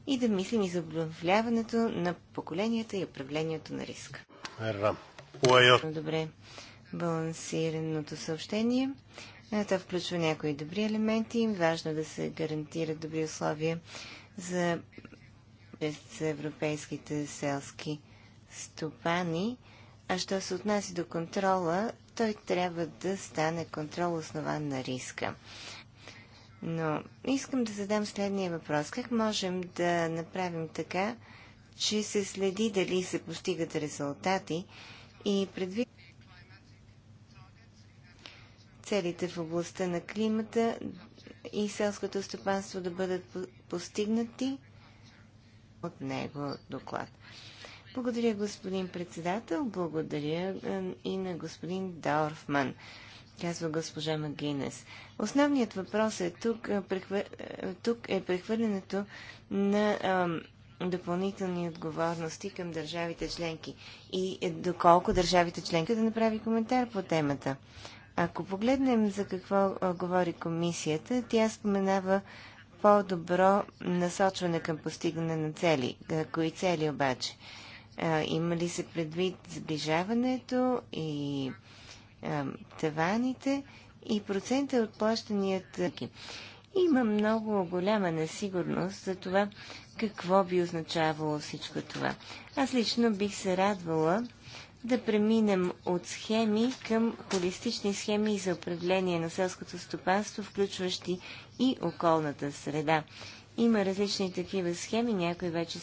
и да мислим и за обновляването на поколенията и управлението на риска. Добре балансираното съобщение. Това включва някои добри елементи. Важно е да се гарантират добри условия за през европейските селски стопани. А що се отнася до контрола, той трябва да стане контрол основан на риска. Но искам да задам следния въпрос. Как можем да направим така, че се следи дали се постигат резултати и предвид целите в областта на климата и селското стопанство да бъдат постигнати от него доклад. Благодаря, господин председател. Благодаря и на господин Дорфман, казва госпожа Магинес. Основният въпрос е тук, е е, тук е прехвърлянето на допълнителни отговорности към държавите членки и е, доколко държавите членки да направи коментар по темата. Ако погледнем за какво говори комисията, тя споменава по-добро насочване към постигане на цели. Кои цели обаче? Има ли се предвид сближаването и таваните и процента от плащанията? Има много голяма несигурност за това какво би означавало всичко това. Аз лично бих се радвала да преминем от схеми към холистични схеми за управление на селското стопанство, включващи и околната среда. Има различни такива схеми, някои вече...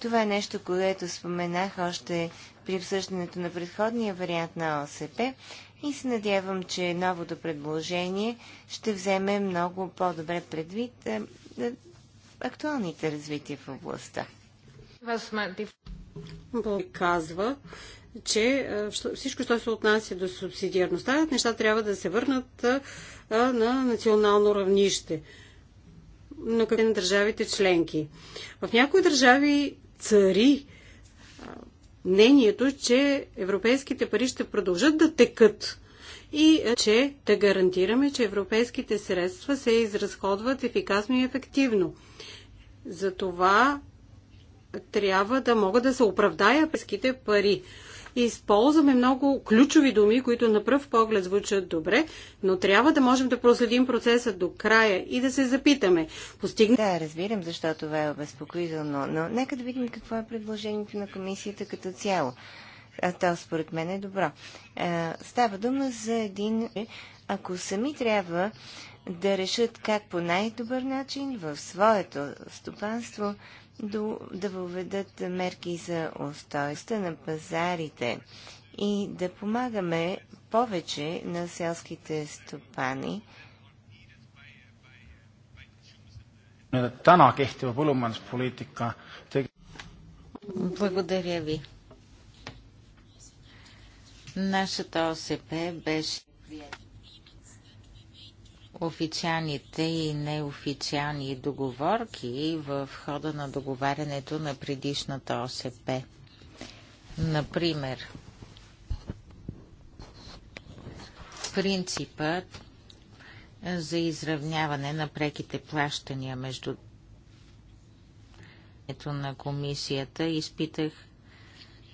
Това е нещо, което споменах още при обсъждането на предходния вариант на ОСП и се надявам, че новото предложение ще вземе много по-добре предвид актуалните развития в областта. Казва, че всичко, което се отнася до субсидиарността, неща трябва да се върнат на национално равнище. Но къде на държавите членки? В някои държави цари мнението, че европейските пари ще продължат да текат и е, че да гарантираме, че европейските средства се изразходват ефикасно и ефективно. За това трябва да могат да се оправдая песките пари. Използваме много ключови думи, които на пръв поглед звучат добре, но трябва да можем да проследим процеса до края и да се запитаме. Постигна... Да, разбирам защо това е обезпокоително, но нека да видим какво е предложението на комисията като цяло то според мен е добро. става дума за един, ако сами трябва да решат как по най-добър начин в своето стопанство да, въведат мерки за устойства на пазарите и да помагаме повече на селските стопани. Благодаря ви. Нашата ОСП беше официалните и неофициални договорки в хода на договарянето на предишната ОСП. Например, принципът за изравняване на преките плащания между на комисията изпитах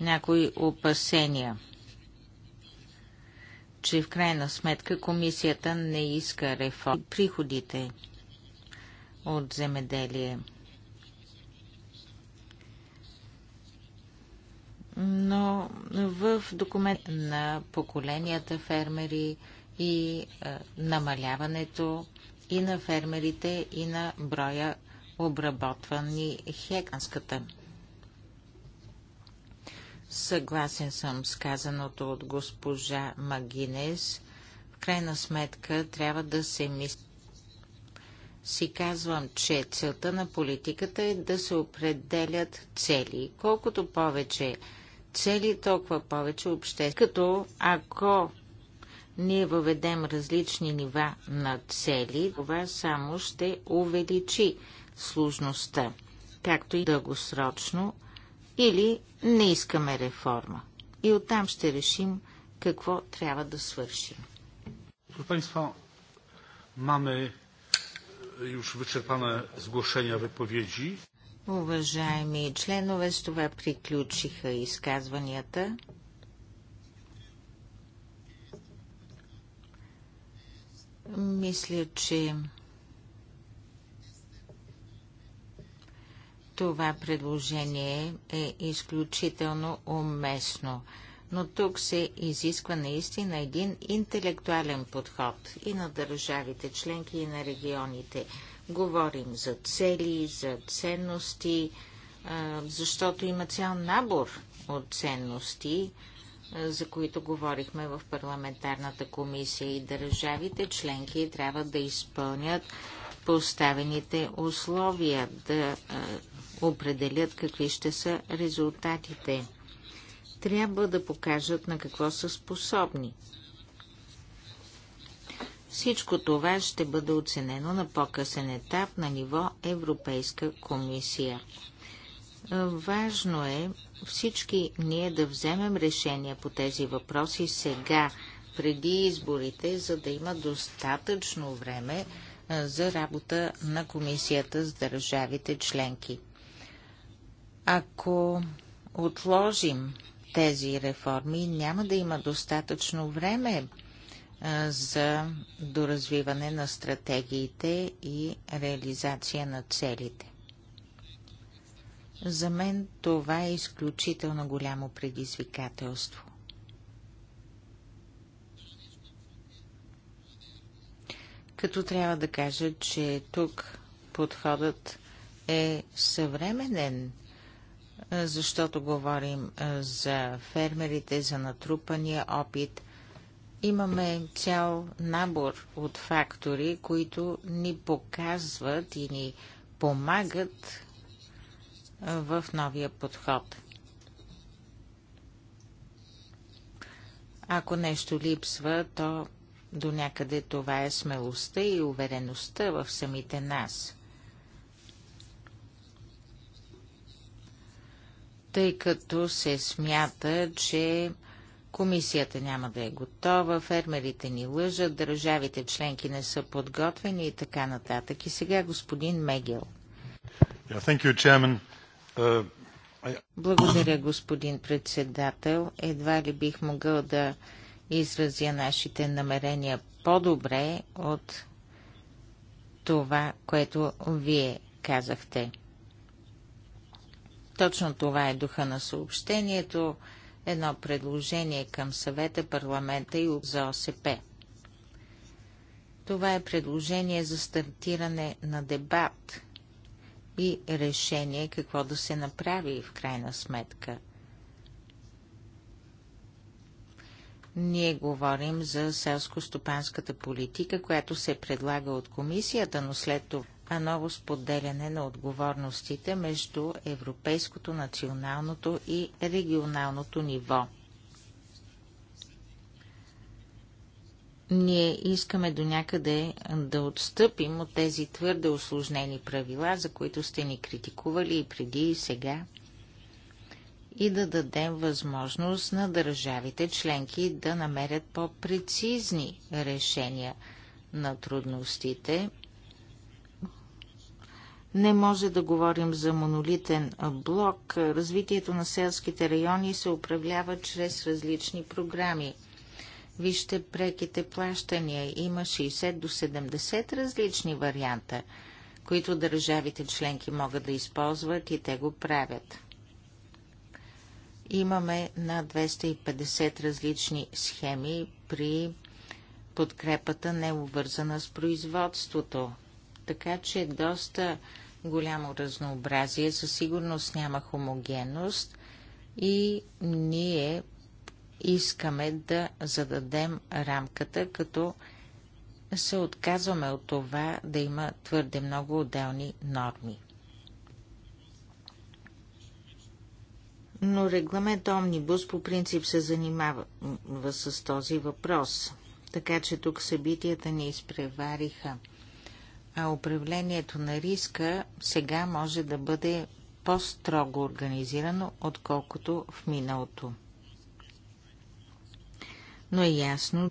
някои опасения – че в крайна сметка комисията не иска реформи. Приходите от земеделие. Но в документ на поколенията фермери и е, намаляването и на фермерите, и на броя обработвани хеканската. Съгласен съм с казаното от госпожа Магинес. В крайна сметка трябва да се мисли. Си казвам, че целта на политиката е да се определят цели. Колкото повече цели, толкова повече общество. Като ако ние въведем различни нива на цели, това само ще увеличи сложността, както и дългосрочно или не искаме реформа. И оттам ще решим какво трябва да свършим. Proszę маме mamy e, już wyczerpane zgłoszenia Уважаеми членове, с това приключиха изказванията. Мисля, че Това предложение е изключително уместно, но тук се изисква наистина един интелектуален подход и на държавите членки и на регионите. Говорим за цели, за ценности, защото има цял набор от ценности, за които говорихме в парламентарната комисия и държавите членки трябва да изпълнят поставените условия, да определят какви ще са резултатите. Трябва да покажат на какво са способни. Всичко това ще бъде оценено на по-късен етап на ниво Европейска комисия. Важно е всички ние да вземем решения по тези въпроси сега, преди изборите, за да има достатъчно време за работа на комисията с държавите членки. Ако отложим тези реформи, няма да има достатъчно време за доразвиване на стратегиите и реализация на целите. За мен това е изключително голямо предизвикателство. Като трябва да кажа, че тук подходът е съвременен – е, защото говорим е, за фермерите, за натрупания опит. Имаме цял набор от фактори, които ни показват и ни помагат е, в новия подход. Ако нещо липсва, то до някъде това е смелостта и увереността в самите нас – тъй като се смята, че комисията няма да е готова, фермерите ни лъжат, държавите членки не са подготвени и така нататък. И сега господин Мегел. Yeah, you, uh, Благодаря, господин председател. Едва ли бих могъл да изразя нашите намерения по-добре от това, което вие казахте. Точно това е духа на съобщението. Едно предложение към съвета, парламента и за ОСП. Това е предложение за стартиране на дебат и решение какво да се направи в крайна сметка. Ние говорим за селско-стопанската политика, която се предлага от комисията, но след това а ново споделяне на отговорностите между европейското, националното и регионалното ниво. Ние искаме до някъде да отстъпим от тези твърде осложнени правила, за които сте ни критикували и преди и сега, и да дадем възможност на държавите членки да намерят по-прецизни решения на трудностите – не може да говорим за монолитен блок. Развитието на селските райони се управлява чрез различни програми. Вижте преките плащания. Има 60 до 70 различни варианта, които държавите членки могат да използват и те го правят. Имаме над 250 различни схеми при подкрепата необвързана с производството. Така че доста голямо разнообразие, със сигурност няма хомогенност и ние искаме да зададем рамката, като се отказваме от това да има твърде много отделни норми. Но регламент Омнибус по принцип се занимава с този въпрос, така че тук събитията ни изпревариха – а управлението на риска сега може да бъде по-строго организирано, отколкото в миналото. Но е ясно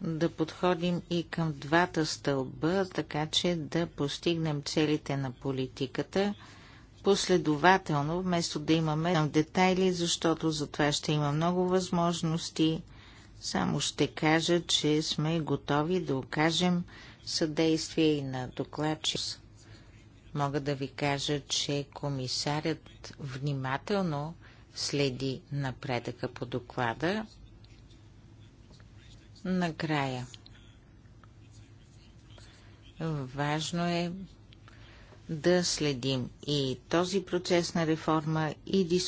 да подходим и към двата стълба, така че да постигнем целите на политиката последователно, вместо да имаме детайли, защото за това ще има много възможности. Само ще кажа, че сме готови да окажем съдействие и на докладчик. Мога да ви кажа, че комисарят внимателно следи напредъка по доклада. Накрая. Важно е да следим и този процес на реформа и дискусия.